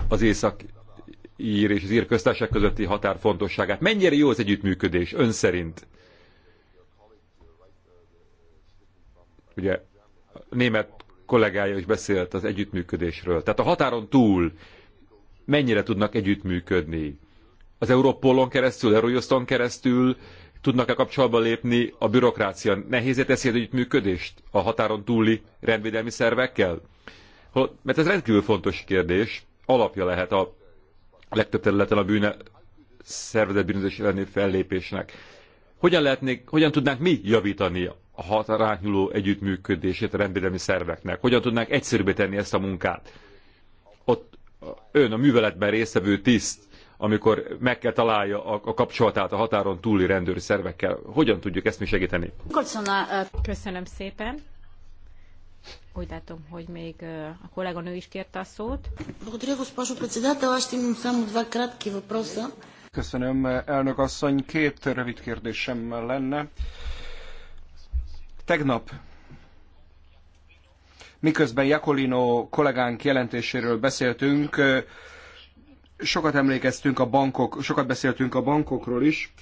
az észak-ír és az ír köztársaság közötti határ fontosságát. Mennyire jó az együttműködés ön szerint? Ugye a német kollégája is beszélt az együttműködésről. Tehát a határon túl mennyire tudnak együttműködni? Az Europolon keresztül, Eurojuston keresztül tudnak-e kapcsolatba lépni a bürokrácia? Nehézé teszi az együttműködést a határon túli rendvédelmi szervekkel? Mert ez rendkívül fontos kérdés, alapja lehet a legtöbb területen a bűne szervezett bűnözés elleni fellépésnek. Hogyan, lehetnék, hogyan tudnánk mi javítani a határátnyúló együttműködését a rendvédelmi szerveknek? Hogyan tudnák egyszerűbbé tenni ezt a munkát? Ott ön a műveletben résztvevő tiszt, amikor meg kell találja a, a kapcsolatát a határon túli rendőri szervekkel. Hogyan tudjuk ezt mi segíteni? Köszönöm szépen. Úgy látom, hogy még a kolléganő is kérte a szót. Köszönöm, elnök asszony. Két rövid kérdésem lenne. Tegnap miközben Jakolino kollégánk jelentéséről beszéltünk, sokat emlékeztünk a bankok, sokat beszéltünk a bankokról is,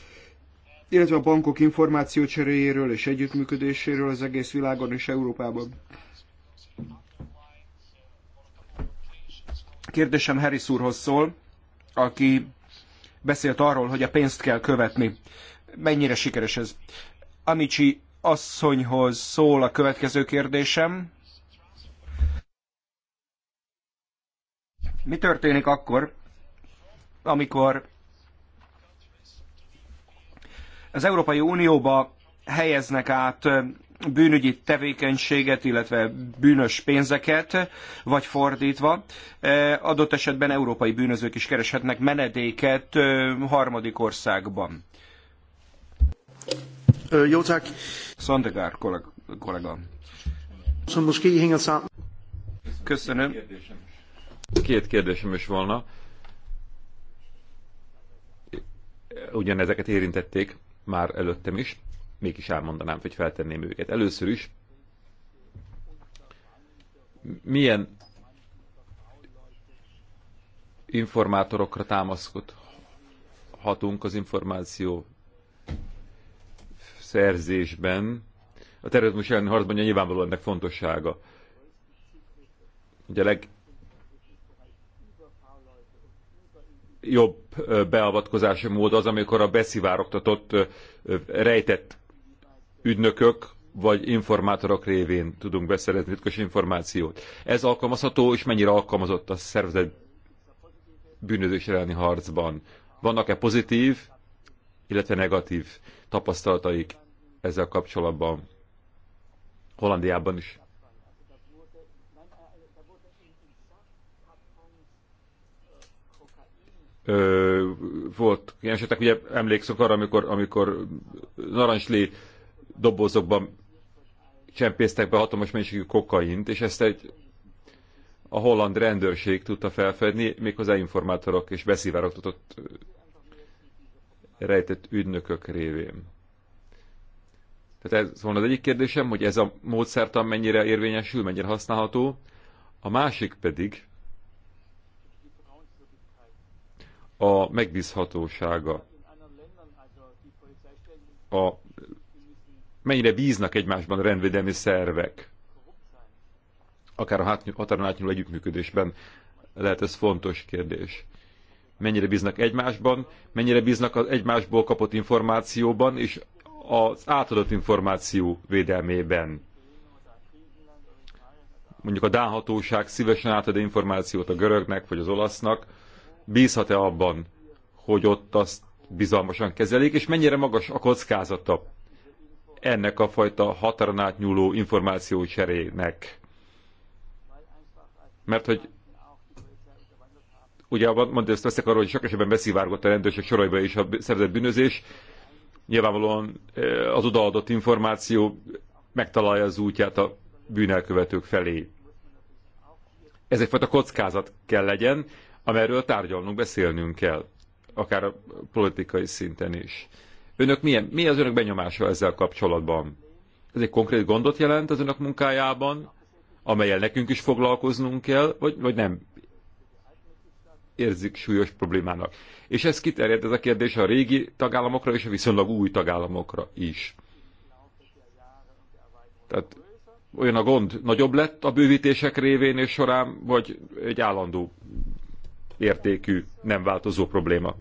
illetve a bankok információcseréjéről és együttműködéséről az egész világon és Európában. Kérdésem Harris úrhoz szól, aki beszélt arról, hogy a pénzt kell követni. Mennyire sikeres ez? Amici asszonyhoz szól a következő kérdésem. Mi történik akkor, amikor az Európai Unióba helyeznek át bűnügyi tevékenységet, illetve bűnös pénzeket, vagy fordítva. Adott esetben európai bűnözők is kereshetnek menedéket harmadik országban. Jó, tak. Szandegár kollega. Så måske hænger sammen. Köszönöm. Két kérdésem is volna. Ugyanezeket érintették már előttem is, mégis elmondanám, hogy feltenném őket. Először is, milyen informátorokra támaszkodhatunk az információ szerzésben, a terrorizmus elleni harcban nyilvánvalóan ennek fontossága. Ugye leg jobb beavatkozási mód az, amikor a beszivárogtatott, rejtett ügynökök vagy informátorok révén tudunk beszerezni titkos információt. Ez alkalmazható, és mennyire alkalmazott a szervezet bűnözés elleni harcban? Vannak-e pozitív illetve negatív tapasztalataik ezzel kapcsolatban Hollandiában is. Ö, volt ilyen esetek, ugye emlékszünk arra, amikor, amikor narancslé dobozokban csempésztek be hatalmas mennyiségű kokaint, és ezt egy a holland rendőrség tudta felfedni, méghozzá informátorok és beszivárogtatott rejtett ügynökök révén. Tehát ez volna szóval az egyik kérdésem, hogy ez a módszertan mennyire érvényesül, mennyire használható. A másik pedig a megbízhatósága. A, mennyire bíznak egymásban a rendvédelmi szervek. Akár a határon átnyúló együttműködésben lehet ez fontos kérdés mennyire bíznak egymásban, mennyire bíznak az egymásból kapott információban és az átadott információ védelmében. Mondjuk a dánhatóság szívesen átad információt a görögnek vagy az olasznak, bízhat-e abban, hogy ott azt bizalmasan kezelik, és mennyire magas a kockázata ennek a fajta határon átnyúló információ cserének. Mert hogy Ugye a Mandelszt veszek arról, hogy sok esetben beszivárgott a rendőrség soraiba is a szervezett bűnözés. Nyilvánvalóan az odaadott információ megtalálja az útját a bűnelkövetők felé. Ez egyfajta kockázat kell legyen, amelyről tárgyalnunk, beszélnünk kell, akár a politikai szinten is. Önök milyen, mi az önök benyomása ezzel kapcsolatban? Ez egy konkrét gondot jelent az önök munkájában, amelyel nekünk is foglalkoznunk kell, vagy, vagy nem érzik súlyos problémának. És ez kiterjed ez a kérdés a régi tagállamokra és a viszonylag új tagállamokra is. Tehát olyan a gond nagyobb lett a bővítések révén és során, vagy egy állandó értékű, nem változó probléma.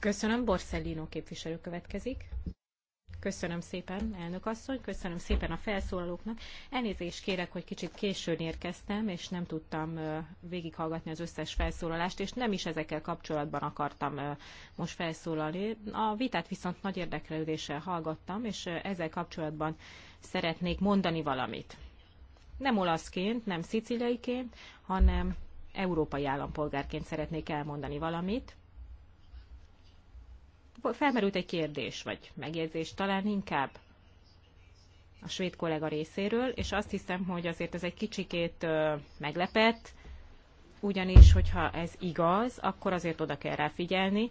Köszönöm, Borsellino képviselő következik. Köszönöm szépen, elnök asszony, köszönöm szépen a felszólalóknak. Elnézést kérek, hogy kicsit későn érkeztem, és nem tudtam végighallgatni az összes felszólalást, és nem is ezekkel kapcsolatban akartam most felszólalni. A vitát viszont nagy érdeklődéssel hallgattam, és ezzel kapcsolatban szeretnék mondani valamit. Nem olaszként, nem szicileiként, hanem európai állampolgárként szeretnék elmondani valamit felmerült egy kérdés, vagy megjegyzés talán inkább a svéd kollega részéről, és azt hiszem, hogy azért ez egy kicsikét meglepett, ugyanis, hogyha ez igaz, akkor azért oda kell rá figyelni,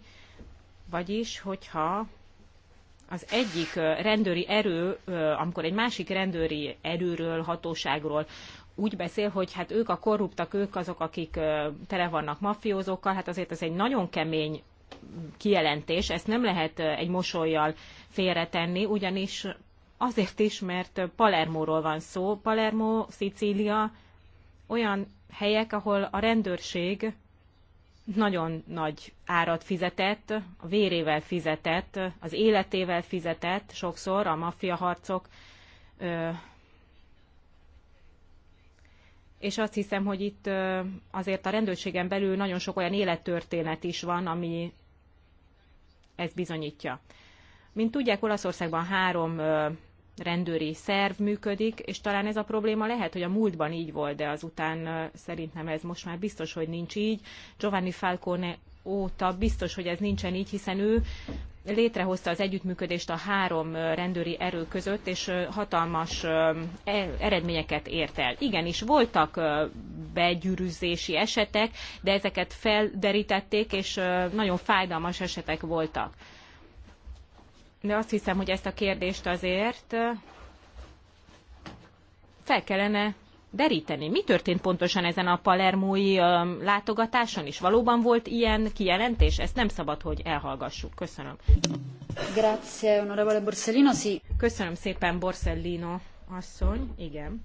vagyis, hogyha az egyik rendőri erő, amikor egy másik rendőri erőről, hatóságról úgy beszél, hogy hát ők a korruptak, ők azok, akik tele vannak mafiózókkal, hát azért ez egy nagyon kemény kijelentés, ezt nem lehet egy mosolyjal félretenni, ugyanis azért is, mert Palermóról van szó. Palermo, Szicília olyan helyek, ahol a rendőrség nagyon nagy árat fizetett, a vérével fizetett, az életével fizetett sokszor a maffia harcok és azt hiszem, hogy itt azért a rendőrségen belül nagyon sok olyan élettörténet is van, ami ezt bizonyítja. Mint tudják, Olaszországban három rendőri szerv működik, és talán ez a probléma lehet, hogy a múltban így volt, de azután szerintem ez most már biztos, hogy nincs így. Giovanni Falcone óta biztos, hogy ez nincsen így, hiszen ő létrehozta az együttműködést a három rendőri erő között, és hatalmas e, eredményeket ért el. Igenis, voltak begyűrűzési esetek, de ezeket felderítették, és nagyon fájdalmas esetek voltak. De azt hiszem, hogy ezt a kérdést azért fel kellene deríteni. Mi történt pontosan ezen a palermói látogatáson is? Valóban volt ilyen kijelentés? Ezt nem szabad, hogy elhallgassuk. Köszönöm. Grazie, onorevole Borsellino. Sì. Köszönöm szépen, Borsellino asszony. Igen.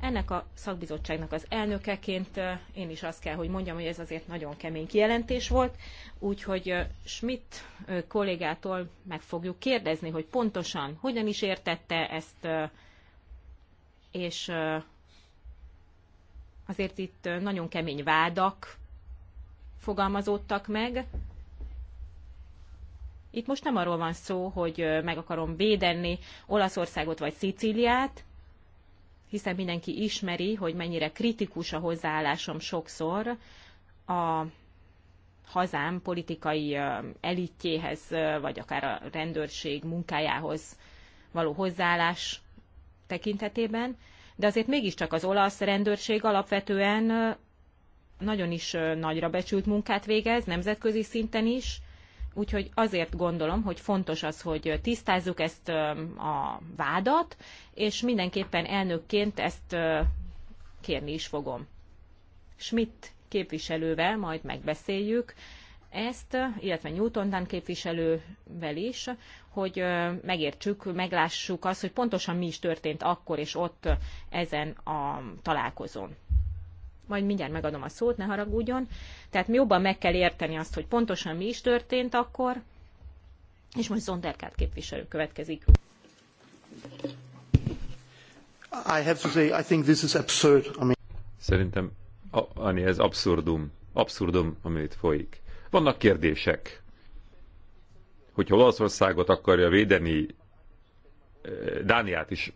Ennek a szakbizottságnak az elnökeként én is azt kell, hogy mondjam, hogy ez azért nagyon kemény kijelentés volt, úgyhogy Schmidt kollégától meg fogjuk kérdezni, hogy pontosan hogyan is értette ezt, és Azért itt nagyon kemény vádak fogalmazódtak meg. Itt most nem arról van szó, hogy meg akarom védeni Olaszországot vagy Szicíliát, hiszen mindenki ismeri, hogy mennyire kritikus a hozzáállásom sokszor a hazám politikai elitjéhez, vagy akár a rendőrség munkájához való hozzáállás tekintetében, de azért mégiscsak az olasz rendőrség alapvetően nagyon is nagyra becsült munkát végez, nemzetközi szinten is, úgyhogy azért gondolom, hogy fontos az, hogy tisztázzuk ezt a vádat, és mindenképpen elnökként ezt kérni is fogom. Schmidt képviselővel majd megbeszéljük ezt, illetve Newton Dan képviselővel is, hogy megértsük, meglássuk azt, hogy pontosan mi is történt akkor és ott ezen a találkozón. Majd mindjárt megadom a szót, ne haragudjon. Tehát mi jobban meg kell érteni azt, hogy pontosan mi is történt akkor. És most Zonderkát képviselő következik. I have to say, I think this is absurd. I mean... Szerintem, Ani, ez abszurdum. Abszurdum, amit folyik. Vannak kérdések, hogyha Olaszországot akarja védeni, eh, Dániát is,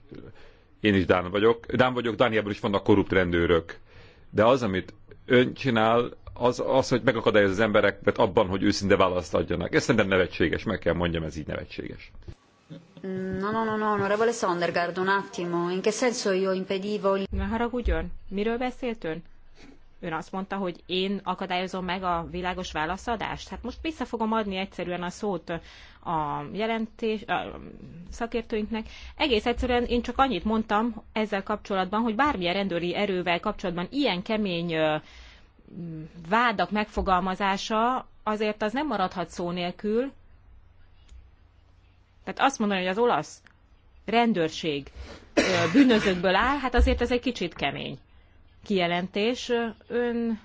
én is Dán vagyok, Dán vagyok, Dániában is vannak korrupt rendőrök. De az, amit ön csinál, az, az hogy megakadályoz az embereket abban, hogy őszinte választ adjanak. Ez szerintem nevetséges, meg kell mondjam, ez így nevetséges. No, no, no, no, onorevole Sondergaard, un attimo. In che senso io impedivo... Ne haragudjon, miről beszélt ön? Ön azt mondta, hogy én akadályozom meg a világos válaszadást? Hát most vissza fogom adni egyszerűen a szót a jelentés a szakértőinknek. Egész egyszerűen én csak annyit mondtam ezzel kapcsolatban, hogy bármilyen rendőri erővel kapcsolatban ilyen kemény vádak megfogalmazása azért az nem maradhat szó nélkül. Tehát azt mondani, hogy az olasz rendőrség bűnözőkből áll, hát azért ez egy kicsit kemény kijelentés. Ön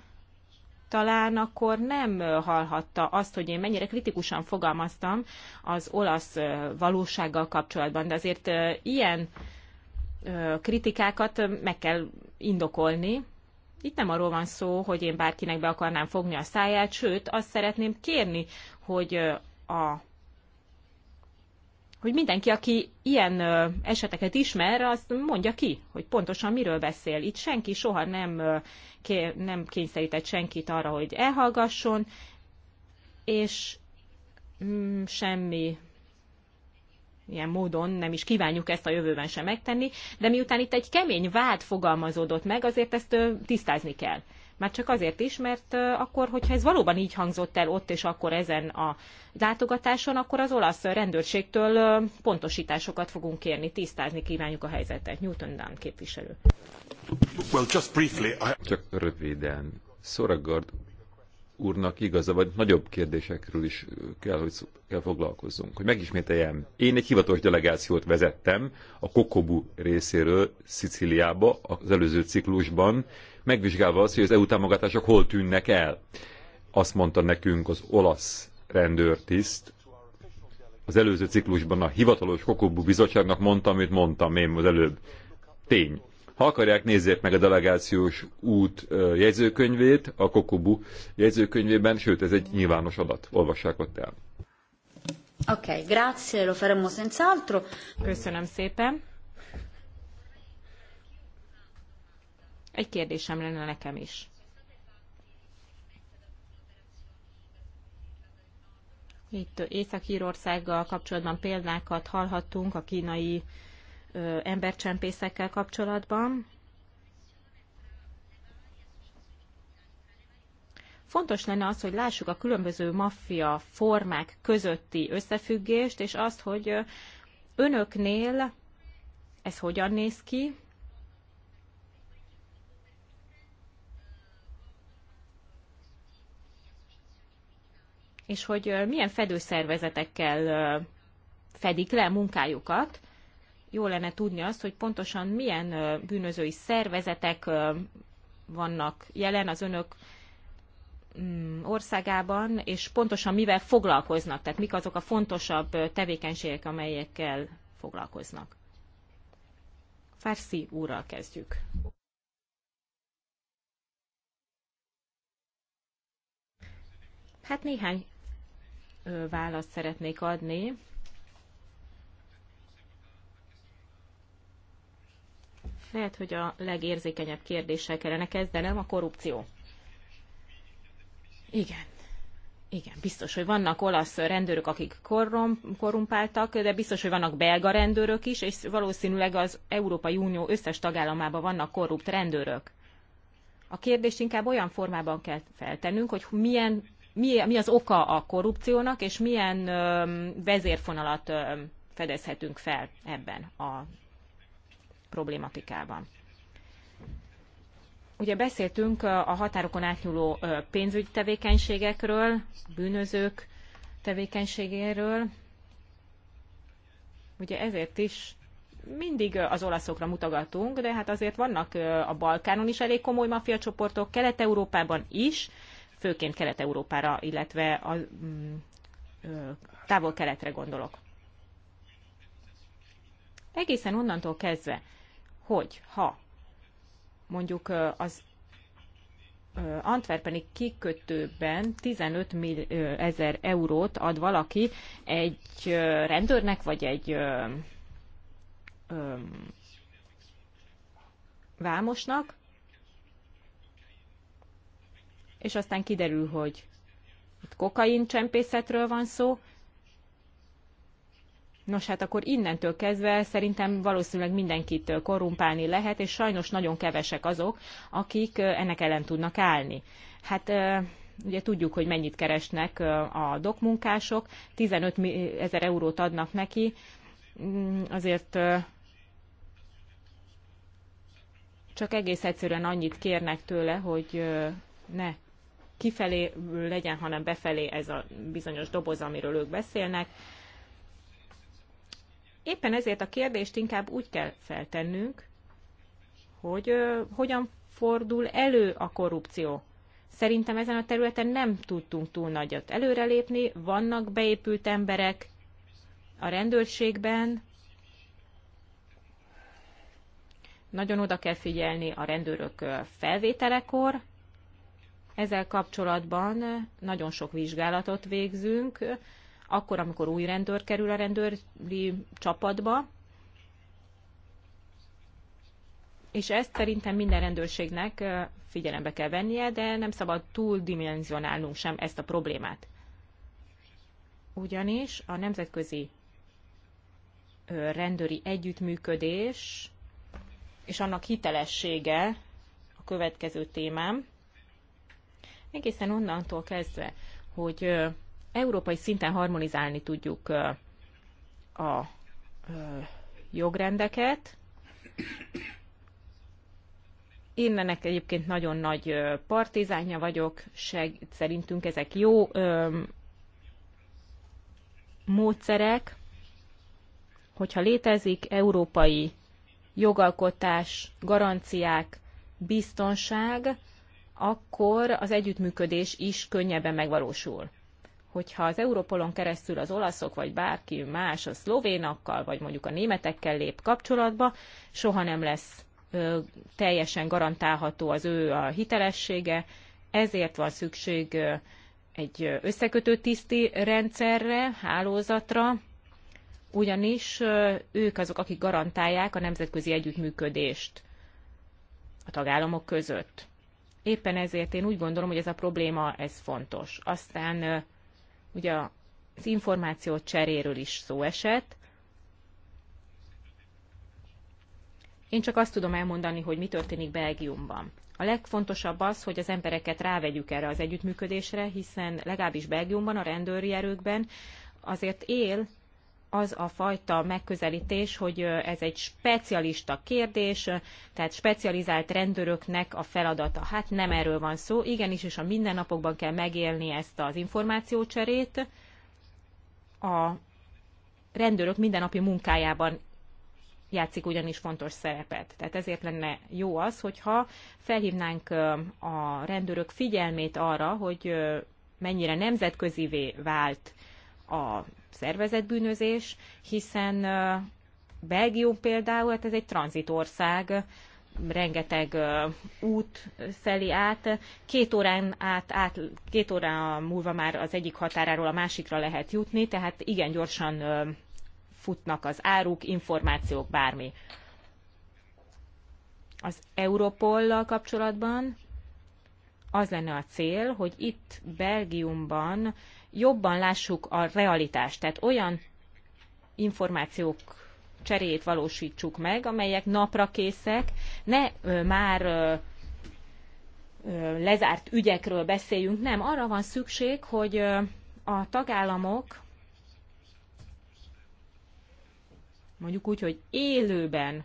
talán akkor nem hallhatta azt, hogy én mennyire kritikusan fogalmaztam az olasz valósággal kapcsolatban, de azért ilyen kritikákat meg kell indokolni. Itt nem arról van szó, hogy én bárkinek be akarnám fogni a száját, sőt, azt szeretném kérni, hogy a hogy mindenki, aki ilyen eseteket ismer, azt mondja ki, hogy pontosan miről beszél. Itt senki soha nem, nem kényszerített senkit arra, hogy elhallgasson, és mm, semmi ilyen módon nem is kívánjuk ezt a jövőben sem megtenni, de miután itt egy kemény vád fogalmazódott meg, azért ezt tisztázni kell. Már csak azért is, mert akkor, hogyha ez valóban így hangzott el ott és akkor ezen a látogatáson, akkor az olasz rendőrségtől pontosításokat fogunk kérni, tisztázni kívánjuk a helyzetet. Newton Dunn képviselő. Well, just briefly, I... Csak röviden. Szoragard úrnak igaza, vagy nagyobb kérdésekről is kell, hogy kell foglalkozzunk. Hogy megismételjem, én egy hivatalos delegációt vezettem a Kokobu részéről Sziciliába az előző ciklusban, megvizsgálva azt, hogy az EU támogatások hol tűnnek el. Azt mondta nekünk az olasz rendőrtiszt, az előző ciklusban a hivatalos Kokobú bizottságnak mondtam, amit mondtam én az előbb. Tény. Ha akarják, nézzék meg a delegációs út jegyzőkönyvét, a Kokobu jegyzőkönyvében, sőt, ez egy nyilvános adat. Olvassák ott el. Oké, okay, grazie, lo faremo senz'altro. Köszönöm szépen. Egy kérdésem lenne nekem is. Itt észak hírországgal kapcsolatban példákat hallhattunk a kínai ö, embercsempészekkel kapcsolatban. Fontos lenne az, hogy lássuk a különböző maffia formák közötti összefüggést, és azt, hogy önöknél ez hogyan néz ki, és hogy milyen fedőszervezetekkel fedik le munkájukat. Jó lenne tudni azt, hogy pontosan milyen bűnözői szervezetek vannak jelen az önök mm, országában, és pontosan mivel foglalkoznak, tehát mik azok a fontosabb tevékenységek, amelyekkel foglalkoznak. Farsi úrral kezdjük. Hát néhány választ szeretnék adni. Lehet, hogy a legérzékenyebb kérdéssel kellene kezdenem, a korrupció. Igen. Igen, biztos, hogy vannak olasz rendőrök, akik korrom, korrumpáltak, de biztos, hogy vannak belga rendőrök is, és valószínűleg az Európai Unió összes tagállamában vannak korrupt rendőrök. A kérdést inkább olyan formában kell feltennünk, hogy milyen mi, mi az oka a korrupciónak, és milyen vezérfonalat fedezhetünk fel ebben a problématikában. Ugye beszéltünk a határokon átnyúló pénzügyi tevékenységekről, bűnözők tevékenységéről. Ugye ezért is mindig az olaszokra mutogatunk, de hát azért vannak a Balkánon is elég komoly mafiacsoportok, Kelet-Európában is, főként Kelet-Európára, illetve a mm, távol-keletre gondolok. Egészen onnantól kezdve, hogy ha mondjuk az Antwerpeni kikötőben 15 ezer eurót ad valaki egy rendőrnek, vagy egy vámosnak, és aztán kiderül, hogy itt kokain csempészetről van szó. Nos, hát akkor innentől kezdve szerintem valószínűleg mindenkit korrumpálni lehet, és sajnos nagyon kevesek azok, akik ennek ellen tudnak állni. Hát ugye tudjuk, hogy mennyit keresnek a dokmunkások, 15 ezer eurót adnak neki, mm, azért csak egész egyszerűen annyit kérnek tőle, hogy ne kifelé legyen, hanem befelé ez a bizonyos doboz, amiről ők beszélnek. Éppen ezért a kérdést inkább úgy kell feltennünk, hogy ö, hogyan fordul elő a korrupció. Szerintem ezen a területen nem tudtunk túl nagyot előrelépni, vannak beépült emberek a rendőrségben, nagyon oda kell figyelni a rendőrök felvételekor, ezzel kapcsolatban nagyon sok vizsgálatot végzünk, akkor, amikor új rendőr kerül a rendőri csapatba, és ezt szerintem minden rendőrségnek figyelembe kell vennie, de nem szabad túl dimenzionálnunk sem ezt a problémát. Ugyanis a nemzetközi rendőri együttműködés és annak hitelessége a következő témám egészen onnantól kezdve, hogy európai szinten harmonizálni tudjuk a jogrendeket. Én ennek egyébként nagyon nagy partizánja vagyok, seg, szerintünk ezek jó módszerek, hogyha létezik európai jogalkotás, garanciák, biztonság, akkor az együttműködés is könnyebben megvalósul. Hogyha az Európolon keresztül az olaszok, vagy bárki más a szlovénakkal, vagy mondjuk a németekkel lép kapcsolatba, soha nem lesz ö, teljesen garantálható az ő a hitelessége, ezért van szükség ö, egy összekötő tiszti rendszerre, hálózatra, ugyanis ö, ők azok, akik garantálják a nemzetközi együttműködést a tagállamok között éppen ezért én úgy gondolom, hogy ez a probléma, ez fontos. Aztán ugye az információ cseréről is szó esett. Én csak azt tudom elmondani, hogy mi történik Belgiumban. A legfontosabb az, hogy az embereket rávegyük erre az együttműködésre, hiszen legalábbis Belgiumban, a rendőri erőkben azért él az a fajta megközelítés, hogy ez egy specialista kérdés, tehát specializált rendőröknek a feladata. Hát nem erről van szó, igenis, és a mindennapokban kell megélni ezt az információcserét. A rendőrök mindennapi munkájában játszik ugyanis fontos szerepet. Tehát ezért lenne jó az, hogyha felhívnánk a rendőrök figyelmét arra, hogy mennyire nemzetközivé vált a szervezetbűnözés, hiszen Belgium például, hát ez egy tranzitország, rengeteg út szeli át. Két órán át, át, két óra múlva már az egyik határáról a másikra lehet jutni, tehát igen gyorsan futnak az áruk, információk, bármi. Az Europollal kapcsolatban az lenne a cél, hogy itt Belgiumban jobban lássuk a realitást, tehát olyan információk cseréjét valósítsuk meg, amelyek napra készek, ne ö, már ö, ö, lezárt ügyekről beszéljünk, nem, arra van szükség, hogy ö, a tagállamok mondjuk úgy, hogy élőben,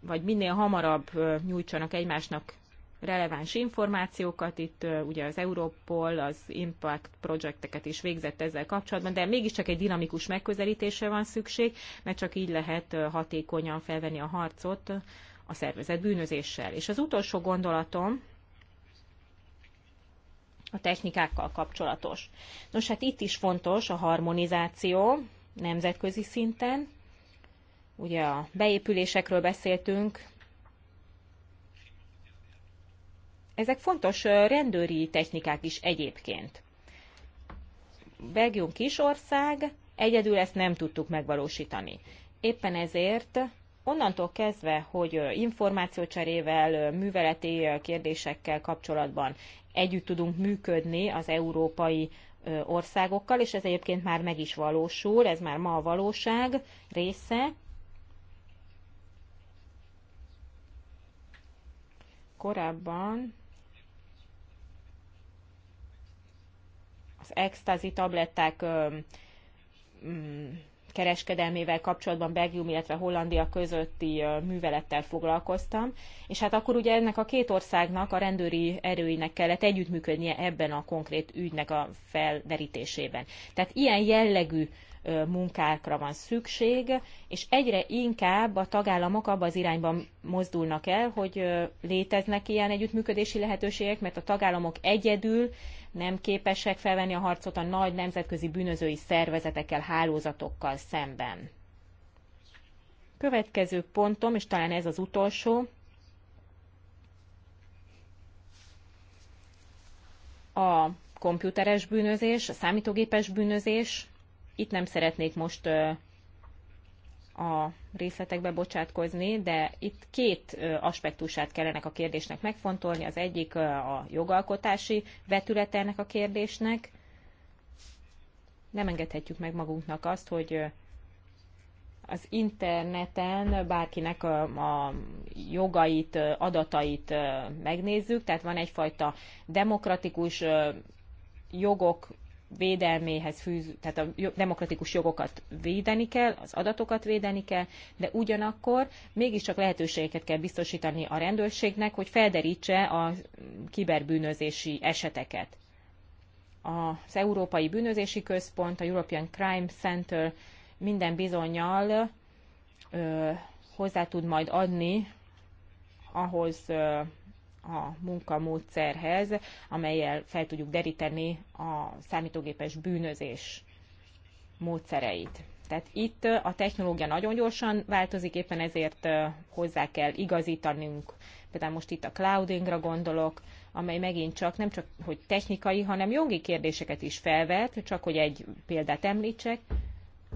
vagy minél hamarabb nyújtsanak egymásnak releváns információkat, itt ugye az Europol, az Impact projekteket is végzett ezzel kapcsolatban, de mégiscsak egy dinamikus megközelítésre van szükség, mert csak így lehet hatékonyan felvenni a harcot a szervezet bűnözéssel. És az utolsó gondolatom a technikákkal kapcsolatos. Nos, hát itt is fontos a harmonizáció nemzetközi szinten, ugye a beépülésekről beszéltünk, Ezek fontos rendőri technikák is egyébként. Belgium kisország, egyedül ezt nem tudtuk megvalósítani. Éppen ezért onnantól kezdve, hogy információcserével, műveleti kérdésekkel kapcsolatban együtt tudunk működni az európai országokkal, és ez egyébként már meg is valósul, ez már ma a valóság része. Korábban az extázi tabletták kereskedelmével kapcsolatban Belgium, illetve Hollandia közötti művelettel foglalkoztam, és hát akkor ugye ennek a két országnak a rendőri erőinek kellett együttműködnie ebben a konkrét ügynek a felderítésében. Tehát ilyen jellegű munkákra van szükség, és egyre inkább a tagállamok abba az irányban mozdulnak el, hogy léteznek ilyen együttműködési lehetőségek, mert a tagállamok egyedül nem képesek felvenni a harcot a nagy nemzetközi bűnözői szervezetekkel, hálózatokkal szemben. Következő pontom, és talán ez az utolsó, a komputeres bűnözés, a számítógépes bűnözés, itt nem szeretnék most a részletekbe bocsátkozni, de itt két aspektusát kellene a kérdésnek megfontolni. Az egyik a jogalkotási vetületének ennek a kérdésnek. Nem engedhetjük meg magunknak azt, hogy az interneten bárkinek a, a jogait, adatait megnézzük, tehát van egyfajta demokratikus jogok védelméhez fűz, tehát a demokratikus jogokat védeni kell, az adatokat védeni kell, de ugyanakkor mégiscsak lehetőségeket kell biztosítani a rendőrségnek, hogy felderítse a kiberbűnözési eseteket. Az Európai Bűnözési Központ, a European Crime Center minden bizonyal hozzá tud majd adni ahhoz a munkamódszerhez, amelyel fel tudjuk deríteni a számítógépes bűnözés módszereit. Tehát itt a technológia nagyon gyorsan változik, éppen ezért hozzá kell igazítanunk. Például most itt a cloudingra gondolok, amely megint csak nem csak hogy technikai, hanem jogi kérdéseket is felvet, csak hogy egy példát említsek.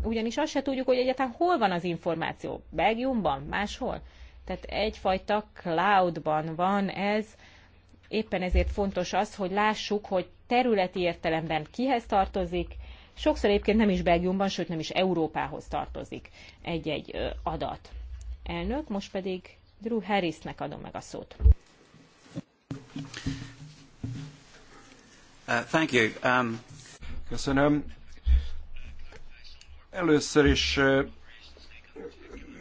Ugyanis azt se tudjuk, hogy egyáltalán hol van az információ. Belgiumban? Máshol? Tehát egyfajta cloudban van ez, éppen ezért fontos az, hogy lássuk, hogy területi értelemben kihez tartozik, sokszor egyébként nem is Belgiumban, sőt nem is Európához tartozik egy-egy adat. Elnök, most pedig Drew Harrisnek adom meg a szót. Uh, thank you. Um... Köszönöm. Először is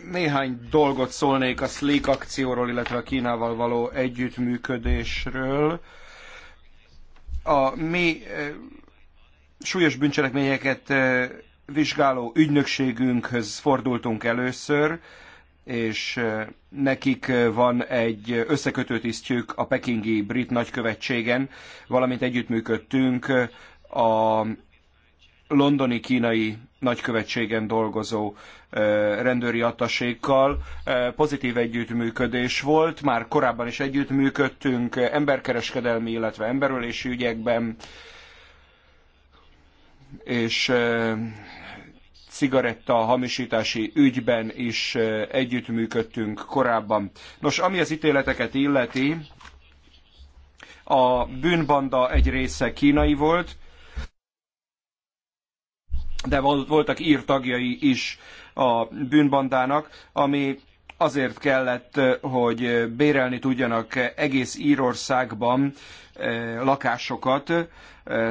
néhány dolgot szólnék a SLEEK akcióról, illetve a Kínával való együttműködésről. A mi eh, súlyos bűncselekményeket eh, vizsgáló ügynökségünkhöz fordultunk először, és eh, nekik van egy összekötő tisztjük a pekingi brit nagykövetségen, valamint együttműködtünk a londoni kínai nagykövetségen dolgozó rendőri attasékkal. Pozitív együttműködés volt, már korábban is együttműködtünk emberkereskedelmi, illetve emberölési ügyekben, és cigaretta hamisítási ügyben is együttműködtünk korábban. Nos, ami az ítéleteket illeti, a bűnbanda egy része kínai volt, de voltak írtagjai tagjai is a bűnbandának, ami azért kellett, eh, hogy bérelni tudjanak egész Írországban eh, lakásokat, eh,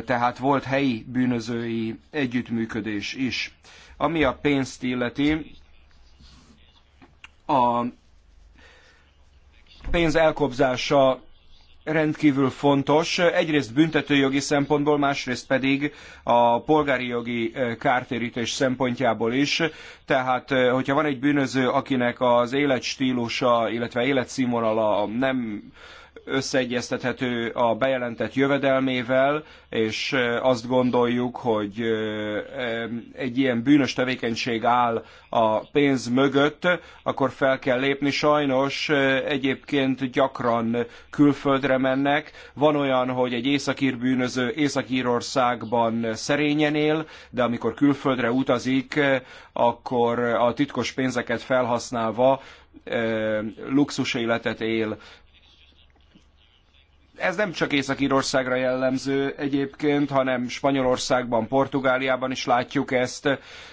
tehát volt helyi bűnözői együttműködés is. Ami a pénzt illeti, a pénz elkobzása rendkívül fontos, egyrészt büntetőjogi szempontból, másrészt pedig a polgári jogi eh, kártérítés szempontjából is. Tehát, eh, hogyha van egy bűnöző, akinek az életstílusa, illetve életszínvonala nem összeegyeztethető a bejelentett jövedelmével, és azt gondoljuk, hogy egy ilyen bűnös tevékenység áll a pénz mögött, akkor fel kell lépni. Sajnos egyébként gyakran külföldre mennek. Van olyan, hogy egy északír bűnöző Észak-Írországban szerényen él, de amikor külföldre utazik, akkor a titkos pénzeket felhasználva luxus életet él ez nem csak Észak-Írországra jellemző egyébként, hanem Spanyolországban, Portugáliában is látjuk ezt,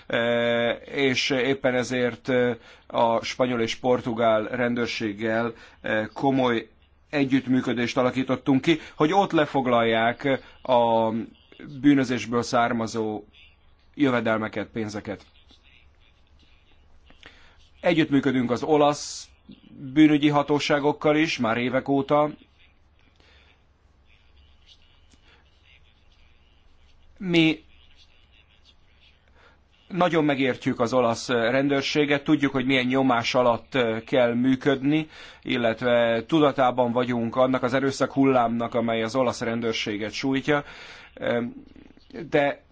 e, és éppen ezért e, a spanyol és portugál rendőrséggel e, komoly együttműködést alakítottunk ki, hogy ott lefoglalják a bűnözésből származó jövedelmeket, pénzeket. Együttműködünk az olasz bűnügyi hatóságokkal is, már évek óta, Mi nagyon megértjük az olasz rendőrséget, tudjuk, hogy milyen nyomás alatt kell működni, illetve tudatában vagyunk annak az erőszak hullámnak, amely az olasz rendőrséget sújtja, de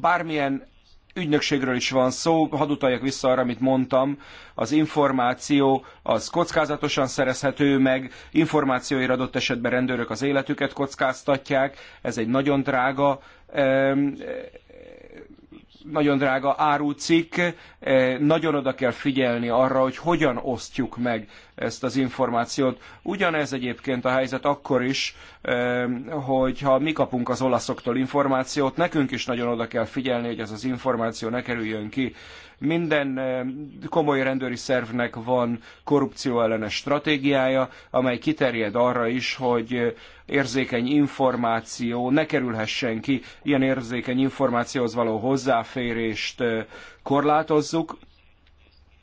bármilyen ügynökségről is van szó, hadd utaljak vissza arra, amit mondtam, az információ az kockázatosan szerezhető meg, információért adott esetben rendőrök az életüket kockáztatják, ez egy nagyon drága nagyon drága árucikk, nagyon oda kell figyelni arra, hogy hogyan osztjuk meg ezt az információt. Ugyanez egyébként a helyzet akkor is, hogyha mi kapunk az olaszoktól információt, nekünk is nagyon oda kell figyelni, hogy ez az információ ne kerüljön ki. Minden komoly rendőri szervnek van korrupcióellenes stratégiája, amely kiterjed arra is, hogy eh, érzékeny információ ne kerülhessen ki, ilyen érzékeny információhoz való hozzáférést eh, korlátozzuk,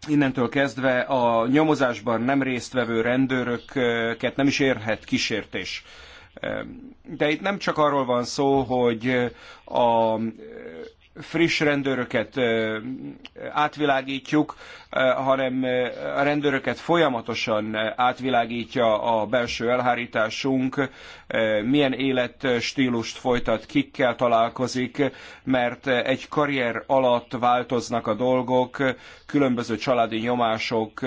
innentől kezdve a nyomozásban nem résztvevő rendőröket nem is érhet kísértés. De itt nem csak arról van szó, hogy a friss rendőröket átvilágítjuk, hanem a rendőröket folyamatosan átvilágítja a belső elhárításunk, milyen életstílust folytat, kikkel találkozik, mert egy karrier alatt változnak a dolgok, különböző családi nyomások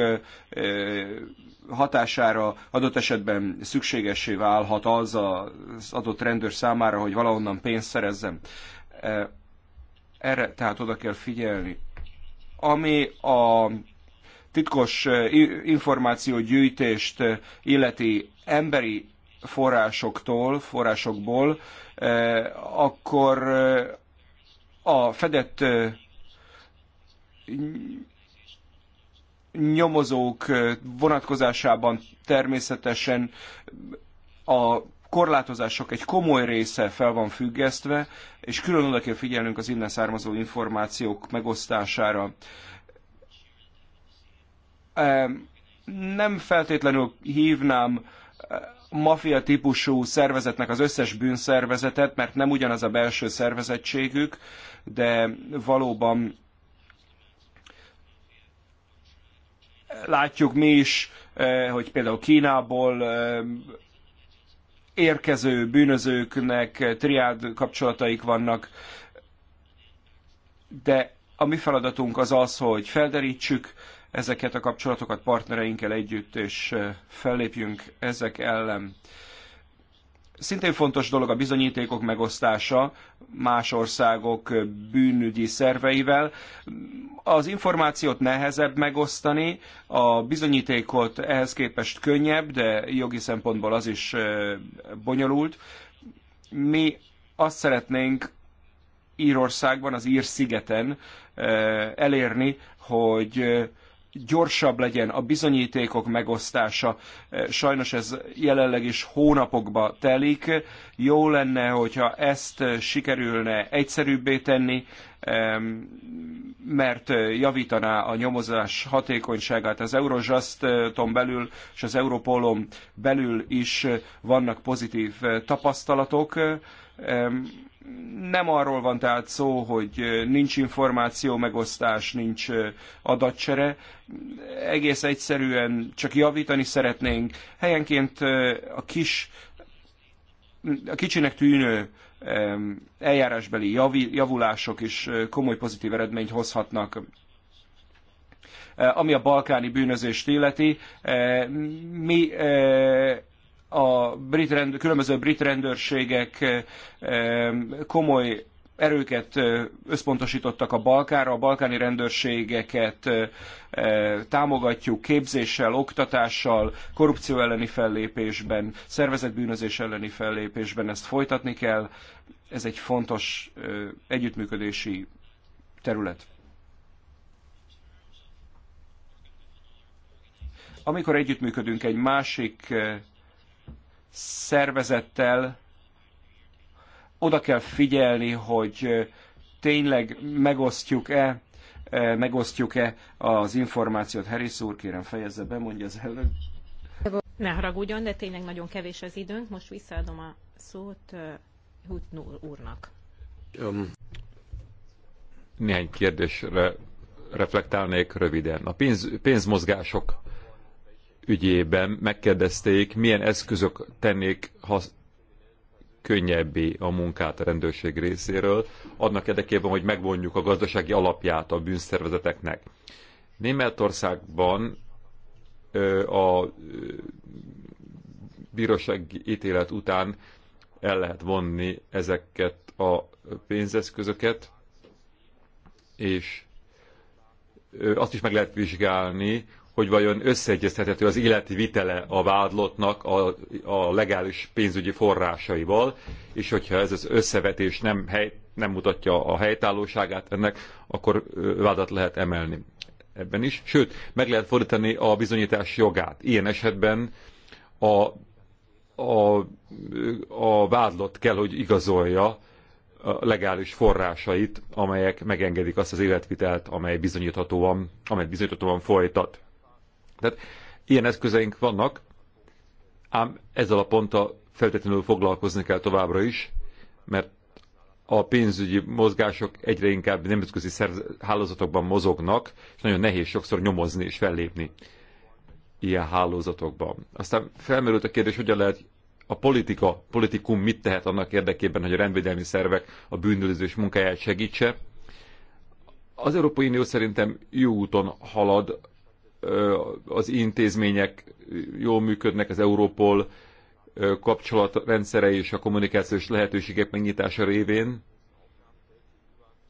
hatására adott esetben szükségessé válhat az az adott rendőr számára, hogy valahonnan pénzt szerezzen erre tehát oda kell figyelni. Ami a titkos eh, információgyűjtést eh, illeti emberi forrásoktól, forrásokból, eh, akkor a fedett nyomozók vonatkozásában természetesen a korlátozások egy komoly része fel van függesztve, és külön oda kell figyelnünk az innen származó információk megosztására. Nem feltétlenül hívnám mafia típusú szervezetnek az összes bűnszervezetet, mert nem ugyanaz a belső szervezettségük, de valóban látjuk mi is, hogy például Kínából érkező bűnözőknek triád kapcsolataik vannak, de a mi feladatunk az az, hogy felderítsük ezeket a kapcsolatokat partnereinkkel együtt, és eh, fellépjünk ezek ellen. Szintén fontos dolog a bizonyítékok megosztása más országok bűnügyi szerveivel. Az információt nehezebb megosztani, a bizonyítékot ehhez képest könnyebb, de jogi szempontból az is bonyolult. Mi azt szeretnénk Írországban, az Ír szigeten elérni, hogy gyorsabb legyen a bizonyítékok megosztása. E, sajnos ez jelenleg is hónapokba telik. Jó lenne, hogyha ezt sikerülne egyszerűbbé tenni, mert javítaná a nyomozás hatékonyságát. Az Eurojust-on belül és az Europolon belül is vannak pozitív tapasztalatok nem arról van tehát szó, hogy nincs információ megosztás, nincs adatcsere. Egész egyszerűen csak javítani szeretnénk. Helyenként a kis, a kicsinek tűnő eljárásbeli javulások is komoly pozitív eredményt hozhatnak ami a balkáni bűnözést illeti. Mi a brit rendőr, különböző brit rendőrségek eh, komoly erőket eh, összpontosítottak a Balkára, a balkáni rendőrségeket eh, támogatjuk képzéssel, oktatással, korrupció elleni fellépésben, szervezetbűnözés elleni fellépésben, ezt folytatni kell. Ez egy fontos együttműködési terület. Amikor együttműködünk egy másik szervezettel oda kell figyelni, hogy tényleg megosztjuk-e e, megosztjuk-e az információt. Harris úr, kérem fejezze be, mondja az elnök. Ne haragudjon, de tényleg nagyon kevés az időnk. Most visszaadom a szót e, Hutnur úrnak. Um, néhány kérdésre reflektálnék röviden. A pénz, pénzmozgások ügyében megkérdezték, milyen eszközök tennék könnyebbé a munkát a rendőrség részéről, annak érdekében, hogy megvonjuk a gazdasági alapját a bűnszervezeteknek. Németországban a bírósági ítélet után el lehet vonni ezeket a pénzeszközöket, és azt is meg lehet vizsgálni, hogy vajon összeegyeztethető az életi vitele a vádlottnak a, a legális pénzügyi forrásaival, és hogyha ez az összevetés nem, hely, nem mutatja a helytállóságát ennek, akkor vádat lehet emelni ebben is. Sőt, meg lehet fordítani a bizonyítás jogát. Ilyen esetben a, a, a vádlott kell, hogy igazolja a legális forrásait, amelyek megengedik azt az életvitelt, amely bizonyíthatóan, amely bizonyíthatóan folytat. Tehát ilyen eszközeink vannak, ám ezzel a ponttal feltétlenül foglalkozni kell továbbra is, mert a pénzügyi mozgások egyre inkább nemzetközi hálózatokban mozognak, és nagyon nehéz sokszor nyomozni és fellépni ilyen hálózatokban. Aztán felmerült a kérdés, hogyan lehet a politika, politikum mit tehet annak érdekében, hogy a rendvédelmi szervek a bűnözés munkáját segítse. Az Európai Unió szerintem jó úton halad az intézmények jól működnek, az Európol kapcsolatrendszere és a kommunikációs lehetőségek megnyitása révén.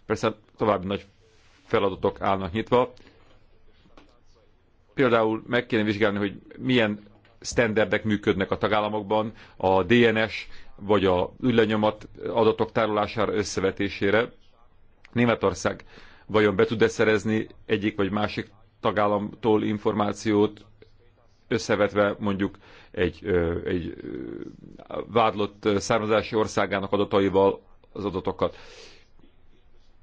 Persze további nagy feladatok állnak nyitva. Például meg kéne vizsgálni, hogy milyen sztenderdek működnek a tagállamokban a DNS vagy a ügylenyomat adatok tárolására összevetésére. Németország vajon be tud-e szerezni egyik vagy másik tagállamtól információt összevetve mondjuk egy, egy vádlott származási országának adataival az adatokat.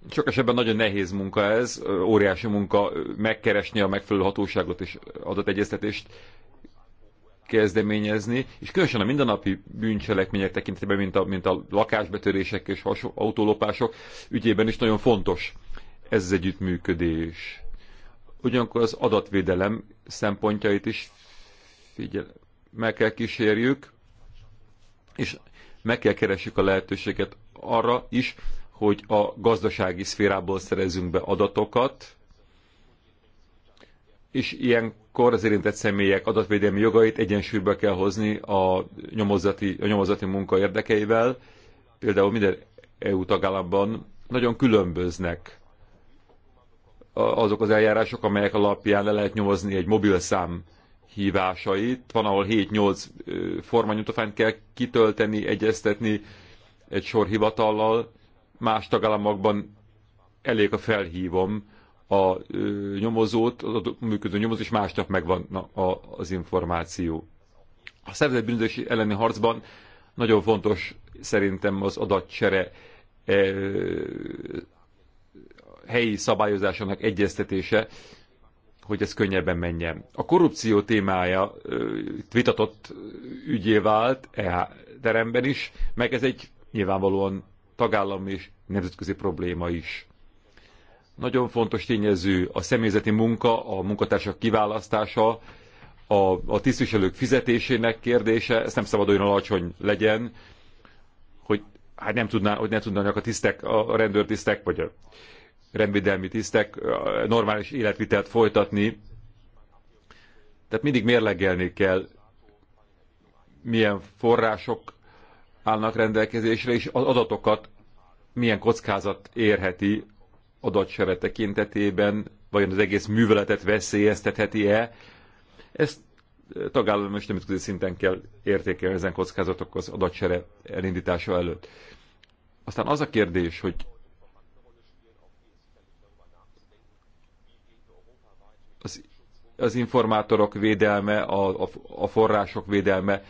Sok esetben nagyon nehéz munka ez, óriási munka megkeresni a megfelelő hatóságot és adategyeztetést kezdeményezni, és különösen a mindennapi bűncselekmények tekintetében, mint a, mint a lakásbetörések és hasonló, autólopások ügyében is nagyon fontos ez az együttműködés ugyanakkor az adatvédelem szempontjait is figyel, meg kell kísérjük, és meg kell keresjük a lehetőséget arra is, hogy a gazdasági szférából szerezünk be adatokat, és ilyenkor az érintett személyek adatvédelmi jogait egyensúlyba kell hozni a nyomozati, a nyomozati munka érdekeivel. Például minden EU tagállamban nagyon különböznek azok az eljárások, amelyek alapján le lehet nyomozni egy mobilszám hívásait. Van, ahol 7-8 formanyomtatványt kell kitölteni, egyeztetni egy sor hivatallal. Más tagállamokban elég a felhívom a nyomozót, az működő nyomozó, és másnap megvan az információ. A szervezett bűnözés elleni harcban nagyon fontos szerintem az adatcsere helyi szabályozásának egyeztetése, hogy ez könnyebben menjen. A korrupció témája vitatott ügyé vált e teremben is, meg ez egy nyilvánvalóan tagállami és nemzetközi probléma is. Nagyon fontos tényező a személyzeti munka, a munkatársak kiválasztása, a, a tisztviselők fizetésének kérdése, ez nem szabad olyan alacsony legyen, hogy hát nem tudná, hogy ne tudnának a tisztek, a rendőrtisztek, vagy a rendvédelmi tisztek normális életvitelt folytatni. Tehát mindig mérlegelni kell, milyen források állnak rendelkezésre, és az adatokat milyen kockázat érheti adatsere tekintetében, vajon az egész műveletet veszélyeztetheti-e. Ezt tagállami és nemzetközi szinten kell értékelni ezen kockázatok az adatsere elindítása előtt. Aztán az a kérdés, hogy az informátorok védelme, a, a, a források védelme,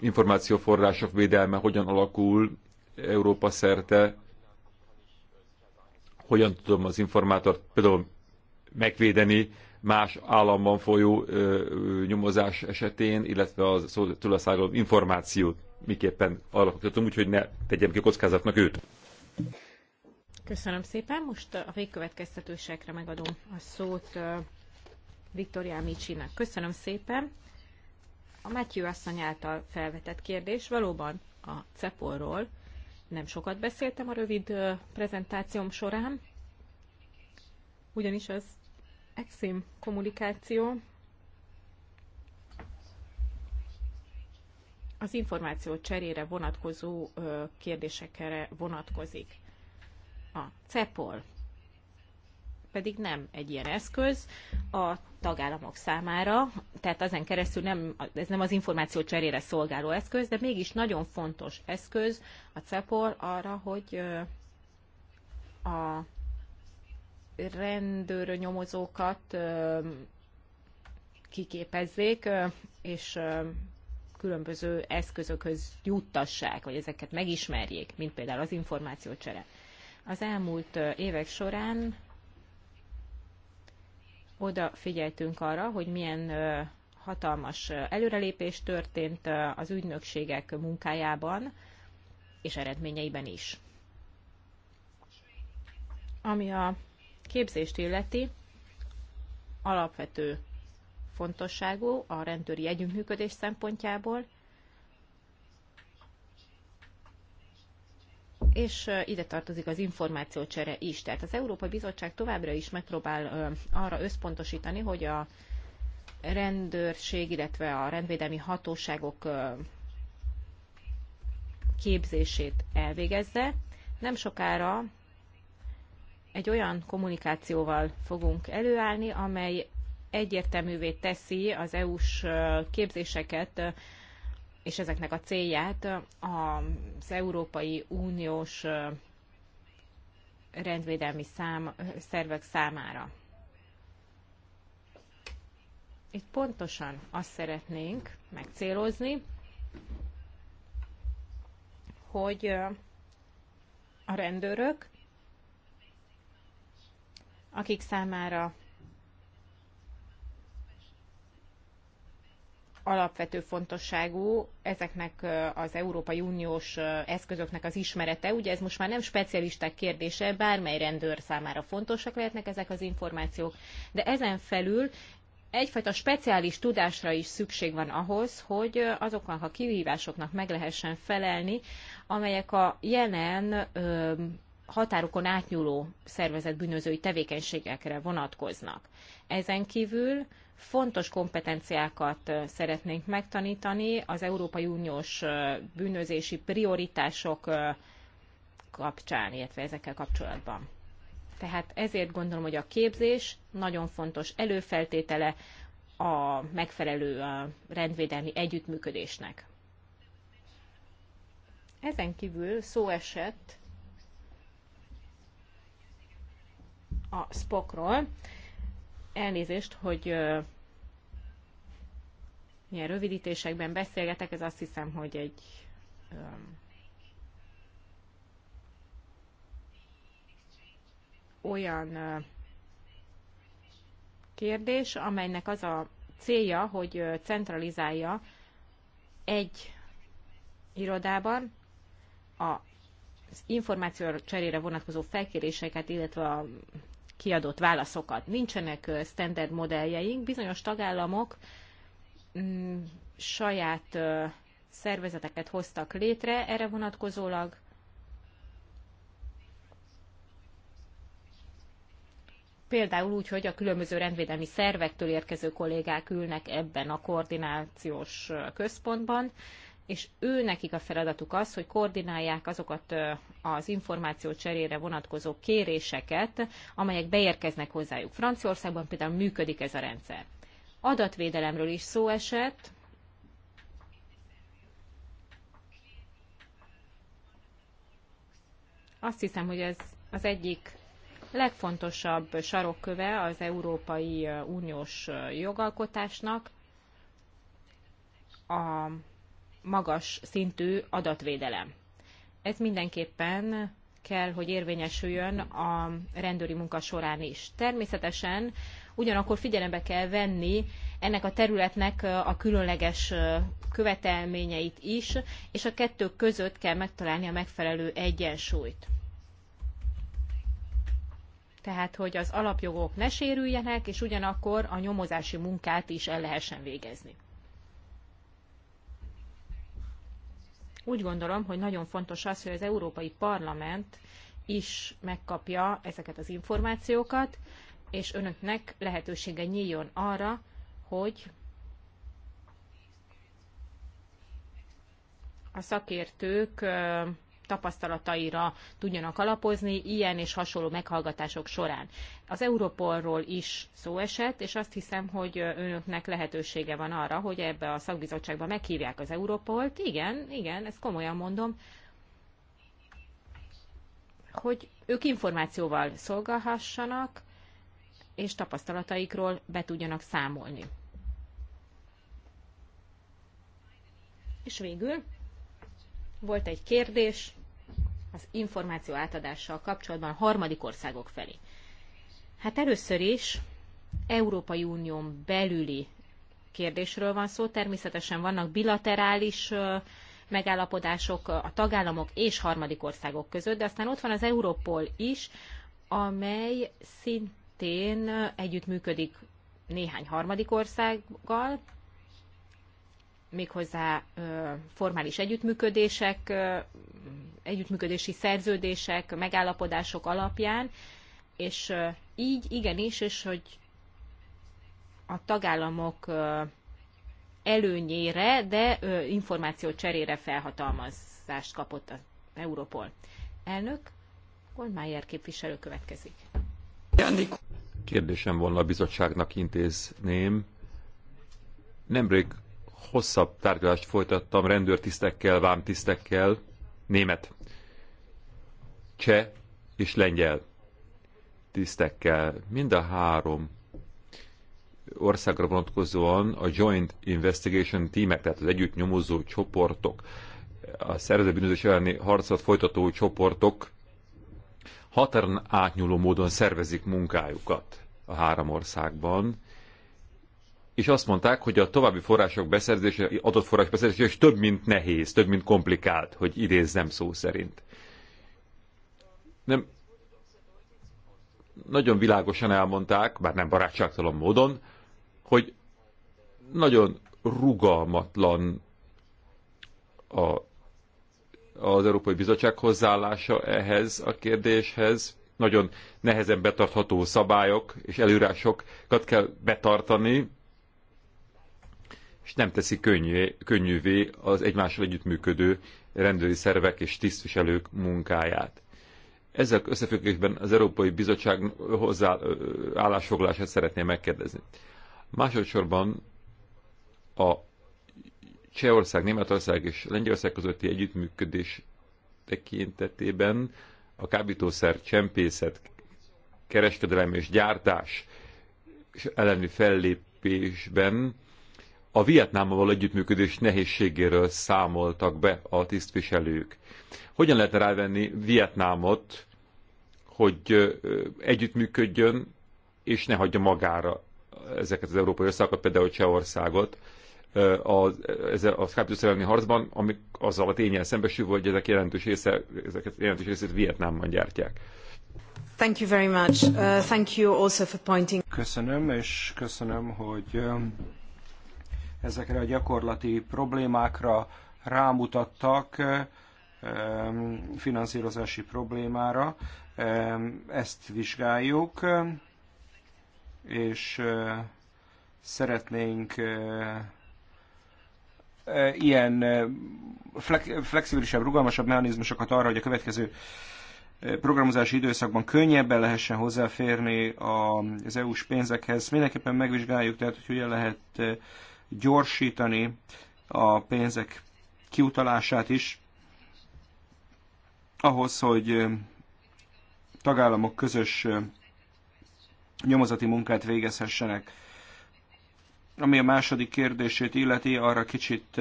információforrások védelme hogyan alakul Európa szerte, hogyan tudom az informátort például megvédeni más államban folyó ö, ö, nyomozás esetén, illetve a tulajdonságról információt miképpen alakítottam, úgyhogy ne tegyem ki kockázatnak őt. Köszönöm szépen. Most a végkövetkeztetősekre megadom a szót Viktoria Micsinak. Köszönöm szépen. A Matthew asszony által felvetett kérdés valóban a cepol nem sokat beszéltem a rövid prezentációm során, ugyanis az Exim kommunikáció az információ cserére vonatkozó kérdésekre vonatkozik. A CEPOL pedig nem egy ilyen eszköz a tagállamok számára, tehát ezen keresztül nem, ez nem az információ cserére szolgáló eszköz, de mégis nagyon fontos eszköz a CEPOL arra, hogy a rendőr nyomozókat kiképezzék, és különböző eszközökhöz juttassák, vagy ezeket megismerjék, mint például az információcsere. Az elmúlt évek során odafigyeltünk arra, hogy milyen hatalmas előrelépés történt az ügynökségek munkájában és eredményeiben is. Ami a képzést illeti, alapvető fontosságú a rendőri együttműködés szempontjából, és ide tartozik az információcsere is. Tehát az Európai Bizottság továbbra is megpróbál arra összpontosítani, hogy a rendőrség, illetve a rendvédelmi hatóságok képzését elvégezze. Nem sokára egy olyan kommunikációval fogunk előállni, amely egyértelművé teszi az EU-s képzéseket és ezeknek a célját az Európai Uniós rendvédelmi szám, szervek számára. Itt pontosan azt szeretnénk megcélozni, hogy a rendőrök, akik számára alapvető fontosságú ezeknek az Európai Uniós eszközöknek az ismerete. Ugye ez most már nem specialisták kérdése, bármely rendőr számára fontosak lehetnek ezek az információk, de ezen felül egyfajta speciális tudásra is szükség van ahhoz, hogy azoknak a kihívásoknak meg lehessen felelni, amelyek a jelen határokon átnyúló szervezet bűnözői tevékenységekre vonatkoznak. Ezen kívül fontos kompetenciákat szeretnénk megtanítani az Európai Uniós bűnözési prioritások kapcsán, illetve ezekkel kapcsolatban. Tehát ezért gondolom, hogy a képzés nagyon fontos előfeltétele a megfelelő rendvédelmi együttműködésnek. Ezen kívül szó esett a spokról. Elnézést, hogy milyen rövidítésekben beszélgetek, ez azt hiszem, hogy egy olyan kérdés, amelynek az a célja, hogy centralizálja egy irodában az információ cserére vonatkozó felkéréseket, illetve a kiadott válaszokat. Nincsenek standard modelljeink, bizonyos tagállamok mm, saját szervezeteket hoztak létre erre vonatkozólag. Például úgy, hogy a különböző rendvédelmi szervektől érkező kollégák ülnek ebben a koordinációs központban, és ő nekik a feladatuk az, hogy koordinálják azokat az információ cserére vonatkozó kéréseket, amelyek beérkeznek hozzájuk. Franciaországban például működik ez a rendszer. Adatvédelemről is szó esett, azt hiszem, hogy ez az egyik legfontosabb sarokköve az Európai Uniós jogalkotásnak. A magas szintű adatvédelem. Ez mindenképpen kell, hogy érvényesüljön a rendőri munka során is. Természetesen ugyanakkor figyelembe kell venni ennek a területnek a különleges követelményeit is, és a kettő között kell megtalálni a megfelelő egyensúlyt. Tehát, hogy az alapjogok ne sérüljenek, és ugyanakkor a nyomozási munkát is el lehessen végezni. úgy gondolom, hogy nagyon fontos az, hogy az Európai Parlament is megkapja ezeket az információkat, és önöknek lehetősége nyíljon arra, hogy a szakértők tapasztalataira tudjanak alapozni ilyen és hasonló meghallgatások során. Az Európolról is szó esett, és azt hiszem, hogy önöknek lehetősége van arra, hogy ebbe a szakbizottságba meghívják az Európolt. Igen, igen, ezt komolyan mondom, hogy ők információval szolgálhassanak, és tapasztalataikról be tudjanak számolni. És végül volt egy kérdés az információ átadással kapcsolatban a harmadik országok felé. Hát először is Európai Unión belüli kérdésről van szó. Természetesen vannak bilaterális megállapodások a tagállamok és harmadik országok között, de aztán ott van az Európol is, amely szintén együttműködik néhány harmadik országgal, méghozzá formális együttműködések, együttműködési szerződések, megállapodások alapján, és így igenis, és hogy a tagállamok előnyére, de információ cserére felhatalmazást kapott az Europol. Elnök, Goldmeier képviselő következik. Kérdésem volna a bizottságnak intézném. Nemrég hosszabb tárgyalást folytattam rendőrtisztekkel, vámtisztekkel, német, cseh és lengyel tisztekkel. Mind a három országra vonatkozóan a Joint Investigation Teamek, tehát az együtt nyomozó csoportok, a szerzőbűnözés elleni harcot folytató csoportok határon átnyúló módon szervezik munkájukat a három országban, és azt mondták, hogy a további források beszerzése, adott forrás beszerzése is több, mint nehéz, több, mint komplikált, hogy idézzem szó szerint. Nem, nagyon világosan elmondták, bár nem barátságtalan módon, hogy nagyon rugalmatlan a, az Európai Bizottság hozzáállása ehhez a kérdéshez, nagyon nehezen betartható szabályok és előrásokat kell betartani, és nem teszi könnyű, könnyűvé az egymással együttműködő rendőri szervek és tisztviselők munkáját. Ezzel összefüggésben az Európai Bizottság hozzá állásfoglását szeretném megkérdezni. Másodszorban a Csehország, Németország és Lengyelország közötti együttműködés tekintetében a kábítószer csempészet, kereskedelem és gyártás elleni fellépésben a Vietnámmal való együttműködés nehézségéről számoltak be a tisztviselők. Hogyan lehetne rávenni Vietnámot, hogy együttműködjön, és ne hagyja magára ezeket az európai országokat, például Csehországot, a, a skype elleni harcban, amik azzal a tényel szembesül, hogy ezek jelentős, része, ezeket jelentős részét Vietnámban gyártják. Thank you very much. Uh, thank you also for pointing. Köszönöm, és köszönöm, hogy ezekre a gyakorlati problémákra rámutattak, finanszírozási problémára. Ezt vizsgáljuk, és szeretnénk ilyen flexibilisebb, rugalmasabb mechanizmusokat arra, hogy a következő programozási időszakban könnyebben lehessen hozzáférni az EU-s pénzekhez. Mindenképpen megvizsgáljuk, tehát hogy hogyan lehet gyorsítani a pénzek kiutalását is, ahhoz, hogy tagállamok közös nyomozati munkát végezhessenek. Ami a második kérdését illeti, arra kicsit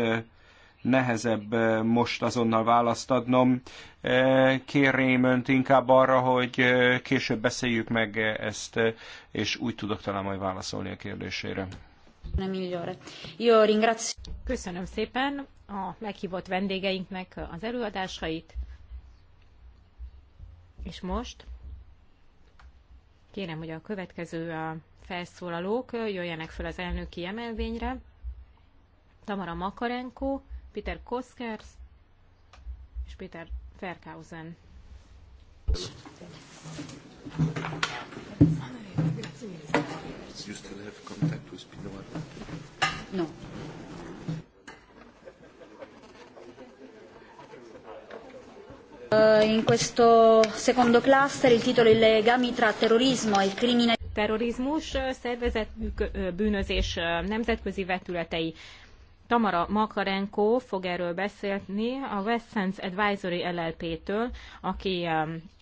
nehezebb most azonnal választ adnom. Kérném önt inkább arra, hogy később beszéljük meg ezt, és úgy tudok talán majd válaszolni a kérdésére. Köszönöm szépen a meghívott vendégeinknek az előadásait. És most kérem, hogy a következő felszólalók jöjjenek fel az elnöki emelvényre. Tamara Makarenko, Peter Koskers és Peter Ferkhausen you still have contact with Pinoa? No. Eh, in questo secondo cluster il titolo Il legami tra terrorismo e crimine. Terrorizmus, eh, szervezett eh, bűnözés nemzetközi vetületei. Tamara Makarenko fog erről beszélni a Westsense Advisory LLP-től, aki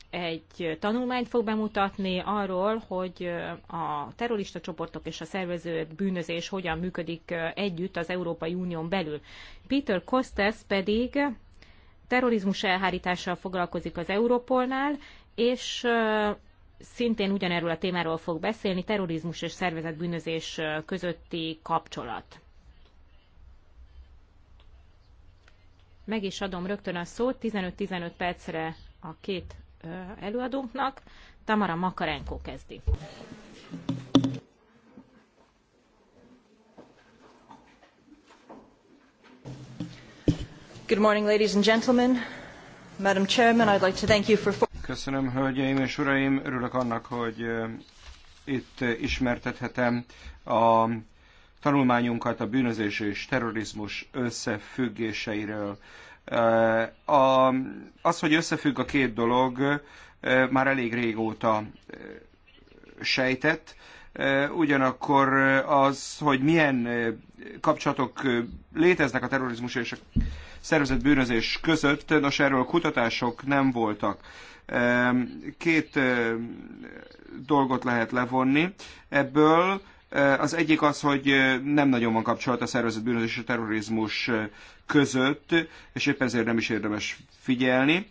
egy tanulmányt fog bemutatni arról, hogy a terrorista csoportok és a szervező bűnözés hogyan működik együtt az Európai Unión belül. Peter Costes pedig terrorizmus elhárítással foglalkozik az Európolnál, és szintén ugyanerről a témáról fog beszélni, terrorizmus és szervezett bűnözés közötti kapcsolat. Meg is adom rögtön a szót, 15-15 percre a két előadónknak. Tamara Makarenko kezdi. Good morning, ladies and gentlemen. Madam Chairman, I'd like to thank you for... Köszönöm, hölgyeim és uraim. Örülök annak, hogy itt ismertethetem a tanulmányunkat a bűnözés és terrorizmus összefüggéseiről. A, az, hogy összefügg a két dolog, már elég régóta sejtett. Ugyanakkor az, hogy milyen kapcsolatok léteznek a terrorizmus és a szervezett bűnözés között, nos erről kutatások nem voltak. Két dolgot lehet levonni ebből Eh, az egyik az, hogy eh, nem nagyon van kapcsolat a szervezett bűnözés és a terrorizmus eh, között, és éppen ezért nem is érdemes figyelni.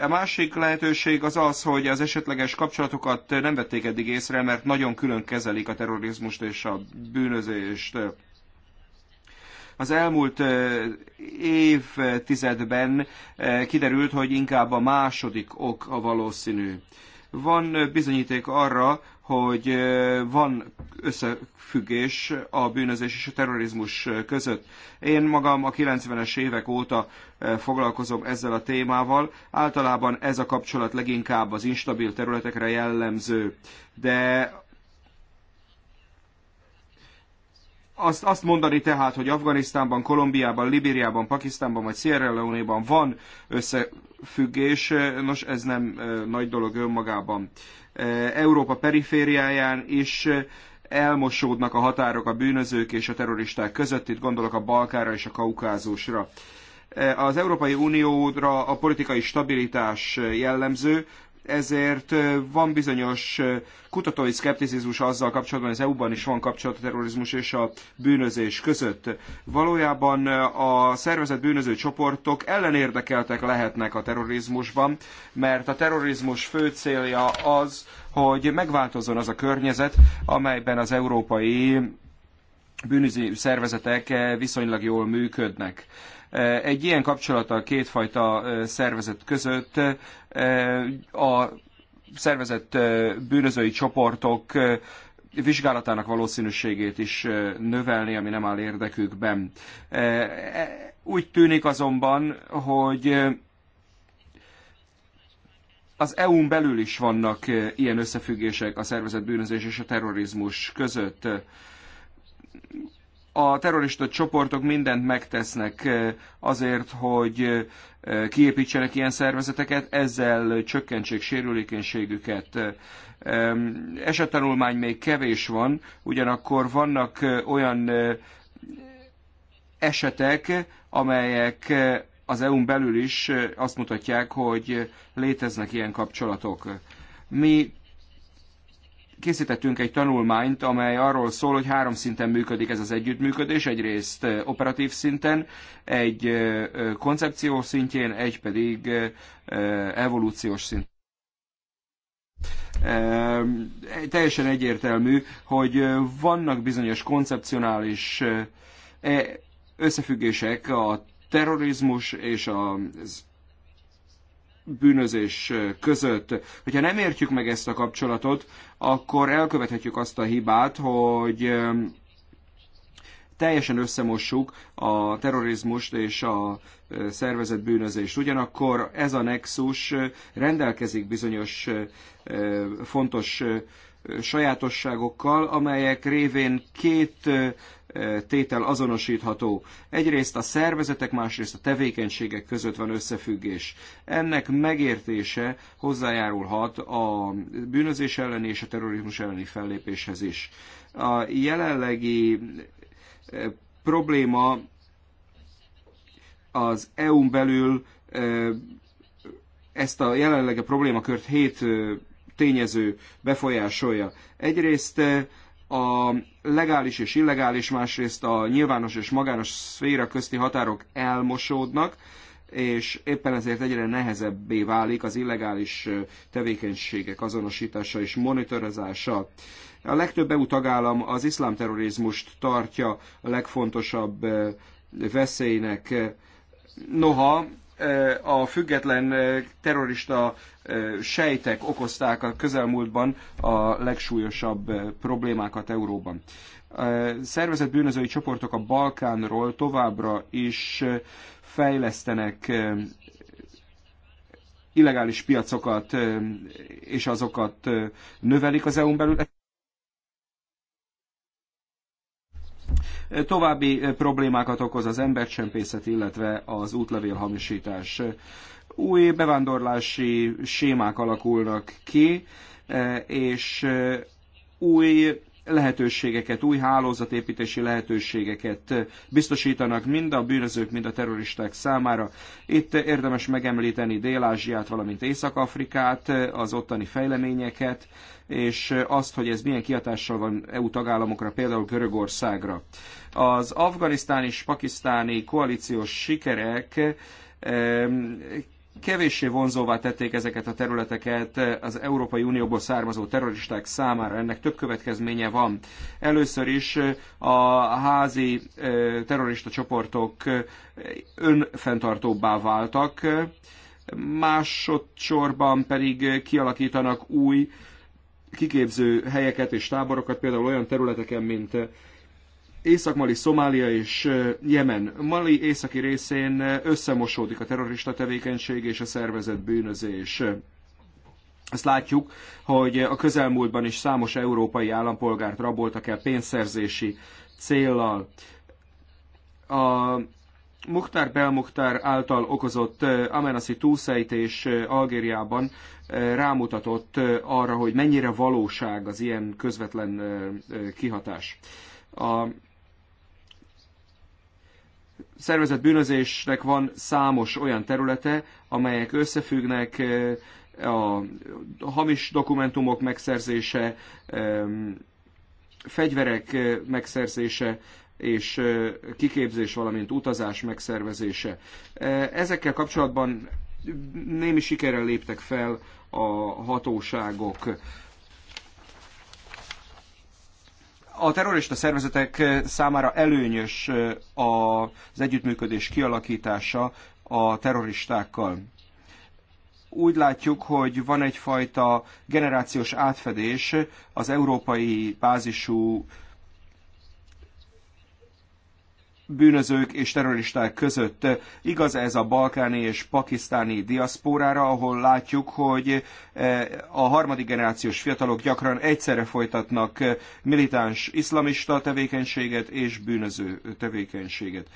A másik lehetőség az az, hogy az esetleges kapcsolatokat nem vették eddig észre, mert nagyon külön kezelik a terrorizmust és a bűnözést. Az elmúlt évtizedben kiderült, hogy inkább a második ok a valószínű. Van bizonyíték arra, hogy van összefüggés a bűnözés és a terrorizmus között. Én magam a 90-es évek óta foglalkozom ezzel a témával. Általában ez a kapcsolat leginkább az instabil területekre jellemző. De azt, azt mondani tehát, hogy Afganisztánban, Kolumbiában, Libériában, Pakisztánban vagy Sierra Leone-ban van összefüggés, nos ez nem nagy dolog önmagában. Európa perifériáján is elmosódnak a határok a bűnözők és a terroristák között, itt gondolok a Balkára és a Kaukázusra. Az Európai Unióra a politikai stabilitás jellemző, ezért van bizonyos kutatói szkepticizmus azzal kapcsolatban, az EU-ban is van kapcsolat a terrorizmus és a bűnözés között. Valójában a szervezett bűnöző csoportok ellenérdekeltek lehetnek a terrorizmusban, mert a terrorizmus fő célja az, hogy megváltozzon az a környezet, amelyben az európai bűnüzi szervezetek eh, viszonylag jól működnek. Eh, egy ilyen kapcsolata a kétfajta eh, szervezet között a szervezett bűnözői csoportok vizsgálatának valószínűségét is növelni, ami nem áll érdekükben. E, úgy tűnik azonban, hogy az EU-n belül is vannak ilyen összefüggések a szervezett bűnözés és a terrorizmus között a terrorista csoportok mindent megtesznek azért, hogy kiépítsenek ilyen szervezeteket, ezzel csökkentsék sérülékenységüket. Esettanulmány még kevés van, ugyanakkor vannak olyan esetek, amelyek az EU-n belül is azt mutatják, hogy léteznek ilyen kapcsolatok. Mi készítettünk egy tanulmányt, amely arról szól, hogy három szinten működik ez az együttműködés, egyrészt operatív szinten, egy koncepció szintjén, egy pedig evolúciós szinten. Teljesen egyértelmű, hogy vannak bizonyos koncepcionális e, összefüggések a terrorizmus és az bűnözés között. Hogyha nem értjük meg ezt a kapcsolatot, akkor elkövethetjük azt a hibát, hogy teljesen összemossuk a terrorizmust és a szervezett bűnözést. Ugyanakkor ez a nexus rendelkezik bizonyos fontos sajátosságokkal, amelyek révén két tétel azonosítható. Egyrészt a szervezetek, másrészt a tevékenységek között van összefüggés. Ennek megértése hozzájárulhat a bűnözés elleni és a terrorizmus elleni fellépéshez is. A jelenlegi e, probléma az EU-n belül e, ezt a jelenlegi problémakört hét e, tényező befolyásolja. Egyrészt a legális és illegális, másrészt a nyilvános és magános szféra közti határok elmosódnak, és éppen ezért egyre nehezebbé válik az illegális tevékenységek azonosítása és monitorozása. A legtöbb EU tagállam az iszlámterrorizmust tartja a legfontosabb veszélynek. Noha a független terrorista sejtek okozták a közelmúltban a legsúlyosabb problémákat Euróban. Szervezett bűnözői csoportok a Balkánról továbbra is fejlesztenek illegális piacokat, és azokat növelik az EU-n belül. További eh, problémákat okoz az embercsempészet, illetve az útlevélhamisítás. Új bevándorlási sémák alakulnak ki, eh, és eh, új lehetőségeket, új hálózatépítési lehetőségeket biztosítanak mind a bűnözők, mind a terroristák számára. Itt érdemes megemlíteni Dél-Ázsiát, valamint Észak-Afrikát, az ottani fejleményeket, és azt, hogy ez milyen kihatással van EU tagállamokra, például Görögországra. Az afganisztáni és pakisztáni koalíciós sikerek kevéssé vonzóvá tették ezeket a területeket az Európai Unióból származó terroristák számára. Ennek több következménye van. Először is a házi terrorista csoportok önfenntartóbbá váltak, másodszorban pedig kialakítanak új kiképző helyeket és táborokat, például olyan területeken, mint Észak-Mali, Szomália és Jemen. Mali északi részén összemosódik a terrorista tevékenység és a szervezett bűnözés. Ezt látjuk, hogy a közelmúltban is számos európai állampolgárt raboltak el pénzszerzési céllal. A Mukhtar Belmukhtar által okozott Amenaszi túlszejtés Algériában rámutatott arra, hogy mennyire valóság az ilyen közvetlen kihatás. A szervezett bűnözésnek van számos olyan területe, amelyek összefüggnek eh, a hamis dokumentumok megszerzése, fegyverek eh, megszerzése és eh, kiképzés, valamint utazás megszervezése. Ezekkel kapcsolatban némi sikerrel léptek fel a hatóságok. a terrorista szervezetek számára előnyös az együttműködés kialakítása a terroristákkal. Úgy látjuk, hogy van egyfajta generációs átfedés az európai bázisú bűnözők és terroristák között. Igaz ez a balkáni és pakisztáni diaszpórára, ahol látjuk, hogy eh, a harmadik generációs fiatalok gyakran egyszerre folytatnak eh, militáns iszlamista tevékenységet és bűnöző tevékenységet.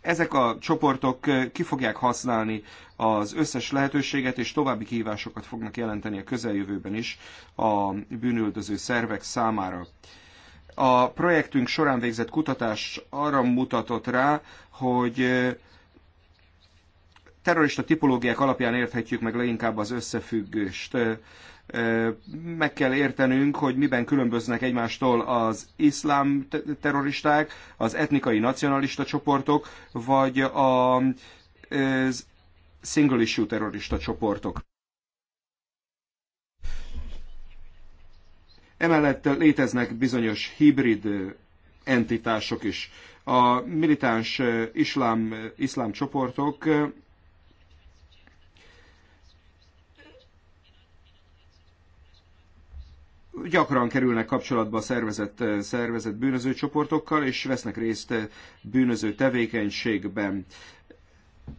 Ezek a csoportok eh, ki fogják használni az összes lehetőséget, és további kihívásokat fognak jelenteni a közeljövőben is a bűnöldöző szervek számára. A projektünk során végzett kutatás arra mutatott rá, hogy terrorista tipológiák alapján érthetjük meg leginkább az összefüggést. Meg kell értenünk, hogy miben különböznek egymástól az iszlám terroristák, az etnikai nacionalista csoportok, vagy a single issue terrorista csoportok. Emellett léteznek bizonyos hibrid entitások is. A militáns iszlám, iszlám csoportok gyakran kerülnek kapcsolatba a szervezett, szervezett bűnöző csoportokkal, és vesznek részt bűnöző tevékenységben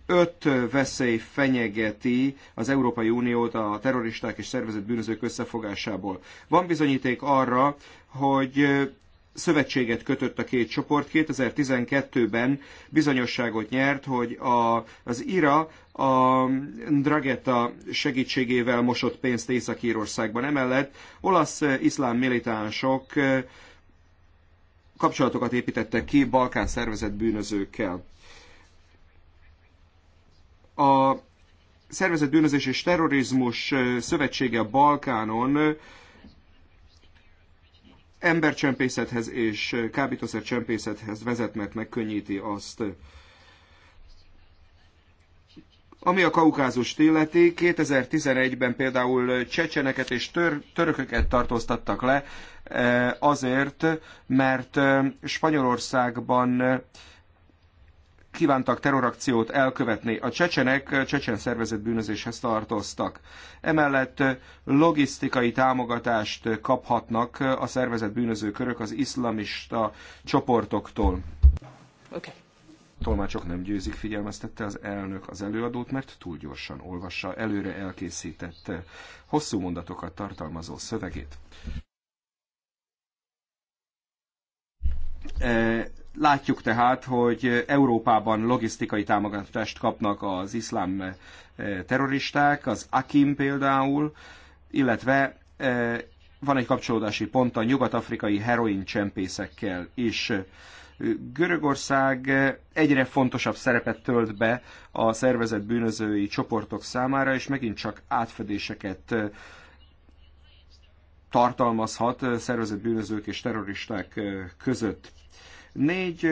öt veszély fenyegeti az Európai Uniót a terroristák és szervezett bűnözők összefogásából. Van bizonyíték arra, hogy szövetséget kötött a két csoport. 2012-ben bizonyosságot nyert, hogy a, az IRA a Dragetta segítségével mosott pénzt Észak-Írországban. Emellett olasz iszlám militánsok kapcsolatokat építettek ki Balkán szervezett bűnözőkkel. A Szervezett Bűnözés és Terrorizmus Szövetsége a Balkánon embercsempészethez és kábítószercsempészethez vezet, mert megkönnyíti azt. Ami a kaukázus illeti, 2011-ben például csecseneket és tör- törököket tartóztattak le azért, mert Spanyolországban kívántak terrorakciót elkövetni. A csecsenek csecsen szervezett bűnözéshez tartoztak. Emellett logisztikai támogatást kaphatnak a szervezett körök az iszlamista csoportoktól. Okay. Tolmácsok nem győzik, figyelmeztette az elnök az előadót, mert túl gyorsan olvassa előre elkészített hosszú mondatokat tartalmazó szövegét. Látjuk tehát, hogy Európában logisztikai támogatást kapnak az iszlám eh, terroristák, az Akim például, illetve eh, van egy kapcsolódási pont a nyugat-afrikai heroin csempészekkel is. Görögország eh, egyre fontosabb szerepet tölt be a szervezett bűnözői csoportok számára, és megint csak átfedéseket tartalmazhat szervezett bűnözők és terroristák között. Négy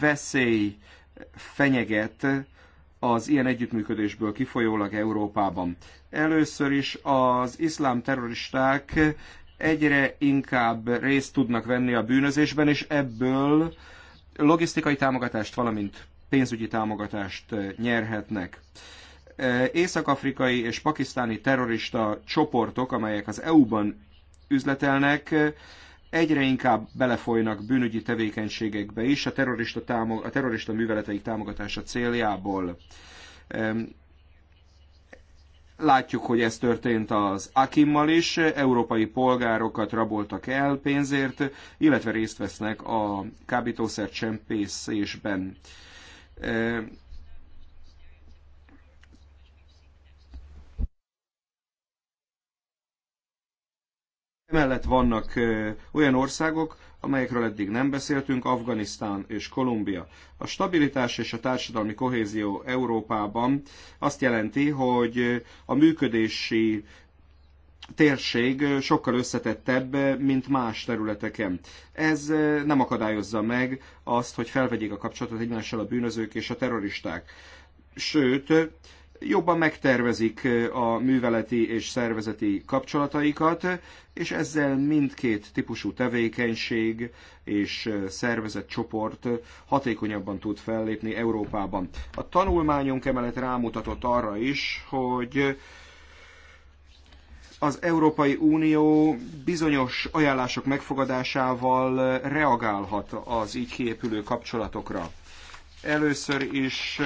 veszély fenyeget az ilyen együttműködésből kifolyólag Európában. Először is az iszlám terroristák egyre inkább részt tudnak venni a bűnözésben, és ebből logisztikai támogatást, valamint pénzügyi támogatást nyerhetnek. Észak-afrikai és pakisztáni terrorista csoportok, amelyek az EU-ban üzletelnek, egyre inkább belefolynak bűnügyi tevékenységekbe is a terrorista, támog, a terrorista műveleteik támogatása céljából. Látjuk, hogy ez történt az Akimmal is, európai polgárokat raboltak el pénzért, illetve részt vesznek a kábítószer csempészésben Emellett vannak olyan országok, amelyekről eddig nem beszéltünk, Afganisztán és Kolumbia. A stabilitás és a társadalmi kohézió Európában azt jelenti, hogy a működési térség sokkal összetettebb, mint más területeken. Ez nem akadályozza meg azt, hogy felvegyék a kapcsolatot egymással a bűnözők és a terroristák. Sőt, jobban megtervezik a műveleti és szervezeti kapcsolataikat, és ezzel mindkét típusú tevékenység és szervezett csoport hatékonyabban tud fellépni Európában. A tanulmányunk emellett rámutatott arra is, hogy az Európai Unió bizonyos ajánlások megfogadásával reagálhat az így kiépülő kapcsolatokra. Először is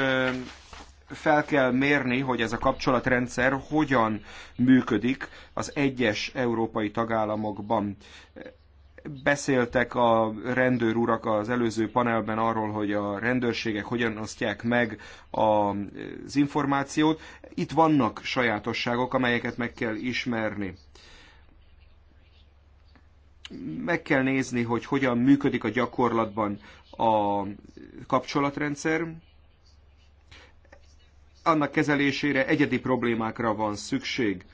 fel kell mérni, hogy ez a kapcsolatrendszer hogyan működik az egyes európai tagállamokban. Beszéltek a rendőrurak az előző panelben arról, hogy a rendőrségek hogyan osztják meg az információt. Itt vannak sajátosságok, amelyeket meg kell ismerni meg kell nézni, hogy hogyan működik a gyakorlatban a kapcsolatrendszer, annak kezelésére egyedi problémákra van szükség.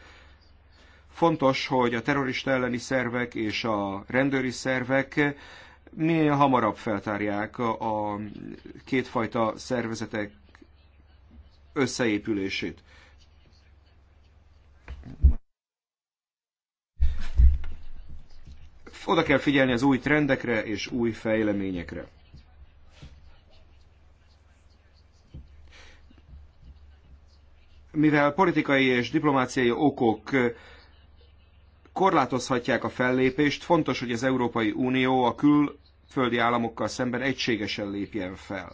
Fontos, hogy a terrorista elleni szervek és a rendőri szervek minél hamarabb feltárják a kétfajta szervezetek összeépülését. Oda kell figyelni az új trendekre és új fejleményekre. mivel politikai és diplomáciai okok korlátozhatják a fellépést, fontos, hogy az Európai Unió a külföldi államokkal szemben egységesen lépjen fel.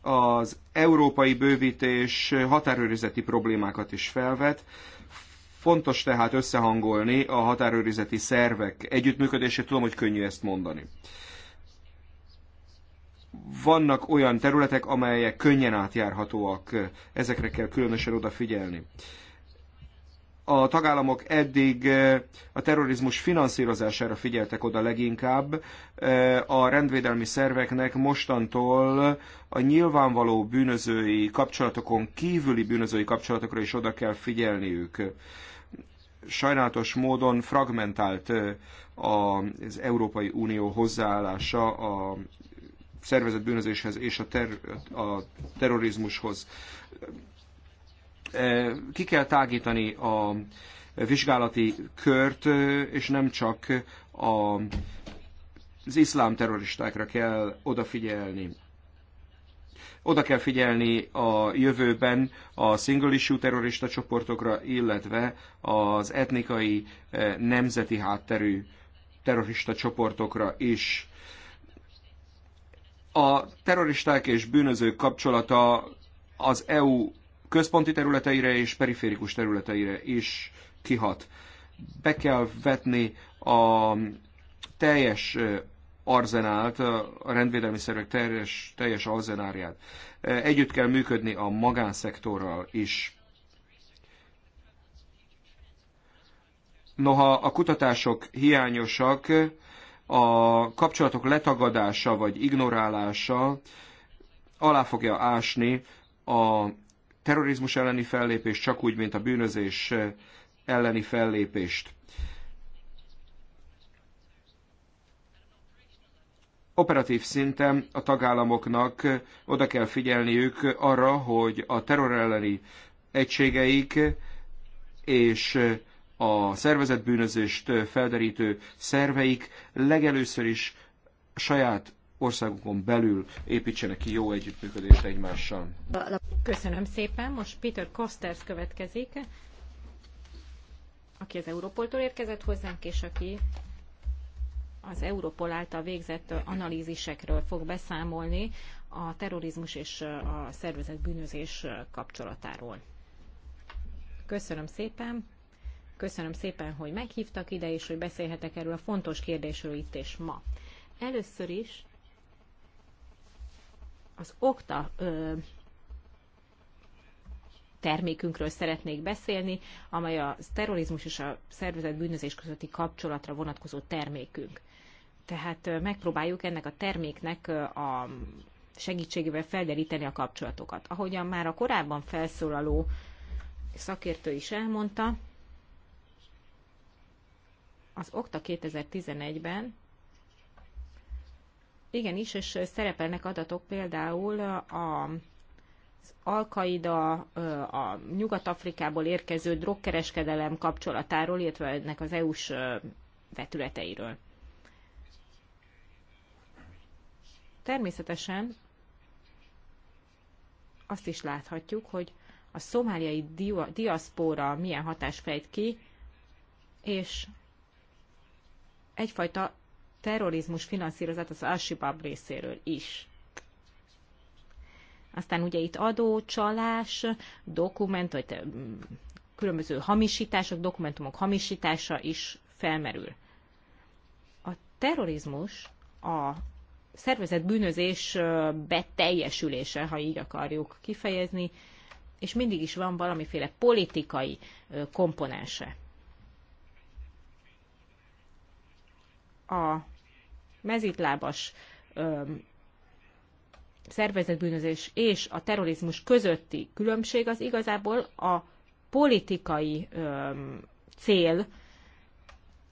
Az európai bővítés határőrizeti problémákat is felvet, Fontos tehát összehangolni a határőrizeti szervek együttműködését, tudom, hogy könnyű ezt mondani vannak olyan területek, amelyek könnyen átjárhatóak, ezekre kell különösen odafigyelni. A tagállamok eddig eh, a terrorizmus finanszírozására figyeltek oda leginkább. Eh, a rendvédelmi szerveknek mostantól a nyilvánvaló bűnözői kapcsolatokon kívüli bűnözői kapcsolatokra is oda kell figyelniük sajnálatos módon fragmentált eh, az Európai Unió hozzáállása a szervezett bűnözéshez és a, ter, a terrorizmushoz. E, ki kell tágítani a vizsgálati kört, e, és nem csak a, az iszlám terroristákra kell odafigyelni. Oda kell figyelni a jövőben a single issue terrorista csoportokra, illetve az etnikai, e, nemzeti hátterű terrorista csoportokra is. A terroristák és bűnözők kapcsolata az EU központi területeire és periférikus területeire is kihat. Be kell vetni a teljes arzenált, a rendvédelmi szervek teljes, teljes arzenáriát. Együtt kell működni a magánszektorral is. Noha a kutatások hiányosak, a kapcsolatok letagadása vagy ignorálása alá fogja ásni a terrorizmus elleni fellépést, csak úgy, mint a bűnözés elleni fellépést. Operatív szinten a tagállamoknak oda kell figyelniük arra, hogy a terror elleni egységeik és a szervezetbűnözést felderítő szerveik legelőször is saját országokon belül építsenek ki jó együttműködést egymással. Köszönöm szépen. Most Peter Kosters következik, aki az Európoltól érkezett hozzánk, és aki az Európol által végzett analízisekről fog beszámolni a terrorizmus és a szervezetbűnözés kapcsolatáról. Köszönöm szépen! Köszönöm szépen, hogy meghívtak ide, és hogy beszélhetek erről a fontos kérdésről itt és ma. Először is az okta ö, termékünkről szeretnék beszélni, amely a terrorizmus és a szervezett bűnözés közötti kapcsolatra vonatkozó termékünk. Tehát megpróbáljuk ennek a terméknek a segítségével felderíteni a kapcsolatokat. Ahogyan már a korábban felszólaló szakértő is elmondta, az Okta 2011-ben igenis, és szerepelnek adatok például a az Alkaida a Nyugat-Afrikából érkező drogkereskedelem kapcsolatáról, illetve ennek az EU-s vetületeiről. Természetesen azt is láthatjuk, hogy a szomáliai diaszpóra milyen hatást fejt ki, és egyfajta terrorizmus finanszírozat az Al-Shabaab részéről is. Aztán ugye itt adó, csalás, dokument, vagy különböző hamisítások, dokumentumok hamisítása is felmerül. A terrorizmus a szervezet bűnözés beteljesülése, ha így akarjuk kifejezni, és mindig is van valamiféle politikai komponense. a mezítlábas szervezetbűnözés és a terrorizmus közötti különbség az igazából a politikai öm, cél,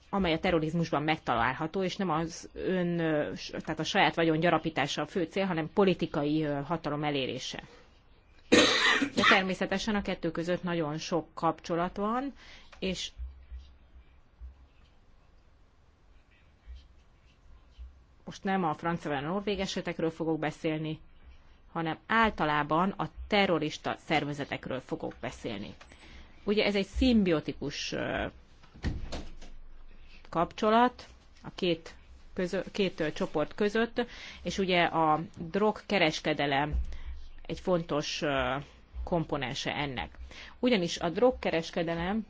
amely a terrorizmusban megtalálható, és nem az ön, tehát a saját vagyon gyarapítása a fő cél, hanem politikai hatalom elérése. De természetesen a kettő között nagyon sok kapcsolat van, és most nem a francia vagy a norvég esetekről fogok beszélni, hanem általában a terrorista szervezetekről fogok beszélni. Ugye ez egy szimbiotikus kapcsolat a két, közö, két csoport között, és ugye a drogkereskedelem egy fontos komponense ennek. Ugyanis a drogkereskedelem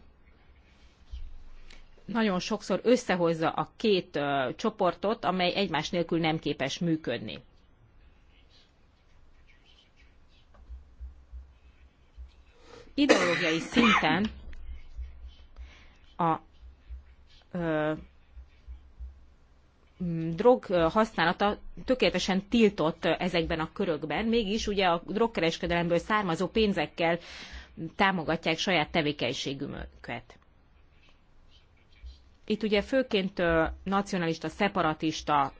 nagyon sokszor összehozza a két csoportot, amely egymás nélkül nem képes működni. Ideológiai szinten a ö, drog használata tökéletesen tiltott ezekben a körökben, mégis ugye a drogkereskedelemből származó pénzekkel támogatják saját tevékenységüket. Itt ugye főként nacionalista, szeparatista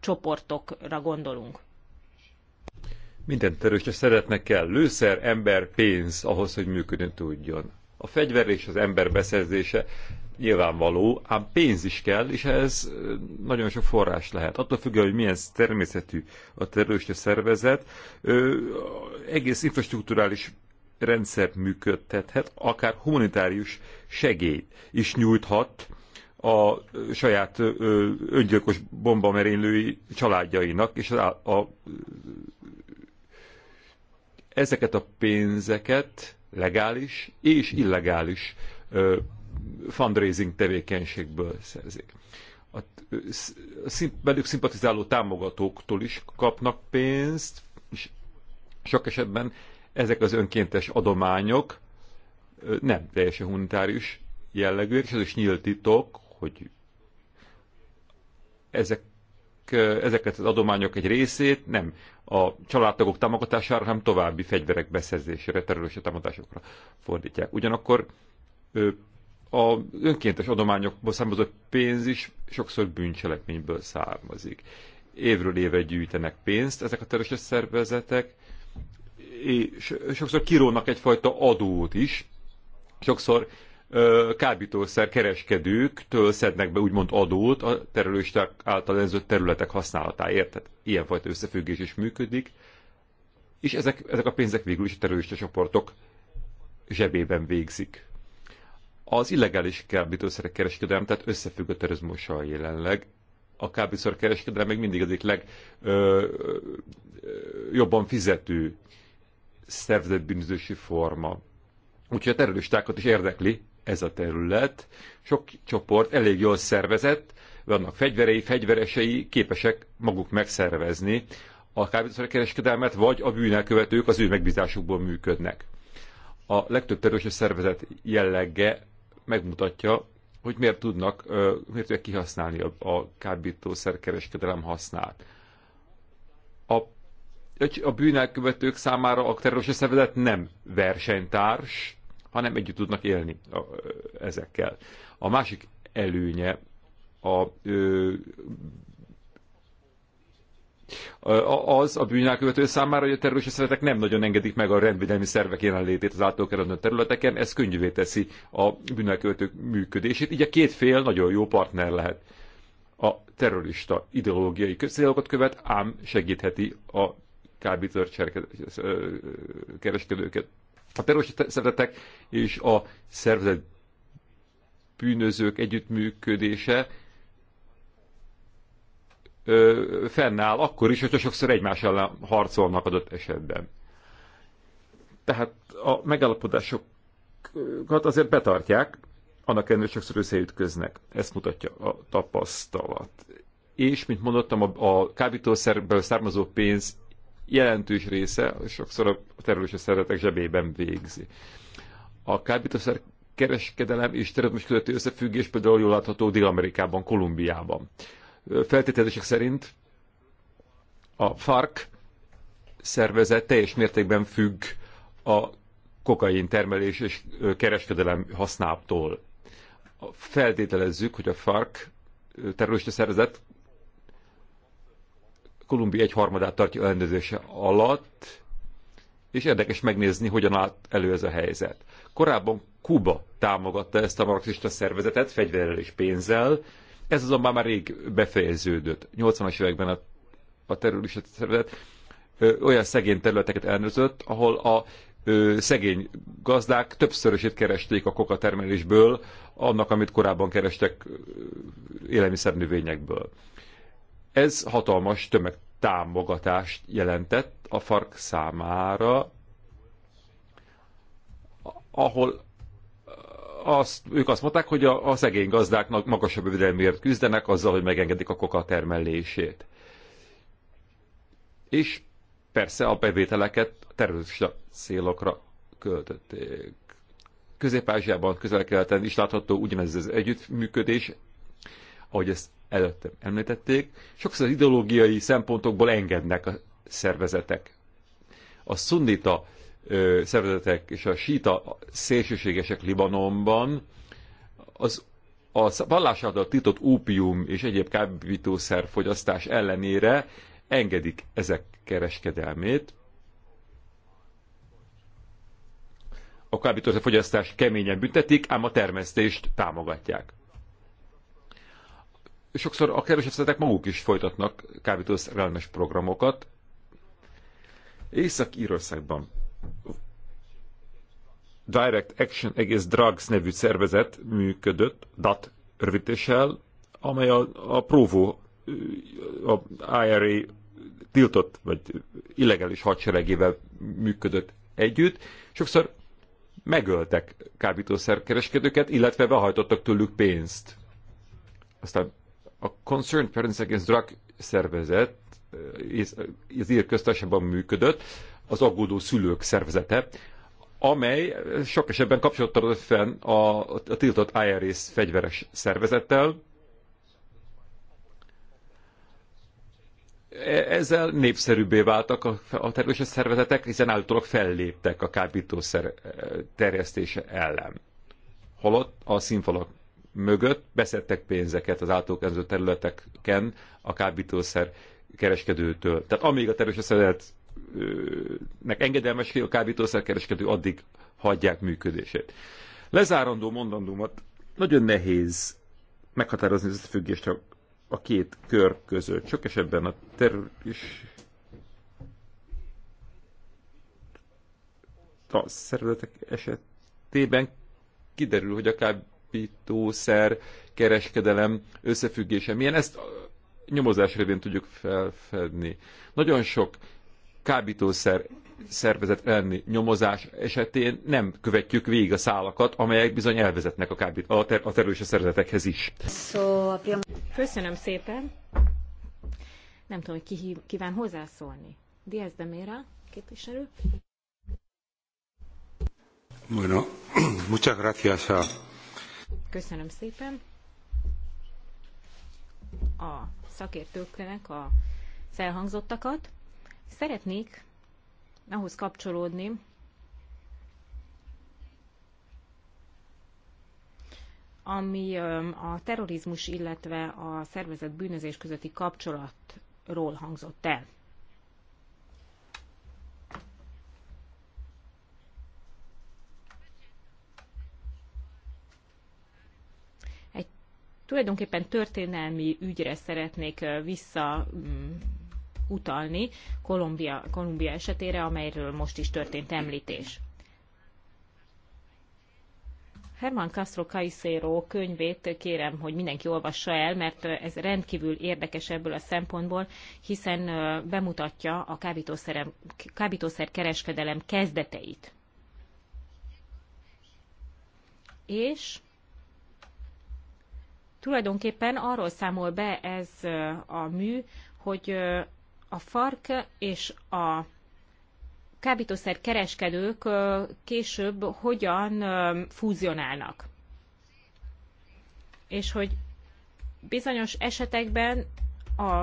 csoportokra gondolunk. Minden terörista szeretnek kell lőszer, ember, pénz ahhoz, hogy működni tudjon. A fegyver és az ember beszerzése nyilvánvaló, ám pénz is kell, és ez nagyon sok forrás lehet. Attól függően, hogy milyen természetű a terrorista szervezet, egész infrastruktúrális rendszer működtethet, akár humanitárius segélyt is nyújthat a saját öngyilkos bombamerénylői családjainak, és a, a, ezeket a pénzeket legális és illegális ö, fundraising tevékenységből szerzik. A, szimp, velük szimpatizáló támogatóktól is kapnak pénzt, és sok esetben ezek az önkéntes adományok ö, nem teljesen humanitárius jellegű, és ez is nyílt titok, hogy ezek, ezeket az adományok egy részét nem a családtagok támogatására, hanem további fegyverek beszerzésére, terülési támogatásokra fordítják. Ugyanakkor a önkéntes adományokból származó pénz is sokszor bűncselekményből származik. Évről évre gyűjtenek pénzt ezek a terülési szervezetek, és sokszor kirónak egyfajta adót is, sokszor kábítószer kereskedőktől szednek be úgymond adót a terroristák által elzött területek használatáért. Tehát ilyenfajta összefüggés is működik, és ezek, ezek a pénzek végül is a terrorista csoportok zsebében végzik. Az illegális kábítószerek kereskedelem, tehát összefügg a terrorizmussal jelenleg, a kábítószer kereskedelem még mindig az egyik legjobban fizető szervezetbűnözési forma. Úgyhogy a terroristákat is érdekli ez a terület. Sok csoport elég jól szervezett, vannak fegyverei, fegyveresei, képesek maguk megszervezni a kábítószerkereskedelmet, vagy a bűnelkövetők az ő megbízásukból működnek. A legtöbb terős szervezet jellege megmutatja, hogy miért tudnak, miért tudják kihasználni a, a kábítószerkereskedelem hasznát. A, a bűnelkövetők számára a terörös szervezet nem versenytárs, hanem együtt tudnak élni ezekkel. A másik előnye a, a, az a bűnelkövető számára, hogy a terrorista szeretek nem nagyon engedik meg a rendvédelmi szervek jelenlétét az átlagokeredő területeken, ez könnyűvé teszi a bűnelkövetők működését, így a két fél nagyon jó partner lehet. A terrorista ideológiai közszélokat követ, ám segítheti a kábítőr kereskedőket a terrorista szervezetek és a szervezet bűnözők együttműködése ö, fennáll akkor is, hogyha sokszor egymás ellen harcolnak adott esetben. Tehát a megállapodásokat azért betartják, annak ellenére sokszor összeütköznek. Ezt mutatja a tapasztalat. És, mint mondottam, a, a kábítószerből származó pénz jelentős része sokszor a terülős szeretek zsebében végzi. A kábítószer kereskedelem és terrorizmus közötti összefüggés például jól látható Dél-Amerikában, Kolumbiában. Feltételezések szerint a FARC szervezet teljes mértékben függ a kokain termelés és kereskedelem használtól. Feltételezzük, hogy a FARC terrorista szervezet Kolumbia egyharmadát tartja ellenőrzése alatt, és érdekes megnézni, hogyan állt elő ez a helyzet. Korábban Kuba támogatta ezt a marxista szervezetet fegyverrel és pénzzel, ez azonban már rég befejeződött. 80-as években a, a terrorista szervezet ö, olyan szegény területeket elnözött, ahol a ö, szegény gazdák többszörösét keresték a kokatermelésből annak, amit korábban kerestek élelmiszernövényekből. Ez hatalmas tömegtámogatást jelentett a FARC számára, ahol eh, azt, ők azt mondták, hogy a, a szegény gazdáknak magasabb jövedelmért küzdenek azzal, hogy megengedik a koka termelését. És persze a bevételeket terrorista célokra költötték. Közép-Ázsiában, közel-keleten is látható ugyanez az együttműködés, ahogy ezt előttem említették, sokszor az ideológiai szempontokból engednek a szervezetek. A szunnita ö, szervezetek és a síta szélsőségesek Libanonban az a vallás által tiltott ópium és egyéb kábítószer fogyasztás ellenére engedik ezek kereskedelmét. A kábítószer fogyasztást keményen büntetik, ám a termesztést támogatják sokszor a kerülsefszetek maguk is folytatnak kábítószerelmes programokat. Észak-Írországban Direct Action Against Drugs nevű szervezet működött, DAT rövidítéssel, amely a, a Provo, a IRA tiltott, vagy illegális hadseregével működött együtt. Sokszor megöltek kábítószerkereskedőket, illetve behajtottak tőlük pénzt. Aztán a Concerned Parents Against Drug szervezet eh, az ír köztársaságban működött, az aggódó szülők szervezete, amely sok esetben kapcsolatot adott fenn a, a tiltott IRS fegyveres szervezettel. E, ezzel népszerűbbé váltak a, a terrorista szervezetek, hiszen állítólag felléptek a kábítószer eh, terjesztése ellen. Holott a színfalak mögött beszedtek pénzeket az általuk területeken a kábítószer kereskedőtől. Tehát amíg a terrorista szervezetnek engedelmes a kábítószer kereskedő, addig hagyják működését. Lezárandó mondandómat nagyon nehéz meghatározni az összefüggést a, a két kör között. Sok esetben a terroris a szervezetek esetében kiderül, hogy a kábítószer kereskedelem összefüggése milyen, ezt nyomozás révén tudjuk felfedni. Nagyon sok kábítószer szervezet elleni nyomozás esetén nem követjük végig a szálakat, amelyek bizony elvezetnek a, kábít, a, ter- a terrorista szervezetekhez is. Köszönöm szépen. Nem tudom, hogy ki kíván hozzászólni. Diaz de Mera, képviselő. Bueno, muchas gracias a Köszönöm szépen. A szakértőknek a felhangzottakat. Szeretnék ahhoz kapcsolódni, ami a terrorizmus, illetve a szervezett bűnözés közötti kapcsolatról hangzott el. Tulajdonképpen történelmi ügyre szeretnék vissza mm, utalni Kolumbia, Kolumbia esetére, amelyről most is történt említés. Herman Castro Caicero könyvét kérem, hogy mindenki olvassa el, mert ez rendkívül érdekes ebből a szempontból, hiszen bemutatja a kábítószer, kábítószer kereskedelem kezdeteit. És Tulajdonképpen arról számol be ez a mű, hogy a fark és a kábítószer kereskedők később hogyan fúzionálnak. És hogy bizonyos esetekben a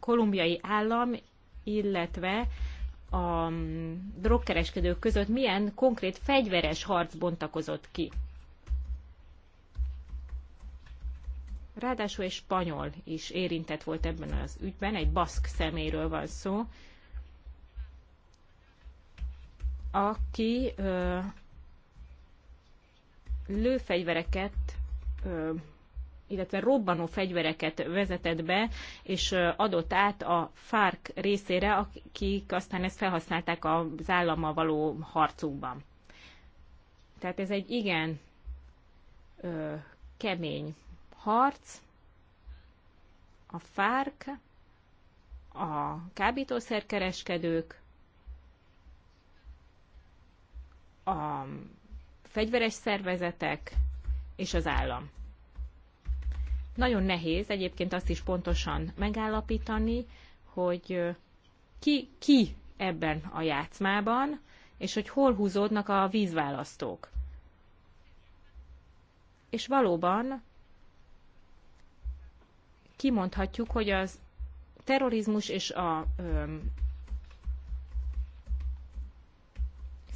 kolumbiai állam, illetve a drogkereskedők között milyen konkrét fegyveres harc bontakozott ki. Ráadásul egy spanyol is érintett volt ebben az ügyben, egy baszk szeméről van szó, aki ö, lőfegyvereket, ö, illetve robbanó fegyvereket vezetett be, és ö, adott át a FARC részére, akik aztán ezt felhasználták az állammal való harcukban. Tehát ez egy igen ö, kemény harc, a fárk, a kábítószerkereskedők, a fegyveres szervezetek és az állam. Nagyon nehéz egyébként azt is pontosan megállapítani, hogy ki, ki ebben a játszmában, és hogy hol húzódnak a vízválasztók. És valóban kimondhatjuk, hogy az terrorizmus és a öm,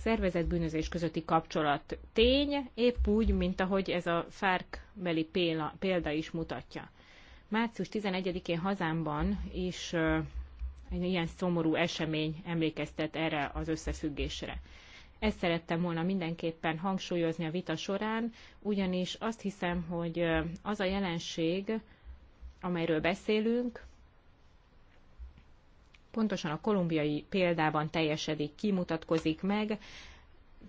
szervezetbűnözés közötti kapcsolat tény, épp úgy, mint ahogy ez a FARC beli példa is mutatja. Március 11-én hazámban is egy ilyen szomorú esemény emlékeztet erre az összefüggésre. Ezt szerettem volna mindenképpen hangsúlyozni a vita során, ugyanis azt hiszem, hogy az a jelenség, amelyről beszélünk, pontosan a kolumbiai példában teljesedik, kimutatkozik meg.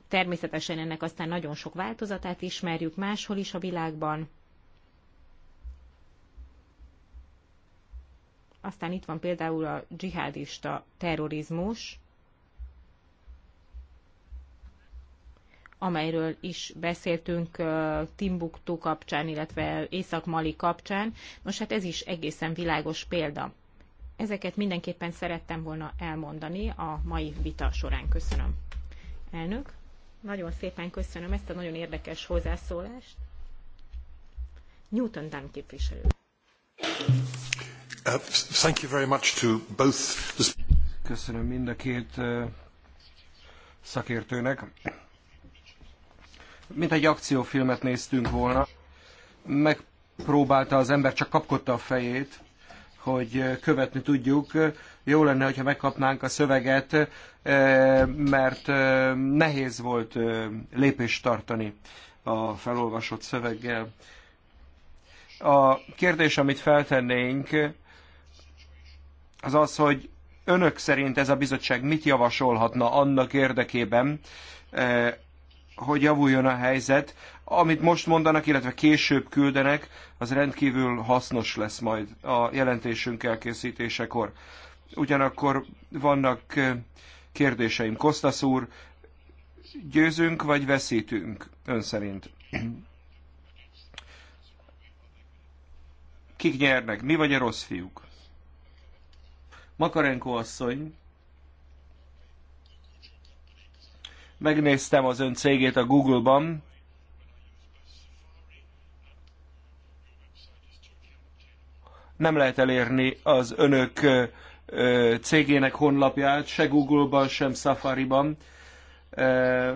Természetesen ennek aztán nagyon sok változatát ismerjük máshol is a világban. Aztán itt van például a dzsihádista terrorizmus, amelyről is beszéltünk Timbuktu kapcsán, illetve Észak-Mali kapcsán. Nos, hát ez is egészen világos példa. Ezeket mindenképpen szerettem volna elmondani a mai vita során. Köszönöm. Elnök, nagyon szépen köszönöm ezt a nagyon érdekes hozzászólást. Newton Dunn képviselő. Uh, thank you very much to both Köszönöm mind a két uh, szakértőnek mint egy akciófilmet néztünk volna. Megpróbálta az ember, csak kapkodta a fejét, hogy követni tudjuk. Jó lenne, hogyha megkapnánk a szöveget, mert nehéz volt lépést tartani a felolvasott szöveggel. A kérdés, amit feltennénk, az az, hogy önök szerint ez a bizottság mit javasolhatna annak érdekében, hogy javuljon a helyzet. Amit most mondanak, illetve később küldenek, az rendkívül hasznos lesz majd a jelentésünk elkészítésekor. Ugyanakkor vannak kérdéseim. Kostas úr, győzünk vagy veszítünk ön szerint? Kik nyernek? Mi vagy a rossz fiúk? Makarenko asszony Megnéztem az ön cégét a Google-ban. Nem lehet elérni az önök cégének honlapját, se Google-ban, sem Safari-ban.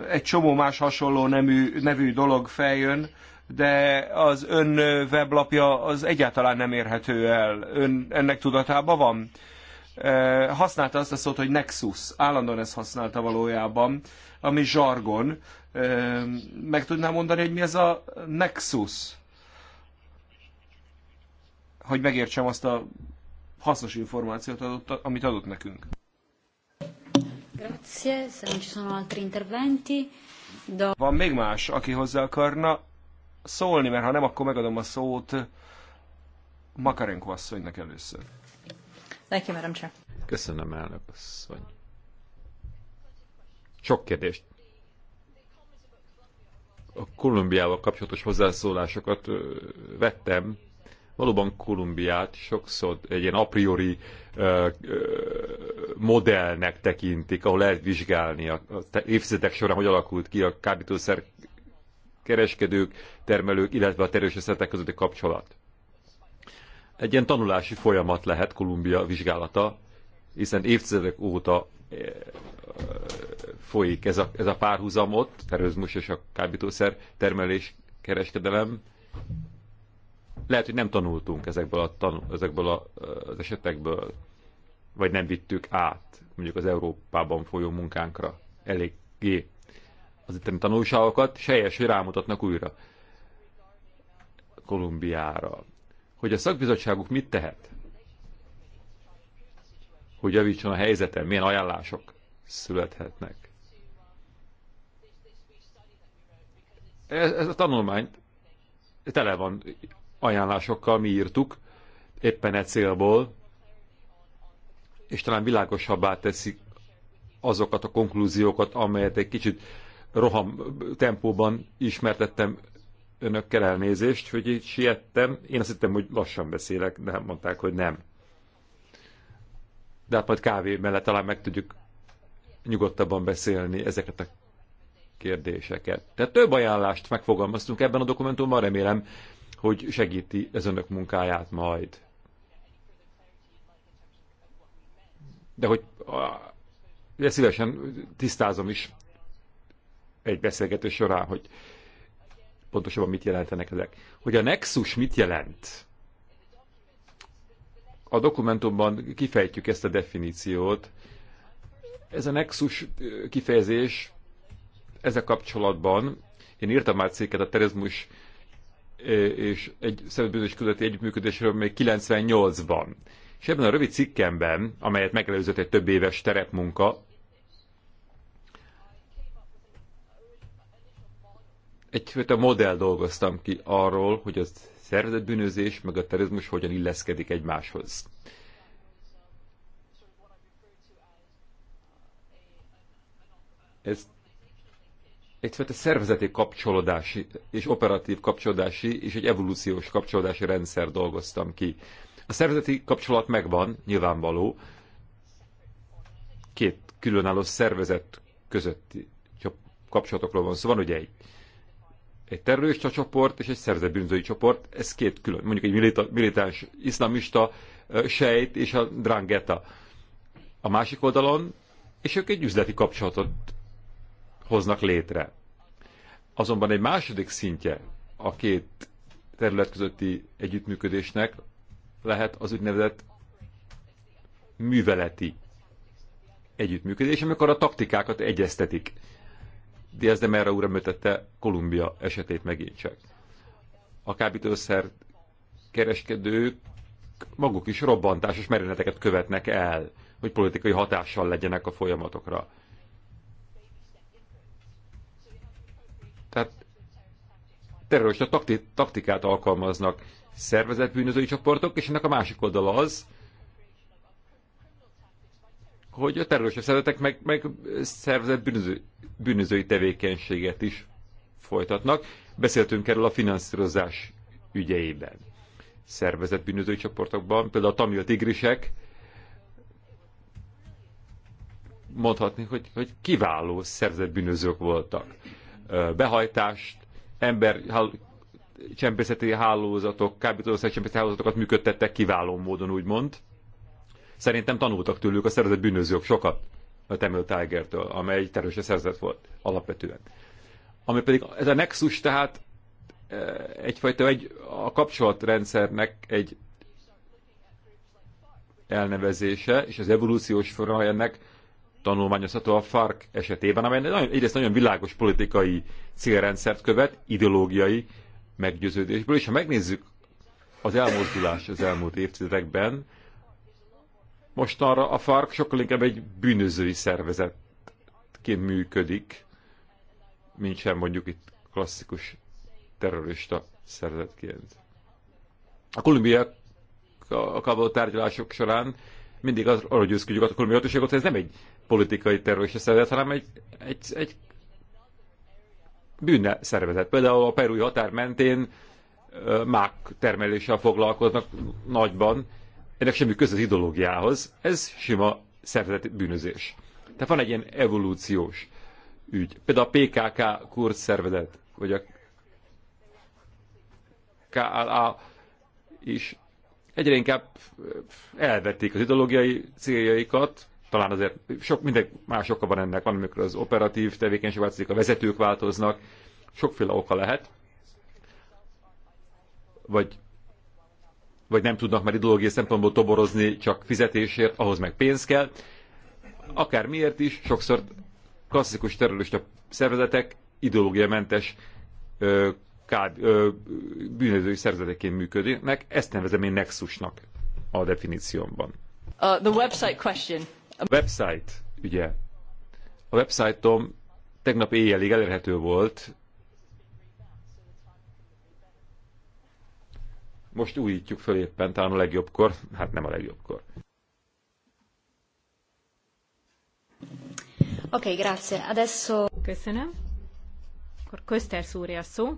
Egy csomó más hasonló nemű, nevű dolog feljön, de az ön weblapja az egyáltalán nem érhető el. Ön ennek tudatában van? használta azt a szót, hogy nexus. Állandóan ezt használta valójában, ami zsargon. Meg tudnám mondani, hogy mi ez a nexus? Hogy megértsem azt a hasznos információt, adott, amit adott nekünk. Grazie, se non ci sono altri interventi. Do... Van még más, aki hozzá akarna szólni, mert ha nem, akkor megadom a szót Makarenko asszonynak először. Thank you, Madam Chair. Köszönöm, elnök asszony. Sok kérdést. A Kolumbiával kapcsolatos hozzászólásokat vettem. Valóban Kolumbiát sokszor egy ilyen a priori ö, ö, modellnek tekintik, ahol lehet vizsgálni a, a évtizedek során, hogy alakult ki a kábítószer kereskedők, termelők, illetve a terős közötti kapcsolat egy ilyen tanulási folyamat lehet Kolumbia vizsgálata, hiszen évtizedek óta eh, folyik ez a, ez a párhuzam ott, terrorizmus és a kábítószer termelés, kereskedelem. Lehet, hogy nem tanultunk ezekből, a tanul, ezekből a, eh, az esetekből, vagy nem vittük át mondjuk az Európában folyó munkánkra eléggé az itteni tanulságokat, és helyes, hogy rámutatnak újra Kolumbiára hogy a szakbizottságuk mit tehet, hogy javítson a helyzeten, milyen ajánlások születhetnek. Ez, ez a tanulmány tele van ajánlásokkal, mi írtuk, éppen e célból, és talán világosabbá teszi azokat a konklúziókat, amelyet egy kicsit roham tempóban ismertettem önökkel elnézést, hogy így siettem. Én azt hittem, hogy lassan beszélek, de mondták, hogy nem. De hát majd kávé mellett talán meg tudjuk nyugodtabban beszélni ezeket a kérdéseket. Tehát több ajánlást megfogalmaztunk ebben a dokumentumban, remélem, hogy segíti ez önök munkáját majd. De hogy de szívesen tisztázom is egy beszélgetés során, hogy pontosabban mit jelentenek ezek. Hogy a nexus mit jelent? A dokumentumban kifejtjük ezt a definíciót. Ez a nexus kifejezés ezzel kapcsolatban, én írtam már cikket a terezmus és egy szervezetbűnös közötti együttműködésről még 98-ban. És ebben a rövid cikkemben, amelyet megelőzött egy több éves terepmunka, egyfajta modell dolgoztam ki arról, hogy a szervezetbűnözés meg a terrorizmus hogyan illeszkedik egymáshoz. Ez egyfajta szervezeti kapcsolódási és operatív kapcsolódási és egy evolúciós kapcsolódási rendszer dolgoztam ki. A szervezeti kapcsolat megvan, nyilvánvaló, két különálló szervezet közötti kapcsolatokról van szó. Szóval van ugye egy egy terrorista csoport és egy szerzett csoport, ez két külön, mondjuk egy militáns iszlamista sejt és a drangeta a másik oldalon, és ők egy üzleti kapcsolatot hoznak létre. Azonban egy második szintje a két terület közötti együttműködésnek lehet az úgynevezett műveleti együttműködés, amikor a taktikákat egyeztetik Diaz de Mera úr említette Kolumbia esetét megint csak. A kábítószer kereskedők maguk is robbantásos merényleteket követnek el, hogy politikai hatással legyenek a folyamatokra. Tehát terrorista taktikát alkalmaznak szervezetbűnözői csoportok, és ennek a másik oldala az, hogy a terrorista szervezetek meg, meg szervezett bűnöző, bűnözői tevékenységet is folytatnak. Beszéltünk erről a finanszírozás ügyeiben. Szervezett bűnözői csoportokban, például a tamil tigrisek, mondhatni, hogy, hogy kiváló szervezett bűnözők voltak. Behajtást, ember csempészeti hálózatok, kábítószer csempészeti hálózatokat működtettek kiváló módon, úgymond. Szerintem tanultak tőlük a szerzett bűnözők sokat a Tamil tiger amely amely terőse szerzett volt alapvetően. Ami pedig ez a nexus, tehát e, egyfajta egy, a kapcsolatrendszernek egy elnevezése, és az evolúciós forma ennek tanulmányozható a FARC esetében, amely nagyon, egyrészt nagyon világos politikai célrendszert követ, ideológiai meggyőződésből, és ha megnézzük az elmozdulás az elmúlt évtizedekben, mostanra a FARC sokkal inkább egy bűnözői szervezetként működik, mint sem mondjuk itt klasszikus terrorista szervezetként. A kolumbiakkal való tárgyalások során mindig az, arra győzködjük a kolumbiai hatóságot, hogy ez nem egy politikai terrorista szervezet, hanem egy, egy, egy bűnne szervezet. Például a perui határ mentén mák termeléssel foglalkoznak nagyban, ennek semmi köze az ideológiához, ez sima szervezeti bűnözés. Tehát van egy ilyen evolúciós ügy. Például a PKK kurz szervezet, vagy a KLA is egyre inkább elvették az ideológiai céljaikat, talán azért sok, minden más oka van ennek, van, amikor az operatív tevékenység változik, a vezetők változnak, sokféle oka lehet, vagy vagy nem tudnak már ideológiai szempontból toborozni csak fizetésért, ahhoz meg pénz kell. Akár miért is, sokszor klasszikus terrorista szervezetek ideológiamentes mentes bűnözői szervezeteként működnek. Ezt nevezem én nexusnak a definíciómban. Uh, the website question. A website, ugye. A websájtom tegnap éjjelig elérhető volt, most újítjuk föl éppen, talán a legjobbkor, hát nem a legjobbkor. Oké, okay, grazie. Adesso... Köszönöm. Akkor Közter szúrja szó.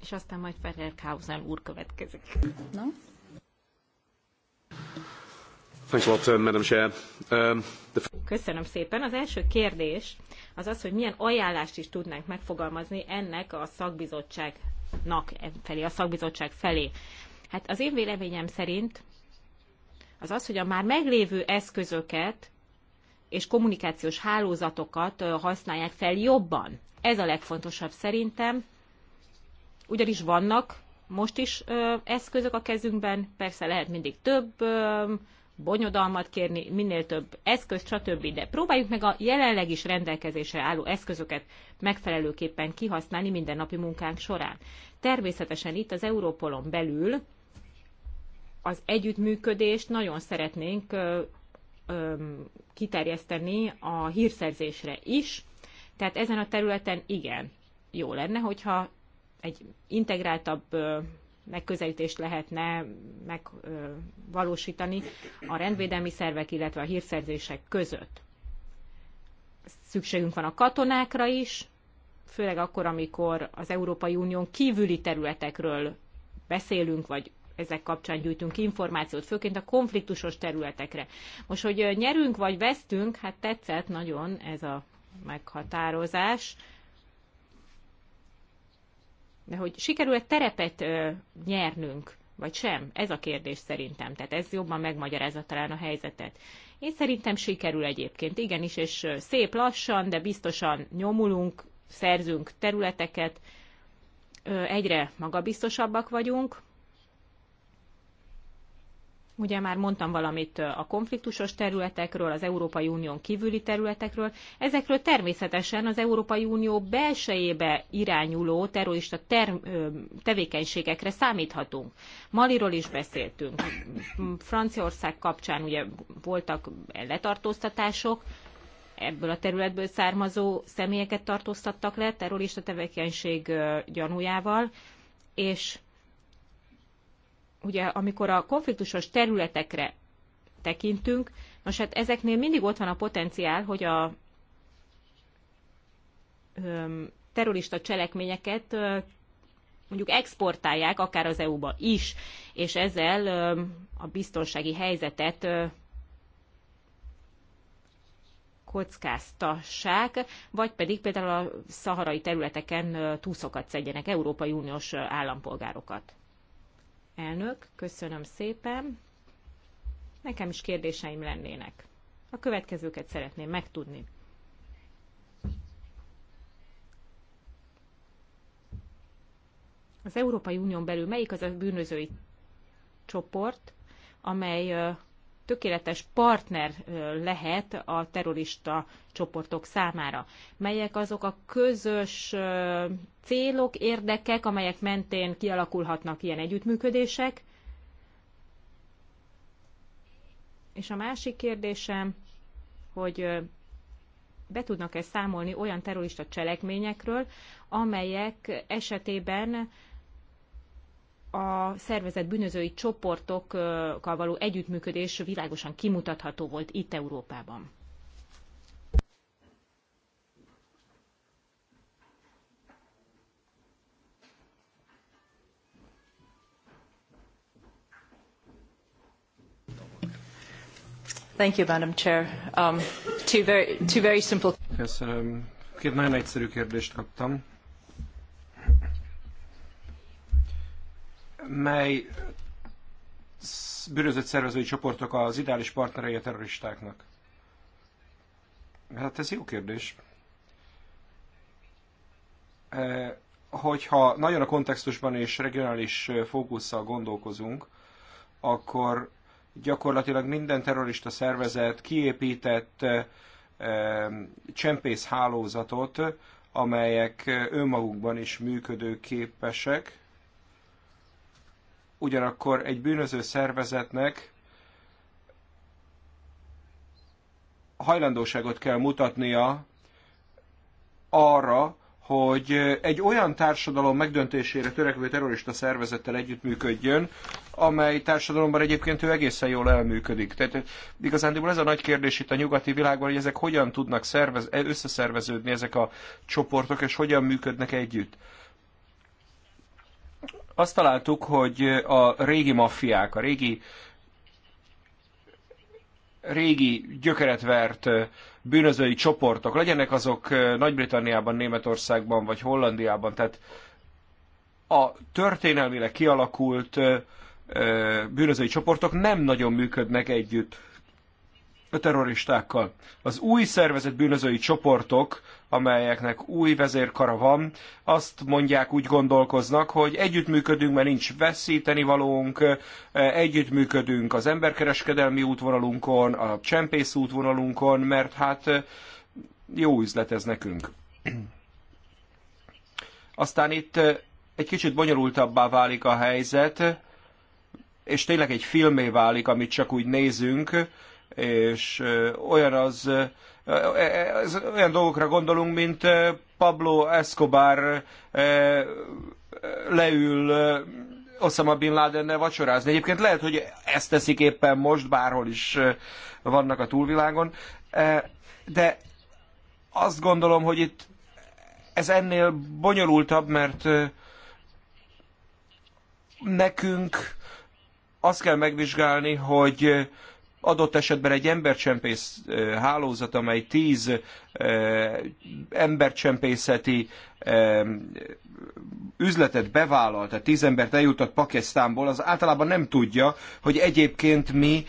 És aztán majd Ferrer Kausen úr következik. No? Uh, um, Köszönöm szépen. Az első kérdés az az, hogy milyen ajánlást is tudnánk megfogalmazni ennek a szakbizottságnak e felé, a szakbizottság felé. Hát az én véleményem szerint az az, hogy a már meglévő eszközöket és kommunikációs hálózatokat használják fel jobban. Ez a legfontosabb szerintem, ugyanis vannak most is ö, eszközök a kezünkben, persze lehet mindig több ö, bonyodalmat kérni, minél több eszközt, stb. De próbáljuk meg a jelenleg is rendelkezésre álló eszközöket megfelelőképpen kihasználni mindennapi munkánk során. Természetesen itt az Európolon belül az együttműködést nagyon szeretnénk ö, ö, kiterjeszteni a hírszerzésre is, tehát ezen a területen igen, jó lenne, hogyha egy integráltabb megközelítést lehetne megvalósítani a rendvédelmi szervek, illetve a hírszerzések között. Szükségünk van a katonákra is, főleg akkor, amikor az Európai Unión kívüli területekről beszélünk, vagy ezek kapcsán gyűjtünk információt, főként a konfliktusos területekre. Most, hogy nyerünk vagy vesztünk, hát tetszett nagyon ez a meghatározás. De hogy sikerül-e terepet ö, nyernünk, vagy sem? Ez a kérdés szerintem. Tehát ez jobban megmagyarázza talán a helyzetet. Én szerintem sikerül egyébként. Igenis, és szép lassan, de biztosan nyomulunk, szerzünk területeket, egyre magabiztosabbak vagyunk, Ugye már mondtam valamit a konfliktusos területekről, az Európai Unión kívüli területekről. Ezekről természetesen az Európai Unió belsejébe irányuló terrorista ter- tevékenységekre számíthatunk. Maliról is beszéltünk. Franciaország kapcsán ugye voltak letartóztatások, ebből a területből származó személyeket tartóztattak le terrorista tevékenység gyanújával, és ugye amikor a konfliktusos területekre tekintünk, most hát ezeknél mindig ott van a potenciál, hogy a öm, terrorista cselekményeket mondjuk exportálják akár az EU-ba is, és ezzel a biztonsági helyzetet kockáztassák, vagy pedig például a szaharai területeken túszokat szedjenek Európai Uniós állampolgárokat. Elnök, köszönöm szépen. Nekem is kérdéseim lennének. A következőket szeretném megtudni. Az Európai Unión belül melyik az a bűnözői csoport, amely tökéletes partner lehet a terrorista csoportok számára. Melyek azok a közös célok, érdekek, amelyek mentén kialakulhatnak ilyen együttműködések? És a másik kérdésem, hogy be tudnak-e számolni olyan terrorista cselekményekről, amelyek esetében a szervezet bűnözői csoportokkal való együttműködés világosan kimutatható volt itt Európában. Thank you, Madam Chair. Um, two very, two very simple... Köszönöm. Két nagyon egyszerű kérdést kaptam. mely bűnözött szervezői csoportok az ideális partnerei a terroristáknak? Hát ez jó kérdés. E, hogyha nagyon a kontextusban és regionális fókusszal gondolkozunk, akkor gyakorlatilag minden terrorista szervezet kiépített e, csempész hálózatot, amelyek önmagukban is működőképesek, Ugyanakkor egy bűnöző szervezetnek hajlandóságot kell mutatnia arra, hogy egy olyan társadalom megdöntésére törekvő terrorista szervezettel együttműködjön, amely társadalomban egyébként ő egészen jól elműködik. Tehát igazándiból ez a nagy kérdés itt a nyugati világban, hogy ezek hogyan tudnak szervez, összeszerveződni ezek a csoportok, és hogyan működnek együtt azt találtuk, hogy a régi maffiák, a régi régi gyökeret vert bűnözői csoportok, legyenek azok Nagy-Britanniában, Németországban vagy Hollandiában, tehát a történelmileg kialakult bűnözői csoportok nem nagyon működnek együtt a terroristákkal. Az új szervezett bűnözői csoportok, amelyeknek új vezérkara van, azt mondják, úgy gondolkoznak, hogy együttműködünk, mert nincs veszíteni valónk, együttműködünk az emberkereskedelmi útvonalunkon, a csempész útvonalunkon, mert hát jó üzlet ez nekünk. Aztán itt egy kicsit bonyolultabbá válik a helyzet, és tényleg egy filmé válik, amit csak úgy nézünk, és olyan az, ez, olyan dolgokra gondolunk, mint Pablo Escobar leül Osama Bin Ladennel vacsorázni. Egyébként lehet, hogy ezt teszik éppen most, bárhol is vannak a túlvilágon, de azt gondolom, hogy itt ez ennél bonyolultabb, mert nekünk azt kell megvizsgálni, hogy adott esetben egy embercsempész hálózat, amely tíz embercsempészeti üzletet bevállal, tehát tíz embert eljutott Pakisztánból, az általában nem tudja, hogy egyébként mi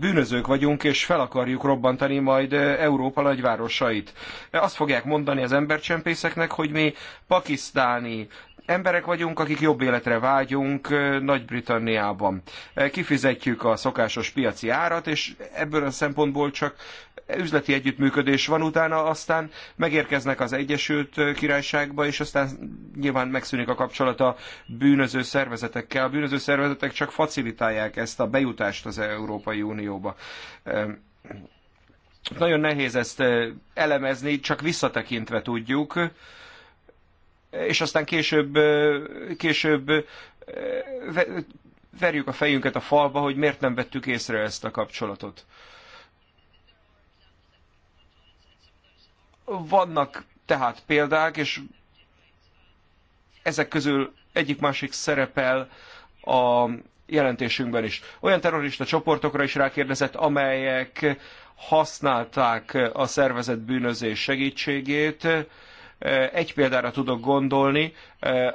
bűnözők vagyunk, és fel akarjuk robbantani majd Európa nagyvárosait. Azt fogják mondani az embercsempészeknek, hogy mi pakisztáni emberek vagyunk, akik jobb életre vágyunk Nagy-Britanniában. Kifizetjük a szokásos piaci árat, és ebből a szempontból csak üzleti együttműködés van utána, aztán megérkeznek az Egyesült Királyságba, és aztán nyilván megszűnik a kapcsolat a bűnöző szervezetekkel. A bűnöző szervezetek csak facilitálják ezt a bejutást az Európai Unióba. Nagyon nehéz ezt elemezni, csak visszatekintve tudjuk és aztán később, később verjük a fejünket a falba, hogy miért nem vettük észre ezt a kapcsolatot. Vannak tehát példák, és ezek közül egyik-másik szerepel a jelentésünkben is. Olyan terrorista csoportokra is rákérdezett, amelyek használták a szervezet bűnözés segítségét, egy példára tudok gondolni,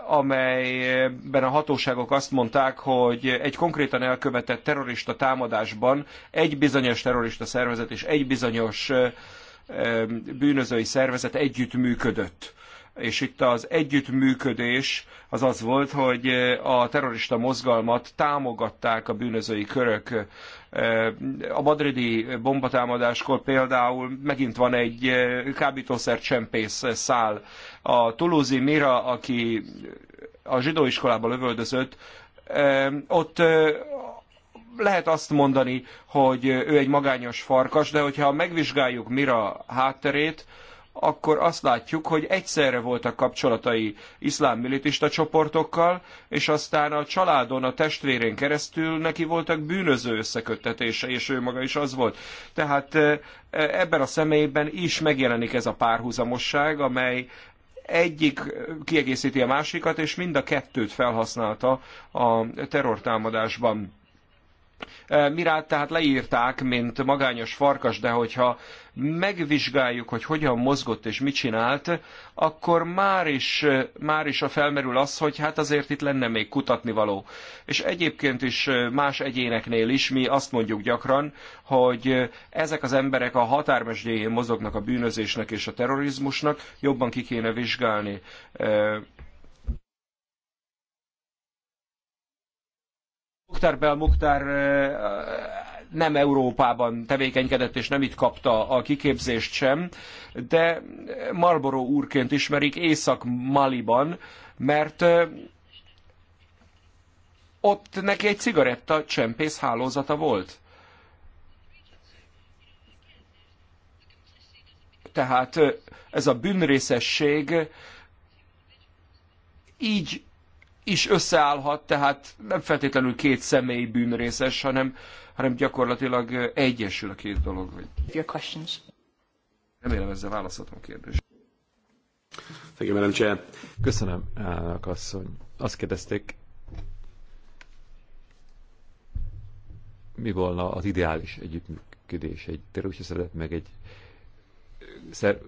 amelyben a hatóságok azt mondták, hogy egy konkrétan elkövetett terrorista támadásban egy bizonyos terrorista szervezet és egy bizonyos bűnözői szervezet együttműködött és itt az együttműködés az az volt, hogy eh, a terrorista mozgalmat támogatták a bűnözői körök. Eh, a madridi bombatámadáskor például megint van egy eh, kábítószer csempész szál. A Toulouse Mira, aki a zsidóiskolába lövöldözött, ott lehet azt mondani, hogy ő egy magányos farkas, de hogyha megvizsgáljuk Mira hátterét, akkor azt látjuk, hogy egyszerre voltak kapcsolatai iszlám militista csoportokkal, és aztán a családon, a testvérén keresztül neki voltak bűnöző összeköttetése, és ő maga is az volt. Tehát ebben a személyben is megjelenik ez a párhuzamosság, amely egyik kiegészíti a másikat, és mind a kettőt felhasználta a terrortámadásban. Eh, Mirát tehát leírták, mint magányos farkas, de hogyha megvizsgáljuk, hogy hogyan mozgott és mit csinált, akkor már is, eh, már is a felmerül az, hogy hát azért itt lenne még kutatnivaló. És egyébként is eh, más egyéneknél is mi azt mondjuk gyakran, hogy ezek az emberek a határmesdjéjén mozognak a bűnözésnek és a terrorizmusnak, jobban ki kéne vizsgálni Mukhtar Bel Mukhtar nem Európában tevékenykedett, és nem itt kapta a kiképzést sem, de Marlboro úrként ismerik Észak-Maliban, mert ott neki egy cigaretta csempész hálózata volt. Tehát ez a bűnrészesség így is összeállhat, tehát nem feltétlenül két személy bűnrészes, hanem, hanem gyakorlatilag egyesül a két dolog. Vagy... Your questions. Remélem ezzel válaszoltam a kérdést. Köszönöm, you, Köszönöm, elnök asszony. Azt kérdezték, mi volna az ideális együttműködés egy terrorista szervezet, meg egy szer,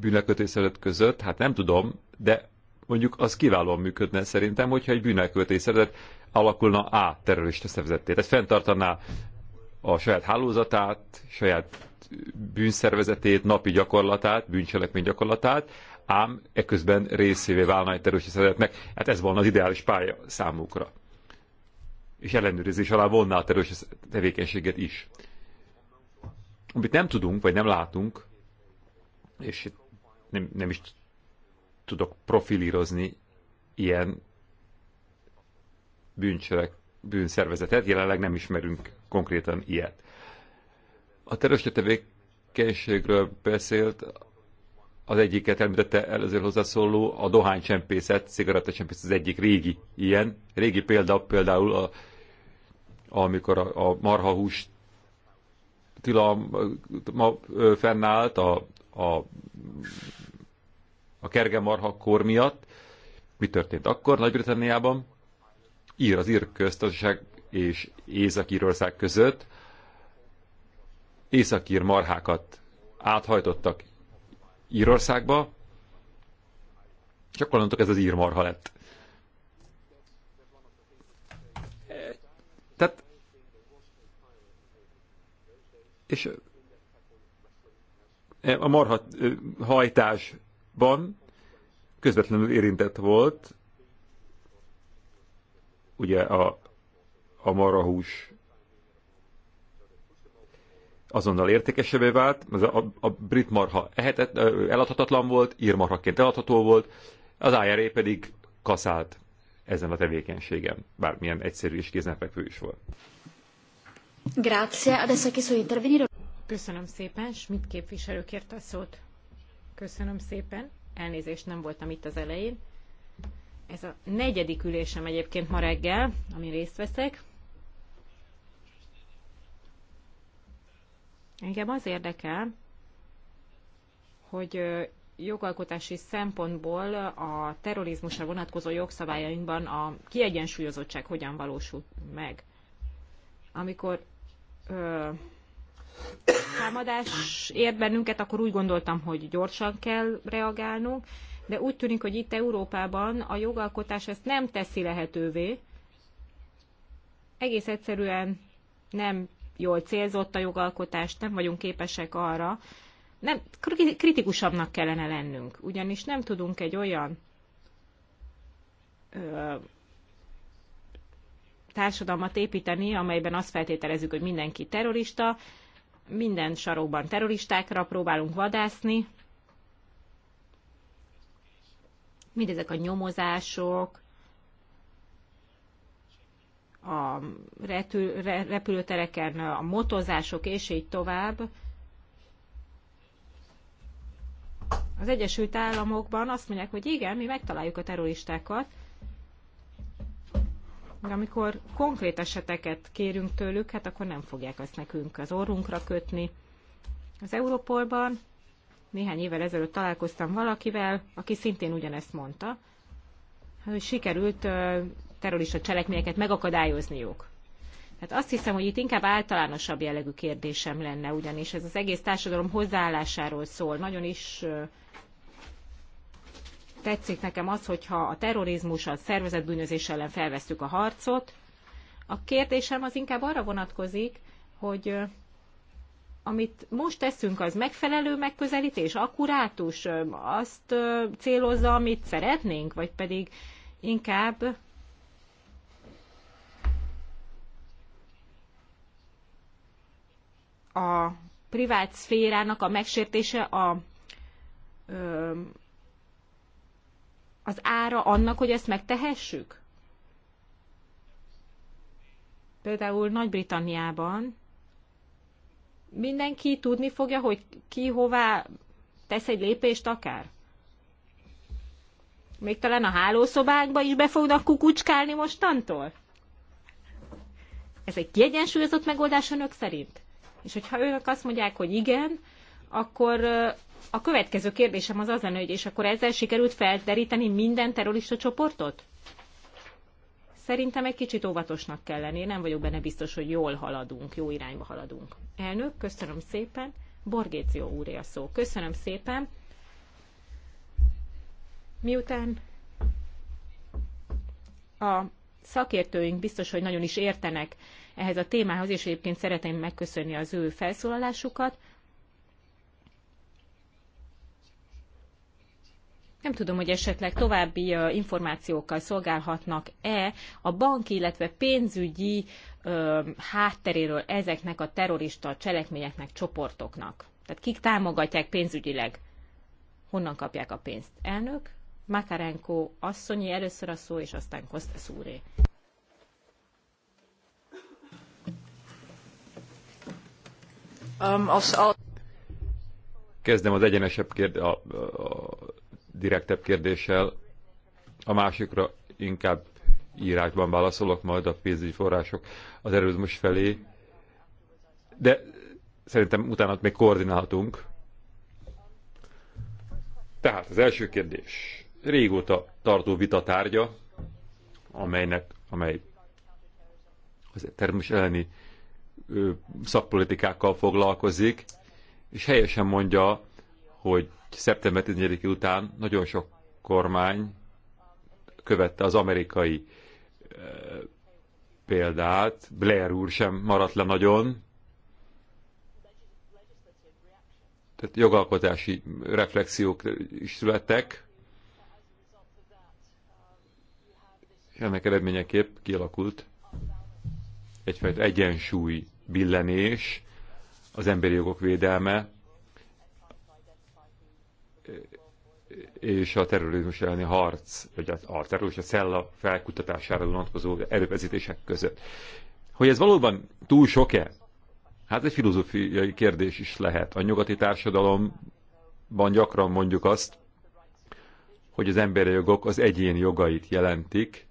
bűnlekötő között? Hát nem tudom, de mondjuk az kiválóan működne szerintem, hogyha egy bűnelkövetés szervezet alakulna A terrorista szervezetté. Tehát fenntartaná a saját hálózatát, saját bűnszervezetét, napi gyakorlatát, bűncselekmény gyakorlatát, ám eközben részévé válna egy terrorista szervezetnek. Hát ez volna az ideális pálya számukra. És ellenőrizés alá vonná a terrorista tevékenységet is. Amit nem tudunk, vagy nem látunk, és nem, nem is tudok profilírozni ilyen bűncselek, bűnszervezetet, jelenleg nem ismerünk konkrétan ilyet. A terörös tevékenységről beszélt, az egyiket említette előző hozzászóló, a dohánycsempészet, cigarettacsempészet az egyik régi ilyen. Régi példa például, a, amikor a, a marhahús tilam ma fennállt, a, a a kergemarha kor miatt. Mi történt akkor Nagy-Britanniában? Ír az ír köztársaság és Észak-Írország között északír marhákat áthajtottak Írországba, és akkor mondtuk, ez az ír marha lett. Tehát, és a marha hajtás ban közvetlenül érintett volt, ugye a, a marahús azonnal értékesebbé vált, az a, a brit marha ehetett, eladhatatlan volt, írmarhaként eladható volt, az IRA pedig kaszált ezen a tevékenységen, bármilyen egyszerű és kéznepekvő is volt. Grazie, adesso chi sono intervenire. Köszönöm szépen, Schmidt képviselő kérte a szót. Köszönöm szépen. Elnézést, nem voltam itt az elején. Ez a negyedik ülésem egyébként ma reggel, ami részt veszek. Engem az érdekel, hogy jogalkotási szempontból a terrorizmusra vonatkozó jogszabályainkban a kiegyensúlyozottság hogyan valósul meg. Amikor ö, támadás ért bennünket, akkor úgy gondoltam, hogy gyorsan kell reagálnunk, de úgy tűnik, hogy itt Európában a jogalkotás ezt nem teszi lehetővé. Egész egyszerűen nem jól célzott a jogalkotás, nem vagyunk képesek arra, nem, kritikusabbnak kellene lennünk, ugyanis nem tudunk egy olyan ö, társadalmat építeni, amelyben azt feltételezzük, hogy mindenki terrorista, minden sarokban terroristákra próbálunk vadászni. Mindezek a nyomozások, a repülőtereken a motozások, és így tovább. Az Egyesült Államokban azt mondják, hogy igen, mi megtaláljuk a terroristákat, de amikor konkrét eseteket kérünk tőlük, hát akkor nem fogják azt nekünk az orrunkra kötni. Az Európolban néhány évvel ezelőtt találkoztam valakivel, aki szintén ugyanezt mondta, hogy sikerült terrorista cselekményeket megakadályozniuk. Hát azt hiszem, hogy itt inkább általánosabb jellegű kérdésem lenne, ugyanis ez az egész társadalom hozzáállásáról szól, nagyon is tetszik nekem az, hogyha a terrorizmus, a szervezetbűnözés ellen felvesztük a harcot. A kérdésem az inkább arra vonatkozik, hogy amit most teszünk, az megfelelő megközelítés, akkurátus, azt célozza, amit szeretnénk, vagy pedig inkább a privát szférának a megsértése a az ára annak, hogy ezt megtehessük? Például Nagy-Britanniában mindenki tudni fogja, hogy ki hová tesz egy lépést akár. Még talán a hálószobákba is be fognak kukucskálni mostantól? Ez egy kiegyensúlyozott megoldás önök szerint? És hogyha önök azt mondják, hogy igen, akkor a következő kérdésem az az lenne, hogy és akkor ezzel sikerült felderíteni minden terrorista csoportot? Szerintem egy kicsit óvatosnak kell lenni, nem vagyok benne biztos, hogy jól haladunk, jó irányba haladunk. Elnök, köszönöm szépen. Borgéció úré a szó. Köszönöm szépen. Miután a szakértőink biztos, hogy nagyon is értenek ehhez a témához, és egyébként szeretném megköszönni az ő felszólalásukat, Nem tudom, hogy esetleg további információkkal szolgálhatnak-e a banki, illetve pénzügyi ö, hátteréről ezeknek a terrorista cselekményeknek, csoportoknak. Tehát kik támogatják pénzügyileg? Honnan kapják a pénzt? Elnök? Makarenko asszonyi először a szó, és aztán Kostesz úré. Um, Kezdem az egyenesebb kérd, a, a, direktebb kérdéssel, a másikra inkább írásban válaszolok majd a pénzügyi források az erőzmus felé, de szerintem utána még koordinálhatunk. Tehát az első kérdés. Régóta tartó vita tárgya, amelynek, amely az termés elleni szakpolitikákkal foglalkozik, és helyesen mondja hogy szeptember 11 után nagyon sok kormány követte az amerikai eh, példát. Blair úr sem maradt le nagyon. Tehát jogalkotási reflexiók is születtek. Ennek eredményeképp kialakult egyfajta egyensúly, billenés, az emberi jogok védelme és a terrorizmus elleni harc, vagy a terrorizmus a cella felkutatására vonatkozó erőfeszítések között. Hogy ez valóban túl sok-e? Hát egy filozófiai kérdés is lehet. A nyugati társadalomban gyakran mondjuk azt, hogy az emberi jogok az egyén jogait jelentik,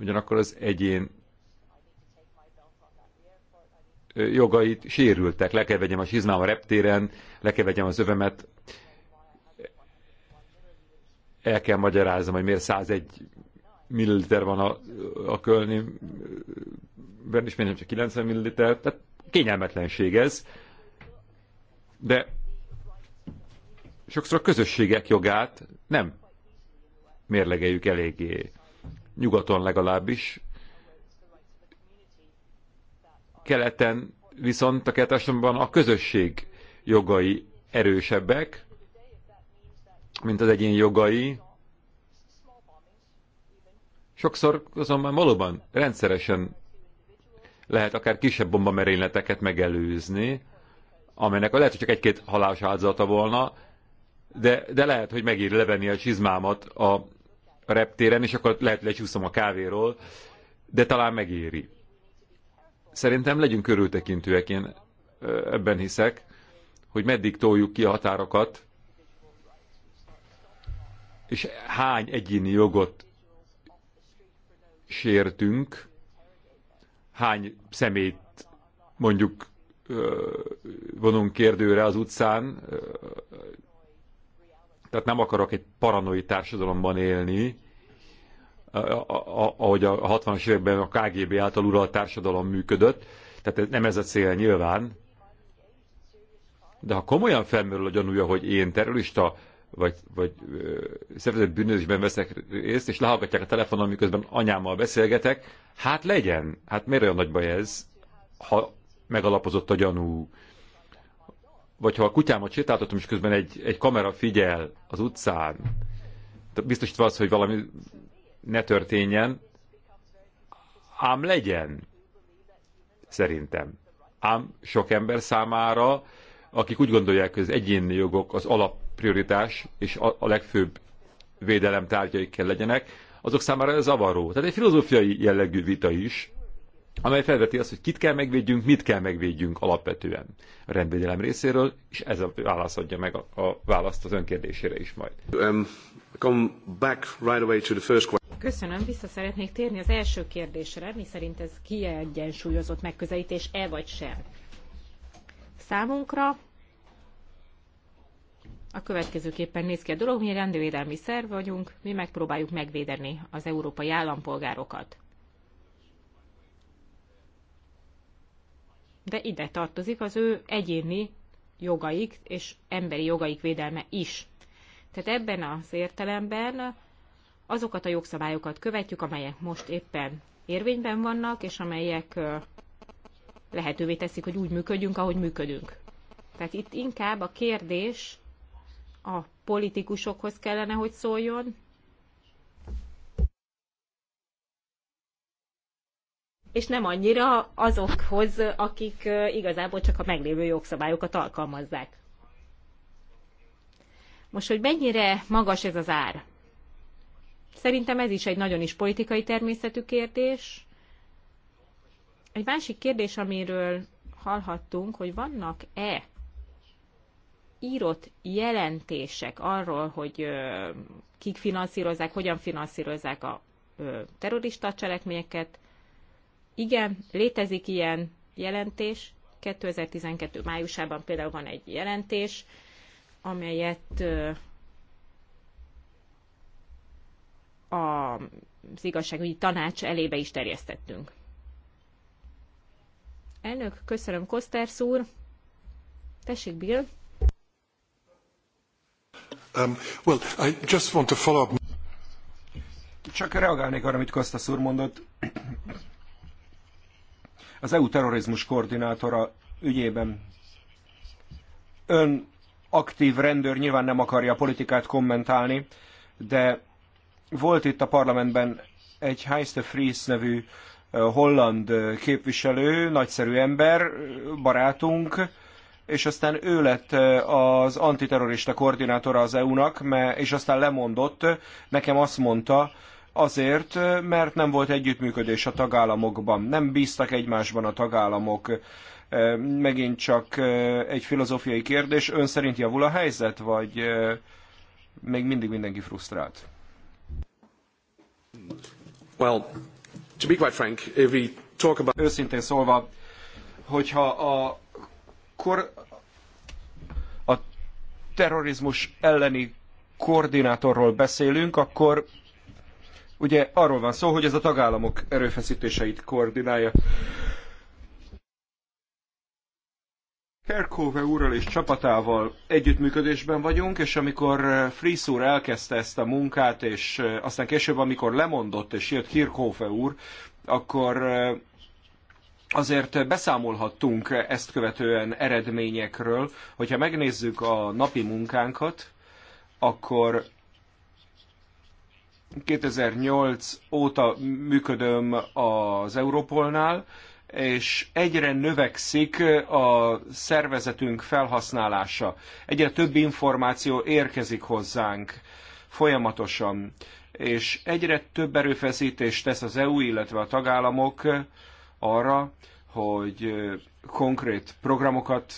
ugyanakkor az egyén jogait sérültek. Le kell vegyem a sizmám a reptéren, le kell vegyem az övemet el kell magyaráznom, hogy miért 101 milliliter van a, a kölni, és miért nem csak 90 milliliter, tehát kényelmetlenség ez, de sokszor a közösségek jogát nem mérlegeljük eléggé. Nyugaton legalábbis. Keleten viszont a kettesomban a közösség jogai erősebbek, mint az egyén jogai. Sokszor azonban valóban rendszeresen lehet akár kisebb bombamerényleteket megelőzni, amelynek lehet, hogy csak egy-két halálos áldozata volna, de, de lehet, hogy megír levenni a csizmámat a reptéren, és akkor lehet lecsúszom a kávéról, de talán megéri. Szerintem legyünk körültekintőek, én ebben hiszek, hogy meddig toljuk ki a határokat, és hány egyéni jogot sértünk, hány szemét mondjuk vonunk kérdőre az utcán, tehát nem akarok egy paranoi társadalomban élni, ahogy a 60-as években a KGB által uralt társadalom működött, tehát nem ez a cél nyilván, de ha komolyan felmerül a gyanúja, hogy én terrorista vagy, vagy szervezett bűnözésben veszek részt, és lehallgatják a telefonon, miközben anyámmal beszélgetek, hát legyen, hát miért olyan nagy baj ez, ha megalapozott a gyanú, vagy ha a kutyámat sétáltatom, és közben egy, egy kamera figyel az utcán, biztosítva az, hogy valami ne történjen, ám legyen, szerintem. Ám sok ember számára, akik úgy gondolják, hogy az egyéni jogok az alap prioritás és a, a legfőbb védelem tárgyai kell legyenek, azok számára ez zavaró. Tehát egy filozófiai jellegű vita is, amely felveti azt, hogy kit kell megvédjünk, mit kell megvédjünk alapvetően a rendvédelem részéről, és ez a válasz adja meg a, a választ az önkérdésére is majd. Um, come back right away to the first Köszönöm, vissza szeretnék térni az első kérdésre, mi szerint ez kiegyensúlyozott megközelítés, e vagy sem. Számunkra a következőképpen néz ki a dolog, mi egy rendvédelmi szerv vagyunk, mi megpróbáljuk megvédeni az európai állampolgárokat. De ide tartozik az ő egyéni jogaik és emberi jogaik védelme is. Tehát ebben az értelemben azokat a jogszabályokat követjük, amelyek most éppen érvényben vannak, és amelyek lehetővé teszik, hogy úgy működjünk, ahogy működünk. Tehát itt inkább a kérdés a politikusokhoz kellene, hogy szóljon, és nem annyira azokhoz, akik igazából csak a meglévő jogszabályokat alkalmazzák. Most, hogy mennyire magas ez az ár? Szerintem ez is egy nagyon is politikai természetű kérdés. Egy másik kérdés, amiről hallhattunk, hogy vannak-e írott jelentések arról, hogy kik finanszírozzák, hogyan finanszírozzák a terrorista cselekményeket. Igen, létezik ilyen jelentés. 2012. májusában például van egy jelentés, amelyet az igazságügyi tanács elébe is terjesztettünk. Elnök, köszönöm, Koszter úr. Tessék, Bill. Um, Csak reagálnék arra, amit Kostas úr mondott. Az EU terrorizmus koordinátora ügyében ön aktív rendőr nyilván nem akarja a politikát kommentálni, de volt itt a parlamentben egy Heiste Fries nevű eh, holland eh, képviselő, nagyszerű ember, barátunk, és aztán ő lett az antiterrorista koordinátora az EU-nak, és aztán lemondott, nekem azt mondta, azért, mert nem volt együttműködés a tagállamokban, nem bíztak egymásban a tagállamok. Megint csak egy filozófiai kérdés, ön szerint javul a helyzet, vagy még mindig mindenki frusztrált? Well, to be quite frank, if we talk about... Őszintén szólva, hogyha a akkor a terrorizmus elleni koordinátorról beszélünk, akkor ugye arról van szó, hogy ez a tagállamok erőfeszítéseit koordinálja. Kerkove úrral és csapatával együttműködésben vagyunk, és amikor eh, Friss úr elkezdte ezt a munkát, és eh, aztán később, amikor lemondott és jött Kirkove úr, akkor eh, azért beszámolhattunk ezt követően eredményekről. Hogyha megnézzük a napi munkánkat, akkor 2008 óta működöm az Europolnál, és egyre növekszik a szervezetünk felhasználása. Egyre több információ érkezik hozzánk folyamatosan, és egyre több erőfeszítést tesz az EU, illetve a tagállamok arra, hogy konkrét programokat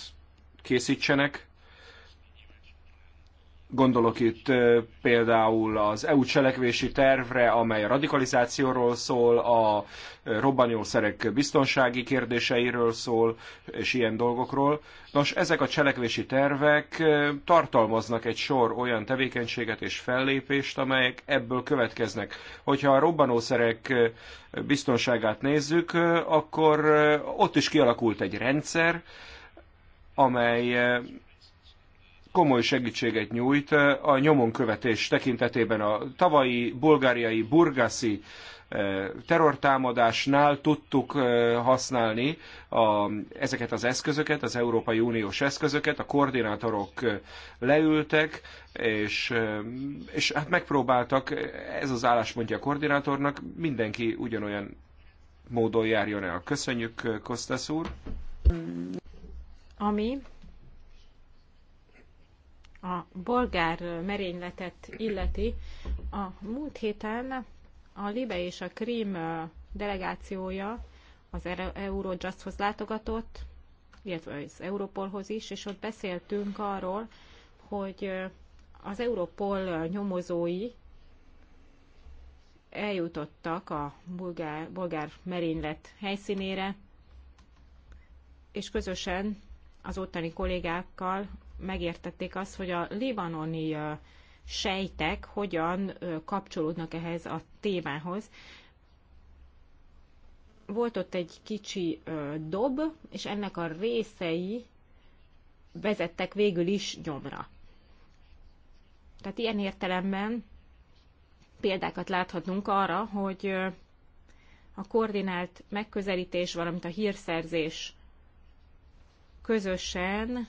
készítsenek, Gondolok itt például az EU cselekvési tervre, amely a radikalizációról szól, a robbanószerek biztonsági kérdéseiről szól, és ilyen dolgokról. Nos, ezek a cselekvési tervek tartalmaznak egy sor olyan tevékenységet és fellépést, amelyek ebből következnek. Hogyha a robbanószerek biztonságát nézzük, akkor ott is kialakult egy rendszer, amely komoly segítséget nyújt eh, a nyomon követés tekintetében. A tavalyi bulgáriai burgaszi eh, terrortámadásnál tudtuk eh, használni a, ezeket az eszközöket, az Európai Uniós eszközöket, a koordinátorok leültek, és, és hát megpróbáltak, ez az álláspontja a koordinátornak, mindenki ugyanolyan módon járjon el. Köszönjük, Kostas úr! Ami a bolgár merényletet illeti, a múlt héten a Libe és a Krím delegációja az Eurojusthoz látogatott, illetve az Europolhoz is, és ott beszéltünk arról, hogy az Europol nyomozói eljutottak a bulgár, bulgár merénylet helyszínére, és közösen az ottani kollégákkal megértették azt, hogy a libanoni sejtek hogyan kapcsolódnak ehhez a témához. Volt ott egy kicsi dob, és ennek a részei vezettek végül is nyomra. Tehát ilyen értelemben példákat láthatunk arra, hogy a koordinált megközelítés, valamint a hírszerzés közösen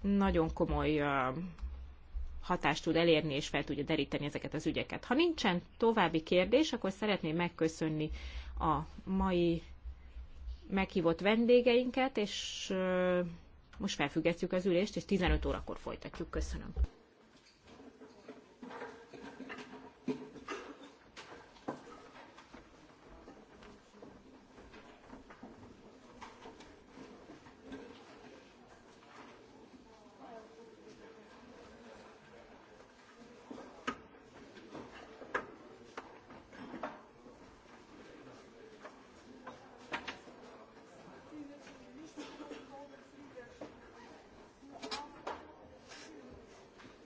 nagyon komoly hatást tud elérni, és fel tudja deríteni ezeket az ügyeket. Ha nincsen további kérdés, akkor szeretném megköszönni a mai meghívott vendégeinket, és most felfüggesztjük az ülést, és 15 órakor folytatjuk. Köszönöm.